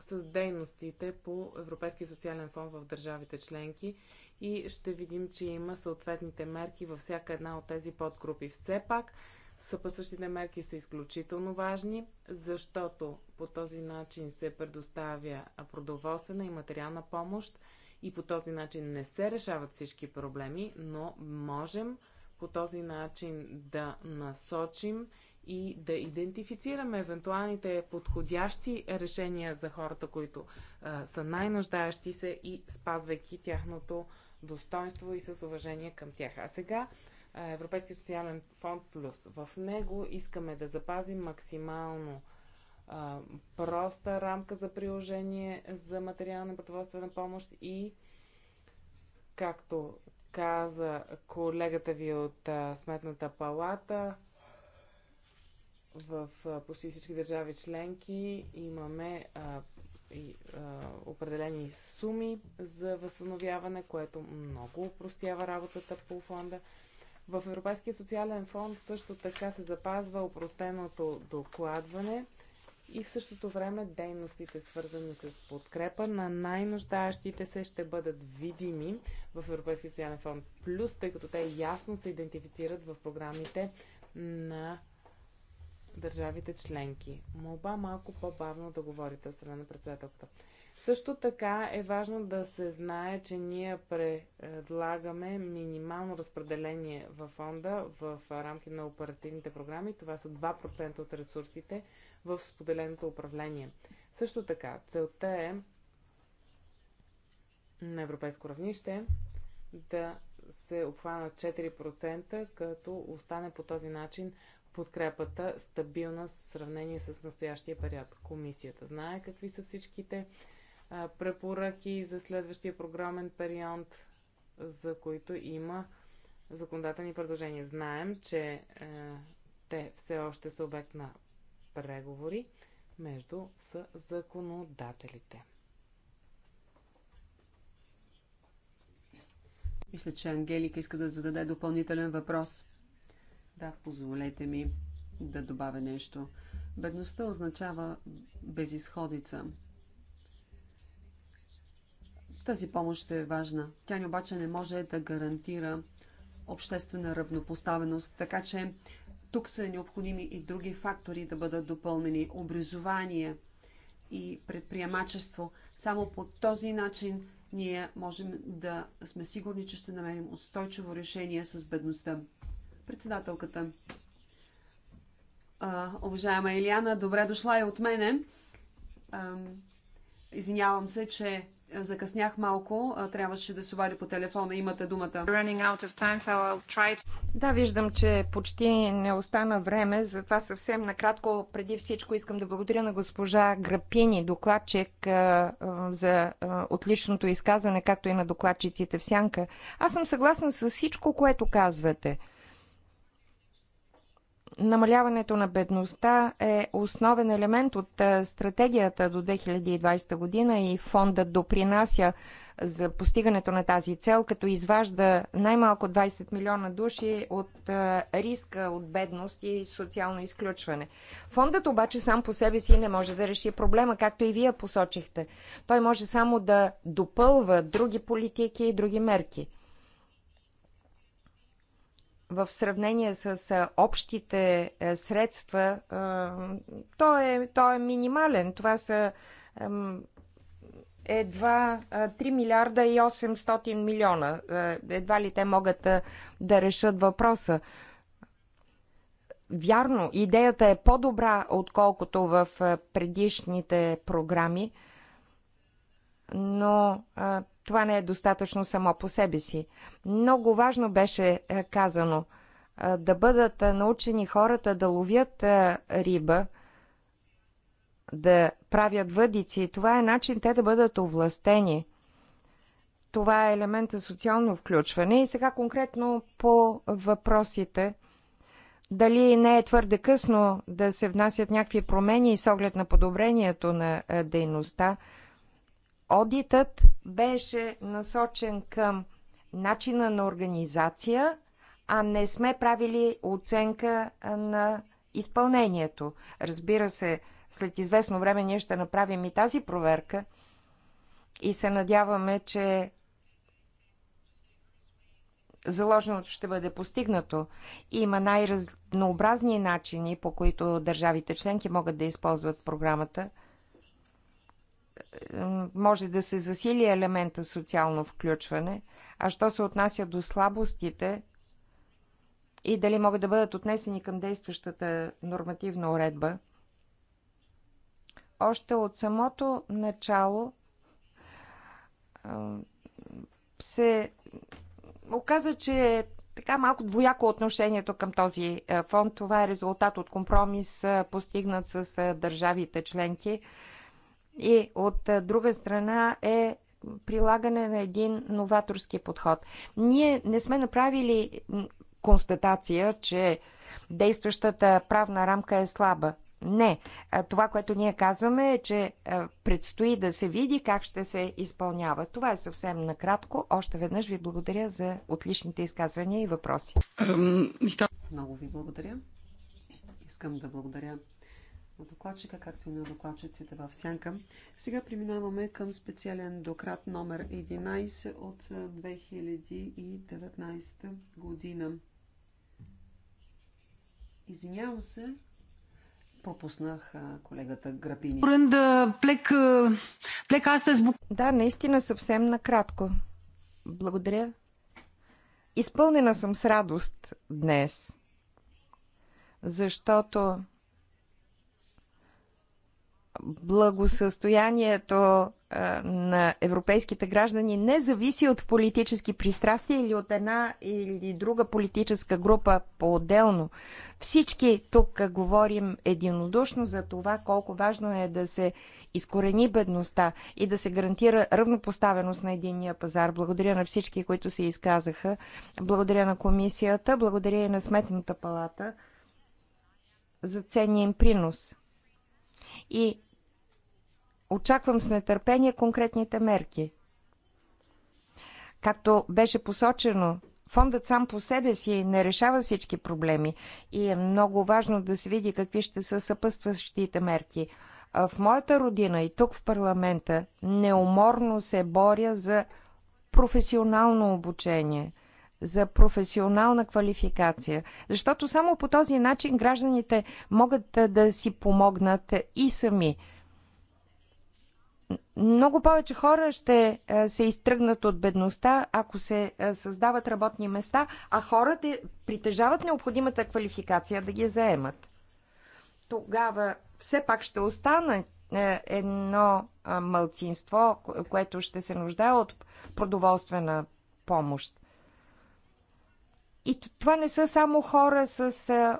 с дейностите по Европейския социален фонд в държавите членки и ще видим, че има съответните мерки във всяка една от тези подгрупи. Все пак съпъсващите мерки са изключително важни, защото по този начин се предоставя продоволствена и материална помощ и по този начин не се решават всички проблеми, но можем по този начин да насочим и да идентифицираме евентуалните подходящи решения за хората, които а, са най-нуждаещи се и спазвайки тяхното достоинство и с уважение към тях. А сега Европейски социален фонд плюс. В него искаме да запазим максимално а, проста рамка за приложение за материална продоволствена помощ и, както каза колегата ви от а, Сметната палата, в а, почти всички държави членки имаме а, и, а, определени суми за възстановяване, което много упростява работата по фонда. В Европейския социален фонд също така се запазва упростеното докладване и в същото време дейностите, свързани с подкрепа на най-нуждаещите се, ще бъдат видими в Европейския социален фонд Плюс, тъй като те ясно се идентифицират в програмите на държавите членки. Молба малко по-бавно да говорите, страна на председателката. Също така е важно да се знае, че ние предлагаме минимално разпределение във фонда в рамки на оперативните програми. Това са 2% от ресурсите в споделеното управление. Също така, целта е на европейско равнище да се обхванат 4%, като остане по този начин подкрепата стабилна в сравнение с настоящия период. Комисията знае какви са всичките препоръки за следващия програмен период, за които има законодателни предложения. Знаем, че е, те все още са обект на преговори между с законодателите. Мисля, че Ангелика иска да зададе допълнителен въпрос. Да, позволете ми да добавя нещо. Бедността означава безисходица, тази помощ е важна. Тя ни обаче не може да гарантира обществена равнопоставеност, така че тук са необходими и други фактори да бъдат допълнени. Образование и предприемачество. Само по този начин ние можем да сме сигурни, че ще намерим устойчиво решение с бедността. Председателката. А, уважаема Илиана, добре дошла и от мене. А, извинявам се, че Закъснях малко, трябваше да се вади по телефона. Имате думата. Time, so to... Да, виждам, че почти не остана време, затова съвсем накратко преди всичко искам да благодаря на госпожа Грапини, докладчик, за отличното изказване, както и на докладчиците в Сянка. Аз съм съгласна с всичко, което казвате – Намаляването на бедността е основен елемент от стратегията до 2020 година и фонда допринася за постигането на тази цел, като изважда най-малко 20 милиона души от риска от бедност и социално изключване. Фондът обаче сам по себе си не може да реши проблема, както и вие посочихте. Той може само да допълва други политики и други мерки – в сравнение с общите средства, то е, то е минимален. Това са едва 3 милиарда и 800 милиона. Едва ли те могат да решат въпроса. Вярно, идеята е по-добра, отколкото в предишните програми, но това не е достатъчно само по себе си. Много важно беше е, казано е, да бъдат е, научени хората да ловят риба, да правят въдици. Това е начин те да бъдат овластени. Това е елемента социално включване. И сега конкретно по въпросите. Дали не е твърде късно да се внасят някакви промени с оглед на подобрението на дейността? Одитът беше насочен към начина на организация, а не сме правили оценка на изпълнението. Разбира се, след известно време ние ще направим и тази проверка и се надяваме, че заложеното ще бъде постигнато. Има най-разнообразни начини, по които държавите членки могат да използват програмата – е, е, може да се засили елемента социално включване, а що се отнася до слабостите и дали могат да бъдат отнесени към действащата нормативна уредба, още от самото начало е, се оказа, че е така малко двояко отношението към този фонд. Това е резултат от компромис, постигнат с държавите членки – и от друга страна е прилагане на един новаторски подход. Ние не сме направили констатация, че действащата правна рамка е слаба. Не. Това, което ние казваме е, че предстои да се види как ще се изпълнява. Това е съвсем накратко. Още веднъж ви благодаря за отличните изказвания и въпроси. Много ви благодаря. Искам да благодаря на докладчика, както и на докладчиците в сянка. Сега преминаваме към специален дократ номер 11 от 2019 година. Извинявам се, пропуснах колегата Грапини. Уренда, плек, плек аз е Да, наистина съвсем накратко. Благодаря. Изпълнена съм с радост днес, защото благосъстоянието на европейските граждани не зависи от политически пристрастия или от една или друга политическа група по-отделно. Всички тук говорим единодушно за това колко важно е да се изкорени бедността и да се гарантира равнопоставеност на единния пазар. Благодаря на всички, които се изказаха. Благодаря на комисията, благодаря и на Сметната палата за ценния им принос. И Очаквам с нетърпение конкретните мерки. Както беше посочено, фондът сам по себе си не решава всички проблеми и е много важно да се види какви ще са съпътстващите мерки. А в моята родина и тук в парламента неуморно се боря за професионално обучение, за професионална квалификация, защото само по този начин гражданите могат да си помогнат и сами – много повече хора ще е, се изтръгнат от бедността, ако се е, създават работни места, а хората притежават необходимата квалификация да ги заемат. Тогава все пак ще остана е, едно мълцинство, което ще се нуждае от продоволствена помощ. И това не са само хора с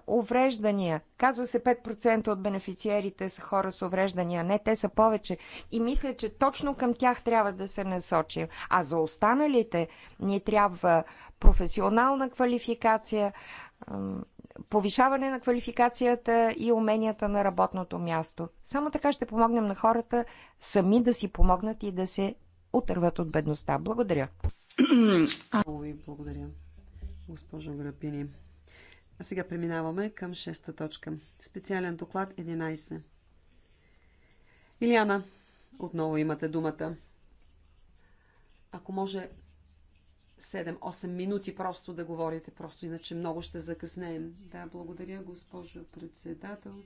увреждания. Казва се 5% от бенефициерите са хора с увреждания. Не, те са повече. И мисля, че точно към тях трябва да се насочим. А за останалите ни трябва професионална квалификация, повишаване на квалификацията и уменията на работното място. Само така ще помогнем на хората сами да си помогнат и да се отърват от бедността. Благодаря. Много ви благодаря госпожо Грапини. А сега преминаваме към шеста точка. Специален доклад 11. Илиана, отново имате думата. Ако може 7-8 минути просто да говорите, просто иначе много ще закъснеем. Да, благодаря, госпожо председател.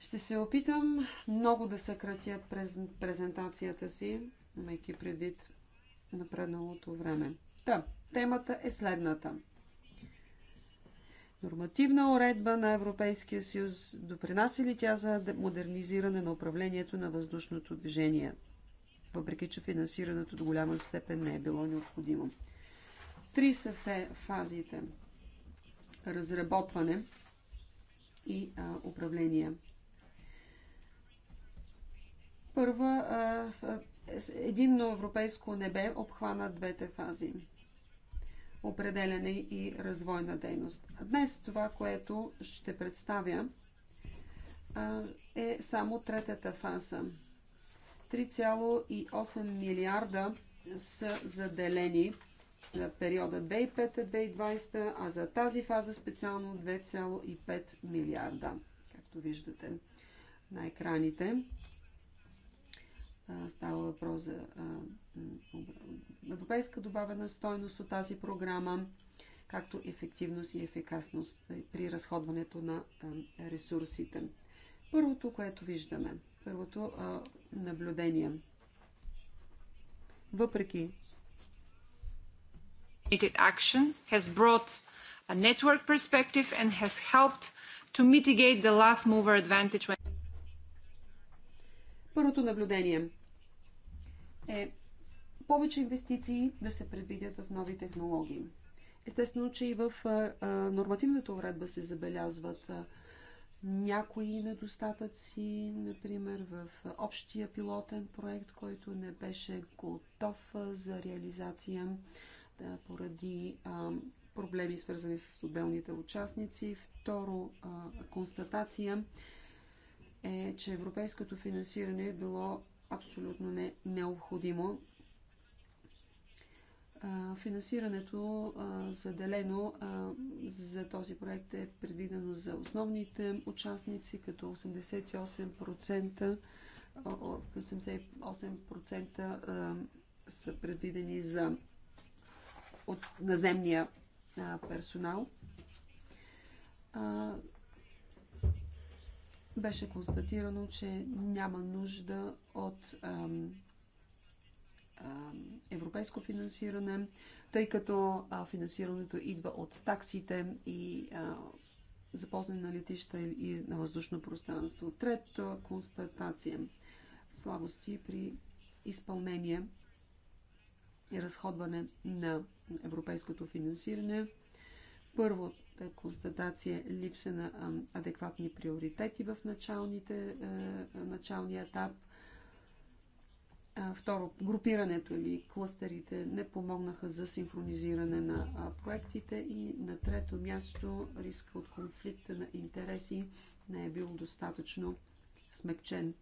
Ще се опитам много да съкратя през, презентацията си, имайки предвид напредналото време. Та, темата е следната. Нормативна уредба на Европейския съюз допринася ли тя за модернизиране на управлението на въздушното движение, въпреки че финансирането до голяма степен не е било необходимо? Три са фазите разработване и а, управление. Първа, а, е, единно европейско небе обхвана двете фази определяне и развойна дейност. Днес това, което ще представя, е само третата фаза. 3,8 милиарда са заделени за периода 2005-2020, а за тази фаза специално 2,5 милиарда, както виждате на екраните. Става въпрос за европейска добавена стойност от тази програма, както ефективност и ефикасност при разходването на ресурсите. Първото, което виждаме, първото наблюдение. Въпреки action has brought a network perspective and has helped to mitigate the last mover advantage. Първото наблюдение е повече инвестиции да се предвидят в нови технологии. Естествено, че и в нормативната уредба се забелязват някои недостатъци, например в общия пилотен проект, който не беше готов за реализация да, поради а, проблеми, свързани с отделните участници. Второ, а, констатация е, че европейското финансиране е било абсолютно не, необходимо. Финансирането заделено за този проект е предвидено за основните участници, като 88%, 88% са предвидени за от наземния персонал беше констатирано, че няма нужда от ам, ам, европейско финансиране, тъй като а, финансирането идва от таксите и а, за ползване на летища и на въздушно пространство. Трета констатация слабости при изпълнение и разходване на европейското финансиране. Първо, констатация липса на адекватни приоритети в началните, е, началния етап. Второ, групирането или клъстерите не помогнаха за синхронизиране на проектите и на трето място риска от конфликта на интереси не е бил достатъчно смекчен.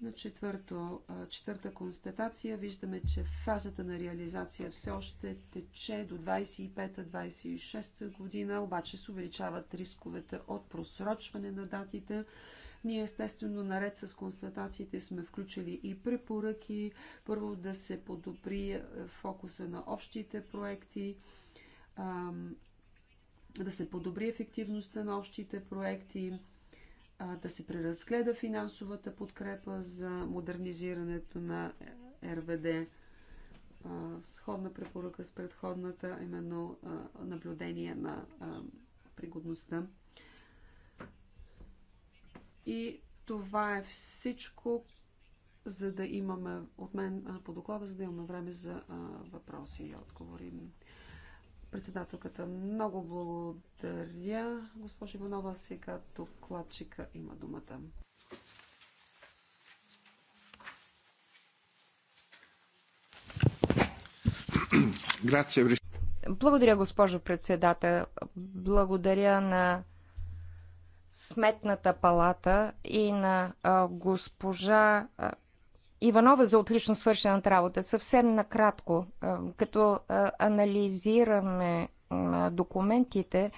На четвърто, четвърта констатация виждаме, че фазата на реализация все още тече до 25-26 година, обаче се увеличават рисковете от просрочване на датите. Ние естествено наред с констатациите сме включили и препоръки. Първо да се подобри фокуса на общите проекти, да се подобри ефективността на общите проекти, да се преразгледа финансовата подкрепа за модернизирането на РВД. Сходна препоръка с предходната, именно наблюдение на пригодността. И това е всичко, за да имаме от мен по доклада, за да имаме време за въпроси и отговори. Председателката, много благодаря. Госпожа Иванова, сега докладчика има думата. Благодаря, госпожо председател. Благодаря на Сметната палата и на госпожа Иванова за отлично свършената работа. Съвсем накратко, е, като е, анализираме е, документите,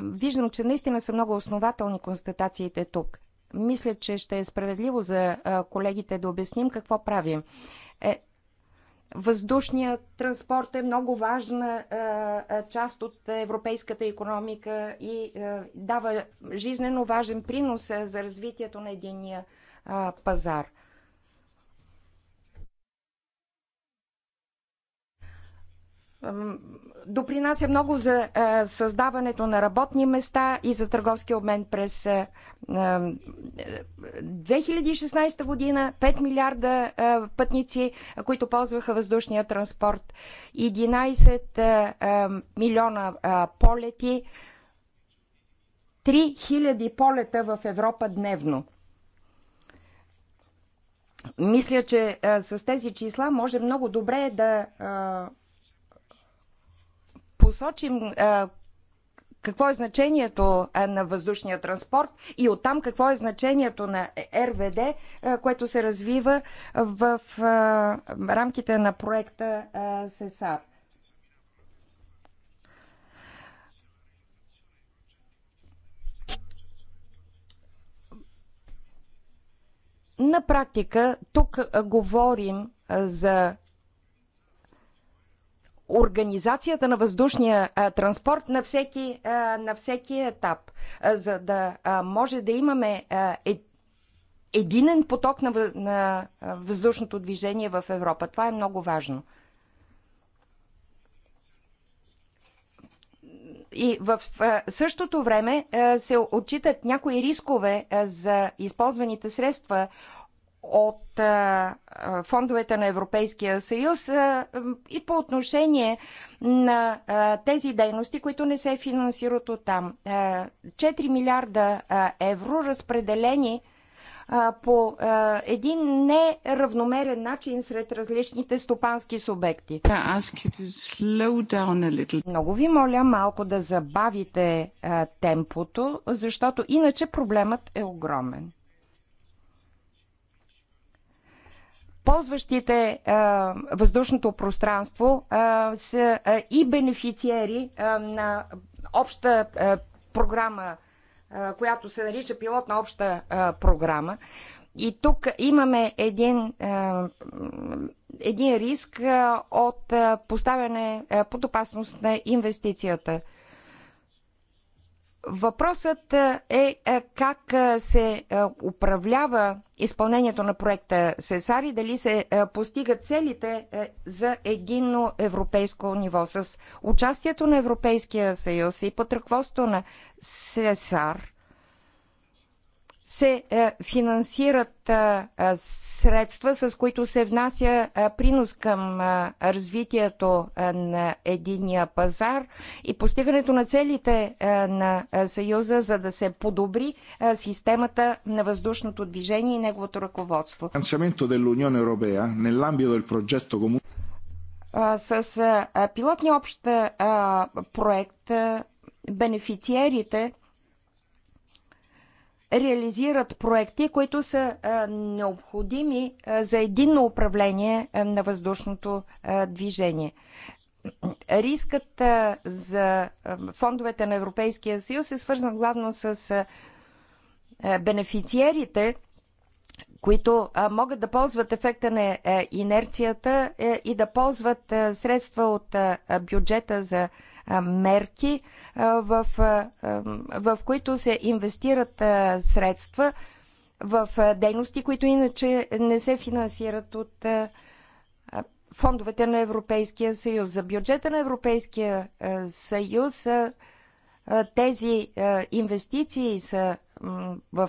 виждам, че наистина са много основателни констатациите тук. Мисля, че ще е справедливо за колегите да обясним какво правим. Е, въздушният транспорт е много важна част от европейската економика и дава жизнено важен принос за развитието на единия пазар. допринася много за създаването на работни места и за търговски обмен през 2016 година 5 милиарда пътници, които ползваха въздушния транспорт, 11 милиона полети, 3000 полета в Европа дневно. Мисля, че с тези числа може много добре да посочим какво е значението на въздушния транспорт и оттам какво е значението на е РВД, което се развива в рамките на проекта СЕСАР. На практика тук говорим за организацията на въздушния транспорт на всеки, на всеки етап, за да може да имаме е, единен поток на, на въздушното движение в Европа. Това е много важно. И в същото време се отчитат някои рискове за използваните средства от фондовете на Европейския съюз и по отношение на тези дейности, които не се финансират от там. 4 милиарда евро разпределени по един неравномерен начин сред различните стопански субекти. Много ви моля малко да забавите темпото, защото иначе проблемът е огромен. ползващите а, е, въздушното пространство а, е, са а, е, и бенефициери а, на обща а, програма, а, която се нарича пилотна обща а, програма. И тук имаме един, а, един риск а, от а, поставяне а, под опасност на инвестицията. Въпросът е, е, е как е, се управлява изпълнението на проекта СЕСАР и дали се постигат целите за единно европейско ниво. С участието на Европейския съюз и под ръководството на СЕСАР се е, финансират е, е, средства, с които се внася принос към развитието на единния пазар и постигането на целите на Съюза, за да се подобри системата на въздушното движение и неговото ръководство. С пилотния общ проект бенефициерите реализират проекти, които са необходими за единно управление на въздушното движение. Рискът за фондовете на Европейския съюз е свързан главно с бенефициерите, които могат да ползват ефекта на инерцията е, и да ползват средства от бюджета за мерки, в, в които се инвестират средства в дейности, които иначе не се финансират от фондовете на Европейския съюз. За бюджета на Европейския съюз тези инвестиции са в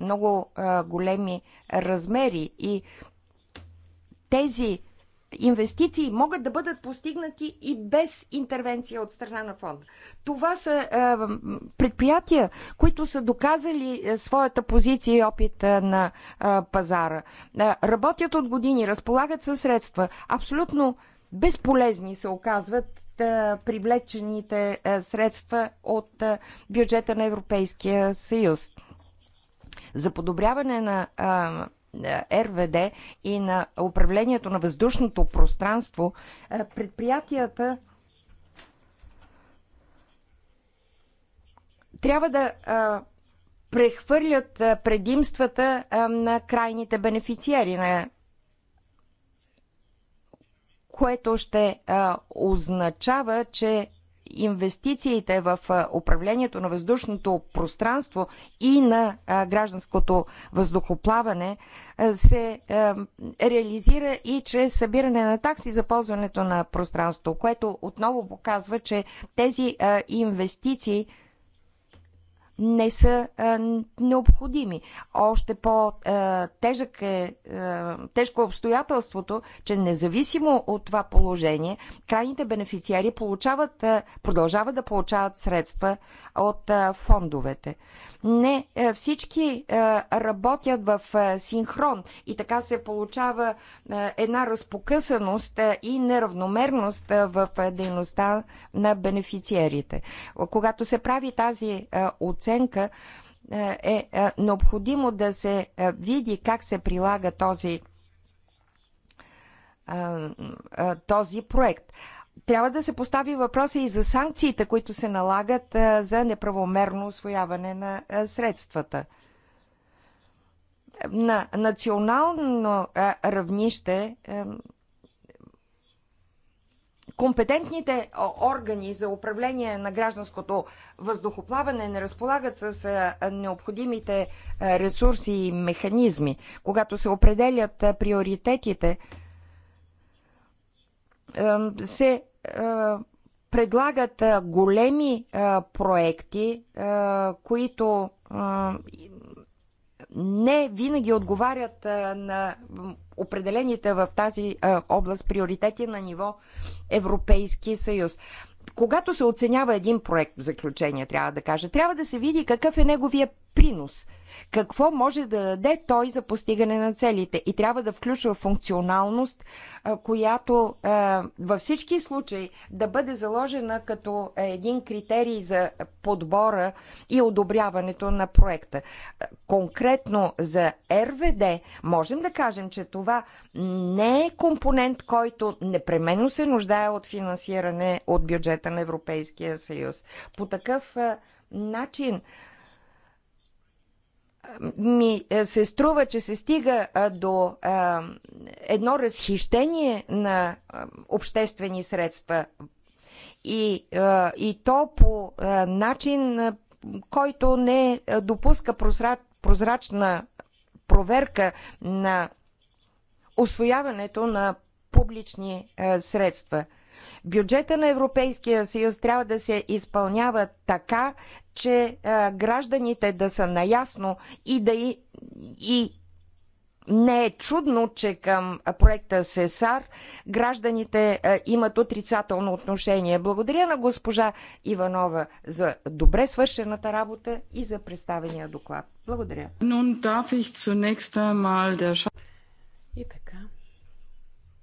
много големи размери и тези инвестиции могат да бъдат постигнати и без интервенция от страна на фонда. Това са е, предприятия, които са доказали е, своята позиция и опит е, на пазара. Работят от години, разполагат със средства. Абсолютно безполезни се оказват привлечените средства от бюджета на Европейския съюз. За подобряване на РВД и на управлението на въздушното пространство, е, предприятията трябва да е, прехвърлят е, предимствата на крайните бенефициери, на което ще означава, че инвестициите в управлението на въздушното пространство и на гражданското въздухоплаване се реализира и чрез събиране на такси за ползването на пространство, което отново показва, че тези инвестиции не са а, необходими. Още по-тежък е, а, тежко е обстоятелството, че независимо от това положение, крайните бенефициари получават, а, продължават да получават средства от а, фондовете. Не е, всички е, работят в е, синхрон и така се получава една разпокъсаност и неравномерност в дейността на бенефициерите. Когато се прави тази оценка, е необходимо да се види как се прилага този този проект трябва да се постави въпроса и за санкциите, които се налагат за неправомерно освояване на средствата. На национално равнище компетентните органи за управление на гражданското въздухоплаване не разполагат с необходимите ресурси и механизми. Когато се определят приоритетите, се предлагат големи проекти, които не винаги отговарят на определените в тази област приоритети на ниво Европейски съюз. Когато се оценява един проект, в заключение трябва да кажа, трябва да се види какъв е неговия принос – какво може да даде той за постигане на целите. И трябва да включва функционалност, която във всички случаи да бъде заложена като един критерий за подбора и одобряването на проекта. Конкретно за РВД можем да кажем, че това не е компонент, който непременно се нуждае от финансиране от бюджета на Европейския съюз. По такъв начин ми е, се струва, че се стига до едно разхищение на обществени средства и, и то по начин, който не допуска прозрачна проверка на освояването на публични средства – Бюджета на Европейския съюз трябва да се изпълнява така, че а, е, гражданите да са наясно и да и, и не е чудно, че към проекта СЕСАР гражданите е, имат отрицателно отношение. Благодаря на госпожа Иванова за добре свършената работа и за представения доклад. Благодаря. И така,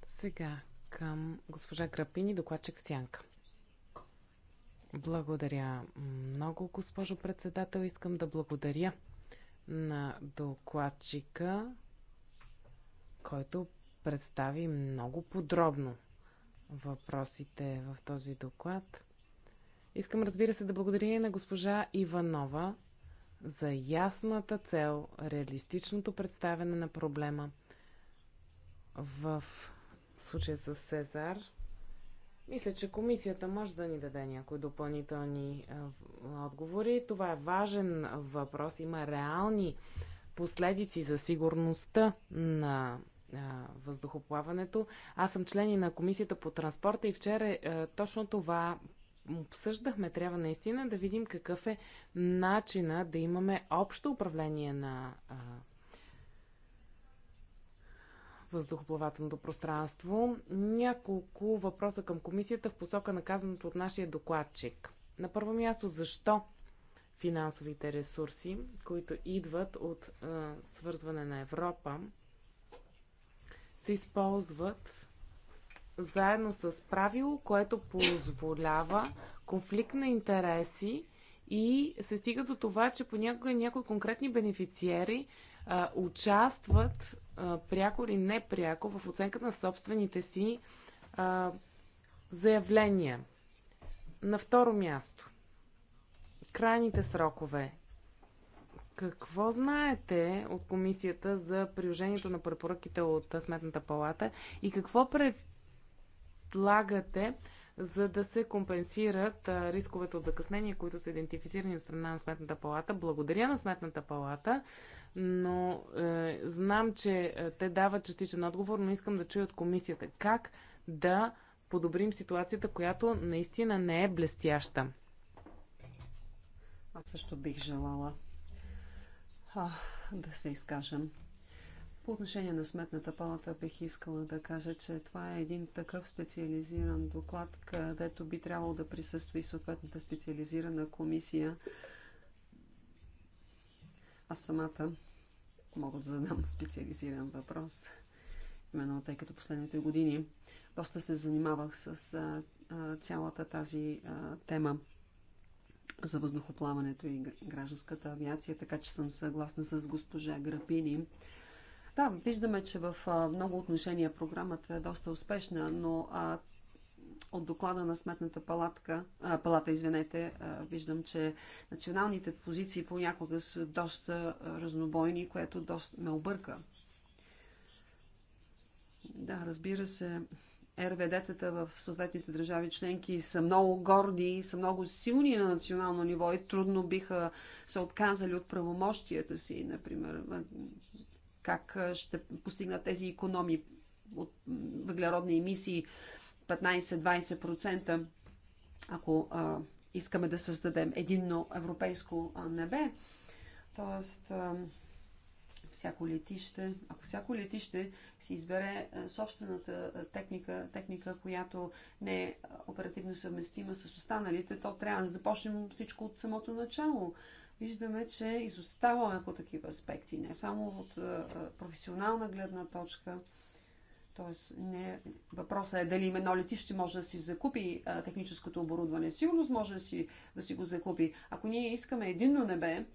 сега към госпожа Грапини, докладчик в Сянка. Благодаря много, госпожо председател. Искам да благодаря на докладчика, който представи много подробно въпросите в този доклад. Искам, разбира се, да благодаря и на госпожа Иванова за ясната цел, реалистичното представяне на проблема в случая с Сезар, мисля, че комисията може да ни даде някои допълнителни отговори. Това е важен въпрос. Има реални последици за сигурността на въздухоплаването. Аз съм член и на комисията по транспорта и вчера точно това обсъждахме. Трябва наистина да видим какъв е начина да имаме общо управление на въздухоплавателното пространство. Няколко въпроса към комисията в посока на казаното от нашия докладчик. На първо място, защо финансовите ресурси, които идват от а, свързване на Европа, се използват заедно с правило, което позволява конфликт на интереси и се стига до това, че понякога някои конкретни бенефициери а, участват а, пряко или непряко в оценката на собствените си а, заявления. На второ място, крайните срокове. Какво знаете от комисията за приложението на препоръките от Сметната палата и какво предлагате? за да се компенсират рисковете от закъснение, които са идентифицирани от страна на Сметната палата. Благодаря на Сметната палата, но е, знам, че е, те дават частичен отговор, но искам да чуя от комисията как да подобрим ситуацията, която наистина не е блестяща. Аз също бих желала а, да се изкажем по отношение на Сметната палата бих искала да кажа, че това е един такъв специализиран доклад, където би трябвало да присъства и съответната специализирана комисия. Аз самата мога да задам специализиран въпрос, именно тъй като последните години доста се занимавах с а, а, цялата тази а, тема за въздухоплаването и гражданската авиация, така че съм съгласна с госпожа Грапини да, виждаме, че в много отношения програмата е доста успешна, но от доклада на Сметната палатка, а, палата, извинете, а, виждам, че националните позиции понякога са доста разнобойни, което доста ме обърка. Да, разбира се, РВД-тата в съответните държави членки са много горди, са много силни на национално ниво и трудно биха се отказали от правомощията си, например как ще постигнат тези економии от въглеродни емисии 15-20%, ако а, искаме да създадем единно европейско небе. Тоест, а, всяко летище, ако всяко летище си избере собствената техника, техника, която не е оперативно съвместима с останалите, то трябва да започнем всичко от самото начало виждаме, че изоставаме по такива аспекти, не само от професионална гледна точка. Тоест, не, въпросът е дали едно летище може да си закупи а, техническото оборудване. Сигурност може да си, да си го закупи. Ако ние искаме единно небе,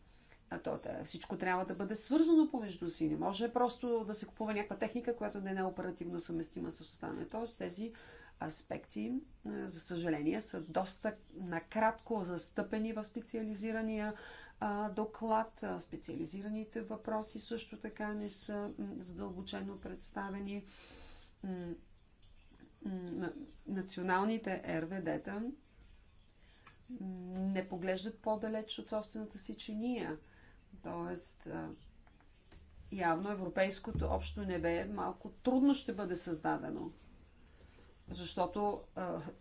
а то, да, всичко трябва да бъде свързано помежду си. Не може просто да се купува някаква техника, която да не е оперативно съвместима с останалите. Тоест, тези аспекти, за съжаление, са доста накратко застъпени в специализирания доклад. Специализираните въпроси също така не са задълбочено представени. Националните РВД-та не поглеждат по-далеч от собствената си чиния. Тоест, явно европейското общо небе малко трудно ще бъде създадено. Защото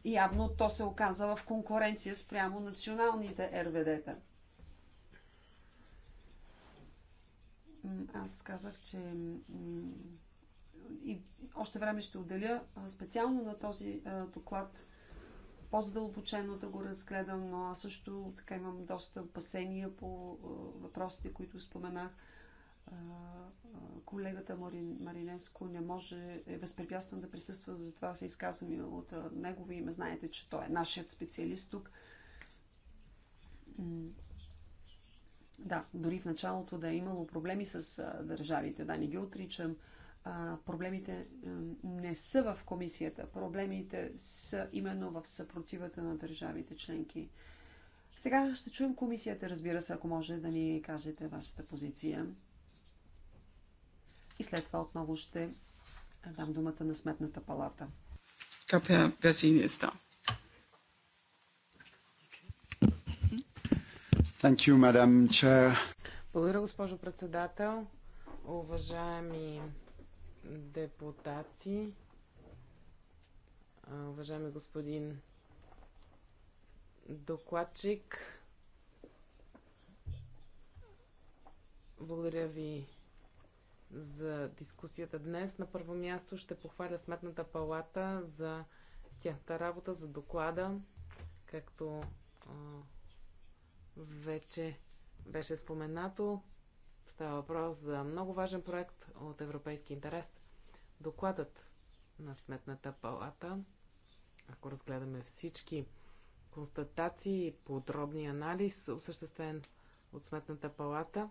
явно то се оказа в конкуренция спрямо националните РВД-та. аз казах, че и още време ще отделя специално на този доклад по-задълбочено да го разгледам, но аз също така имам доста опасения по въпросите, които споменах. Колегата Марин, Маринеско не може, е възпрепятстван да присъства, затова се изказвам от негови име. Знаете, че той е нашият специалист тук. Да, дори в началото да е имало проблеми с а, държавите, да, не ги отричам. А, проблемите а, не са в комисията, проблемите са именно в съпротивата на държавите членки. Сега ще чуем комисията, разбира се, ако може да ни кажете вашата позиция. И след това отново ще дам думата на Сметната палата. Капя Весини е стал. Thank you, Madam Chair. Благодаря, госпожо председател. Уважаеми депутати, уважаеми господин докладчик, благодаря ви за дискусията днес. На първо място ще похваля Сметната палата за тяхната работа, за доклада, както вече беше споменато. Става въпрос за много важен проект от европейски интерес. Докладът на Сметната палата, ако разгледаме всички констатации и подробни анализ, осъществен от Сметната палата,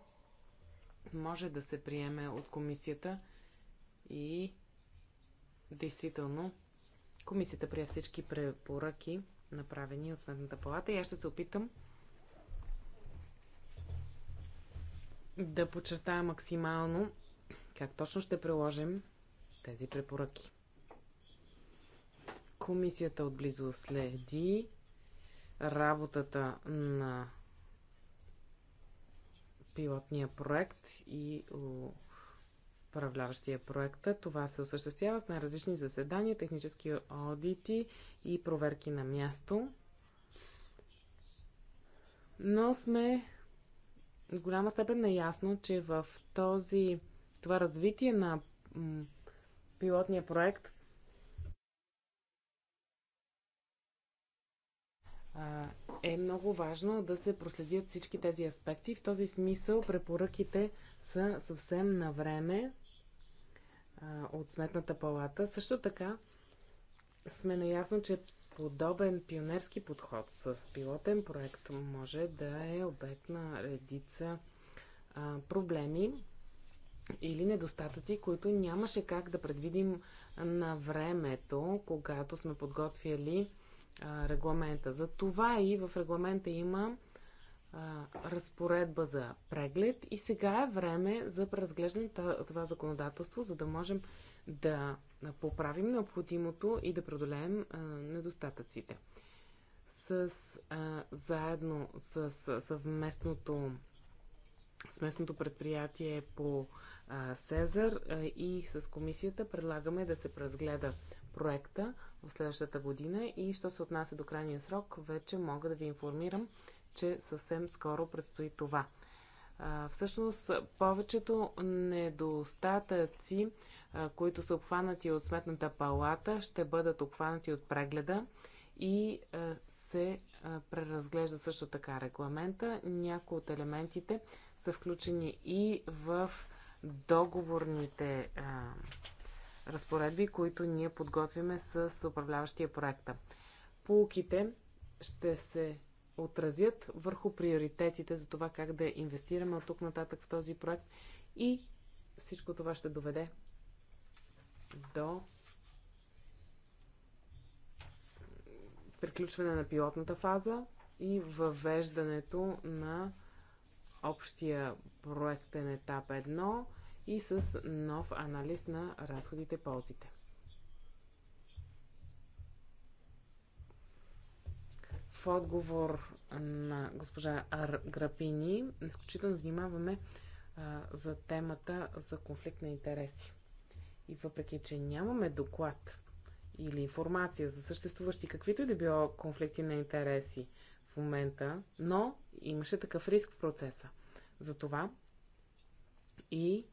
може да се приеме от комисията и действително комисията прие всички препоръки, направени от Сметната палата и аз ще се опитам да подчертая максимално как точно ще приложим тези препоръки. Комисията отблизо следи работата на пилотния проект и управляващия проекта. Това се осъществява с най-различни заседания, технически аудити и проверки на място. Но сме в голяма степен наясно, е че в този, това развитие на пилотния проект е много важно да се проследят всички тези аспекти. В този смисъл препоръките са съвсем на време от Сметната палата. Също така сме наясно, че Подобен пионерски подход с пилотен проект може да е обект на редица а, проблеми или недостатъци, които нямаше как да предвидим на времето, когато сме подготвяли а, регламента. За това и в регламента има а, разпоредба за преглед и сега е време за преразглеждане това законодателство, за да можем да поправим необходимото и да преодолеем а, недостатъците. С, а, заедно с, с съвместното сместното предприятие по а, Сезар а, и с комисията предлагаме да се преразгледа проекта в следващата година и що се отнася до крайния срок, вече мога да ви информирам, че съвсем скоро предстои това. А, всъщност, повечето недостатъци които са обхванати от Сметната палата, ще бъдат обхванати от прегледа и се преразглежда също така регламента. Някои от елементите са включени и в договорните разпоредби, които ние подготвяме с управляващия проекта. Полуките ще се отразят върху приоритетите за това как да инвестираме от тук нататък в този проект и всичко това ще доведе до приключване на пилотната фаза и въвеждането на общия проектен етап 1 и с нов анализ на разходите ползите. В отговор на госпожа Ар Грапини, изключително внимаваме а, за темата за конфликт на интереси. И въпреки, че нямаме доклад или информация за съществуващи каквито и да било конфликти на интереси в момента, но имаше такъв риск в процеса. Затова и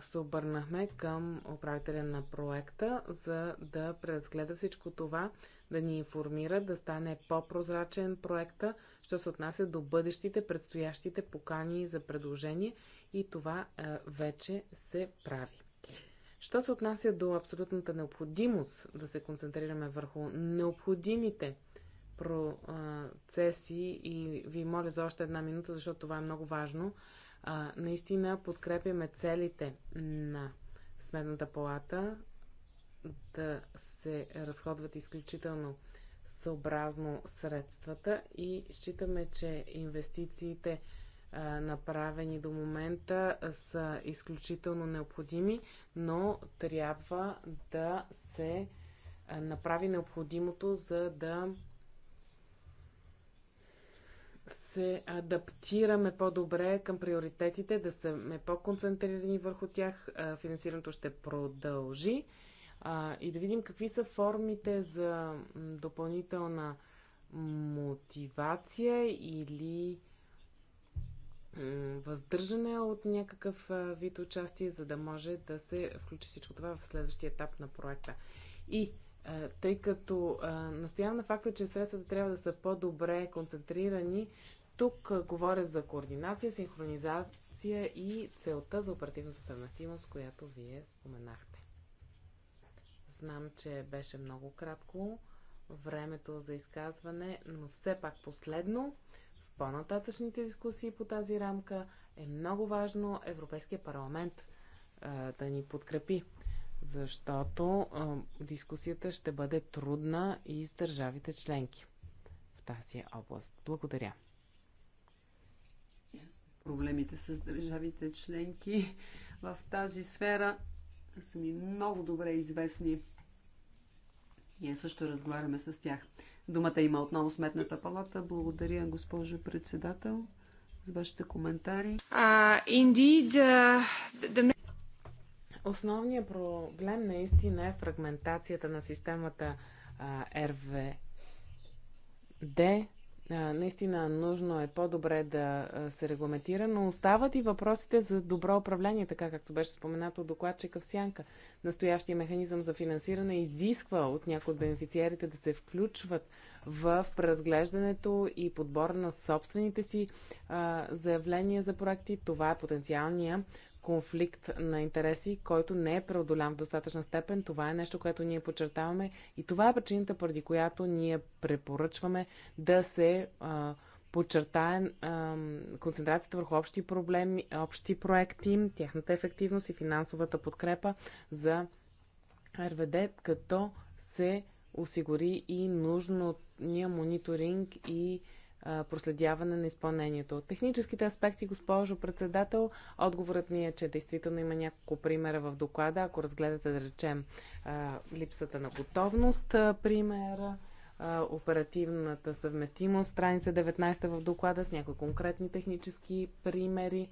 се обърнахме към управителя на проекта, за да преразгледа всичко това, да ни информира, да стане по-прозрачен проекта, що се отнася до бъдещите, предстоящите покани за предложение и това е, вече се прави. Що се отнася до абсолютната необходимост да се концентрираме върху необходимите процеси и ви моля за още една минута, защото това е много важно. А, наистина подкрепяме целите на Сметната палата да се разходват изключително съобразно средствата и считаме, че инвестициите направени до момента, са изключително необходими, но трябва да се направи необходимото, за да се адаптираме по-добре към приоритетите, да сме по-концентрирани върху тях. Финансирането ще продължи. И да видим какви са формите за допълнителна мотивация или въздържане от някакъв вид участие, за да може да се включи всичко това в следващия етап на проекта. И тъй като настоявам на факта, че средствата трябва да са по-добре концентрирани, тук говоря за координация, синхронизация и целта за оперативната съвместимост, която вие споменахте. Знам, че беше много кратко времето за изказване, но все пак последно по-нататъчните дискусии по тази рамка е много важно Европейския парламент а, да ни подкрепи, защото а, дискусията ще бъде трудна и с държавите членки в тази област. Благодаря. Проблемите с държавите членки в тази сфера са ми много добре известни. Ние също разговаряме с тях. Думата има отново Сметната палата. Благодаря, госпожо председател, за вашите коментари. Uh, indeed, uh, the... Основният проблем наистина е фрагментацията на системата uh, РВД наистина нужно е по-добре да се регламентира, но остават и въпросите за добро управление, така както беше споменато от докладчика в Сянка. Настоящия механизъм за финансиране изисква от някои от бенефициерите да се включват в разглеждането и подбор на собствените си а, заявления за проекти. Това е потенциалния конфликт на интереси, който не е преодолян в достатъчна степен. Това е нещо, което ние подчертаваме и това е причината, поради която ние препоръчваме да се а, подчертае а, концентрацията върху общи проблеми, общи проекти, тяхната ефективност и финансовата подкрепа за РВД, като се осигури и нужно ние мониторинг и проследяване на изпълнението. От техническите аспекти, госпожо председател, отговорът ми е, че действително има няколко примера в доклада. Ако разгледате, да речем, липсата на готовност, примера, оперативната съвместимост, страница 19 в доклада с някои конкретни технически примери,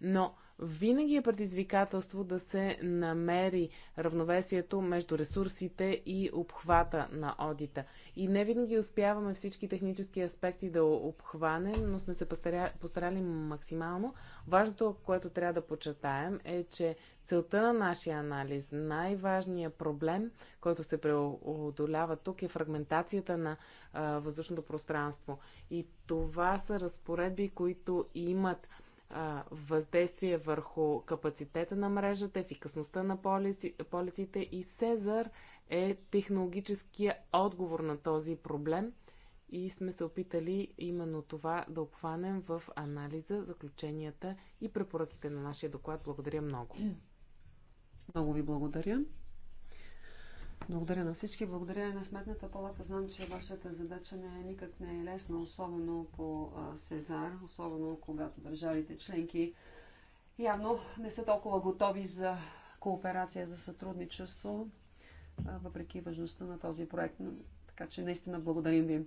но винаги е предизвикателство да се намери равновесието между ресурсите и обхвата на одита. И не винаги успяваме всички технически аспекти да обхванем, но сме се постарали максимално. Важното, което трябва да почетаем е, че целта на нашия анализ, най-важният проблем, който се преодолява тук е фрагментацията на а, въздушното пространство. И това са разпоредби, които имат въздействие върху капацитета на мрежата, ефикасността на полетите и Сезар е технологическия отговор на този проблем и сме се опитали именно това да обхванем в анализа, заключенията и препоръките на нашия доклад. Благодаря много. Много ви благодаря. Благодаря на всички. Благодаря на Сметната палата. Знам, че вашата задача не е никак не е лесна, особено по Сезар, особено когато държавите членки явно не са толкова готови за кооперация, за сътрудничество, въпреки важността на този проект. Така че наистина благодарим ви.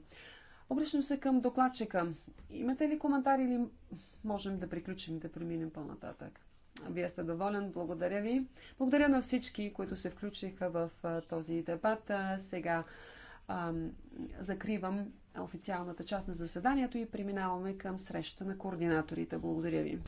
Обръщам се към докладчика. Имате ли коментари или можем да приключим, да преминем по-нататък? Вие сте доволен. Благодаря ви. Благодаря на всички, които се включиха в този дебат. Сега ам, закривам официалната част на заседанието и преминаваме към среща на координаторите. Благодаря ви.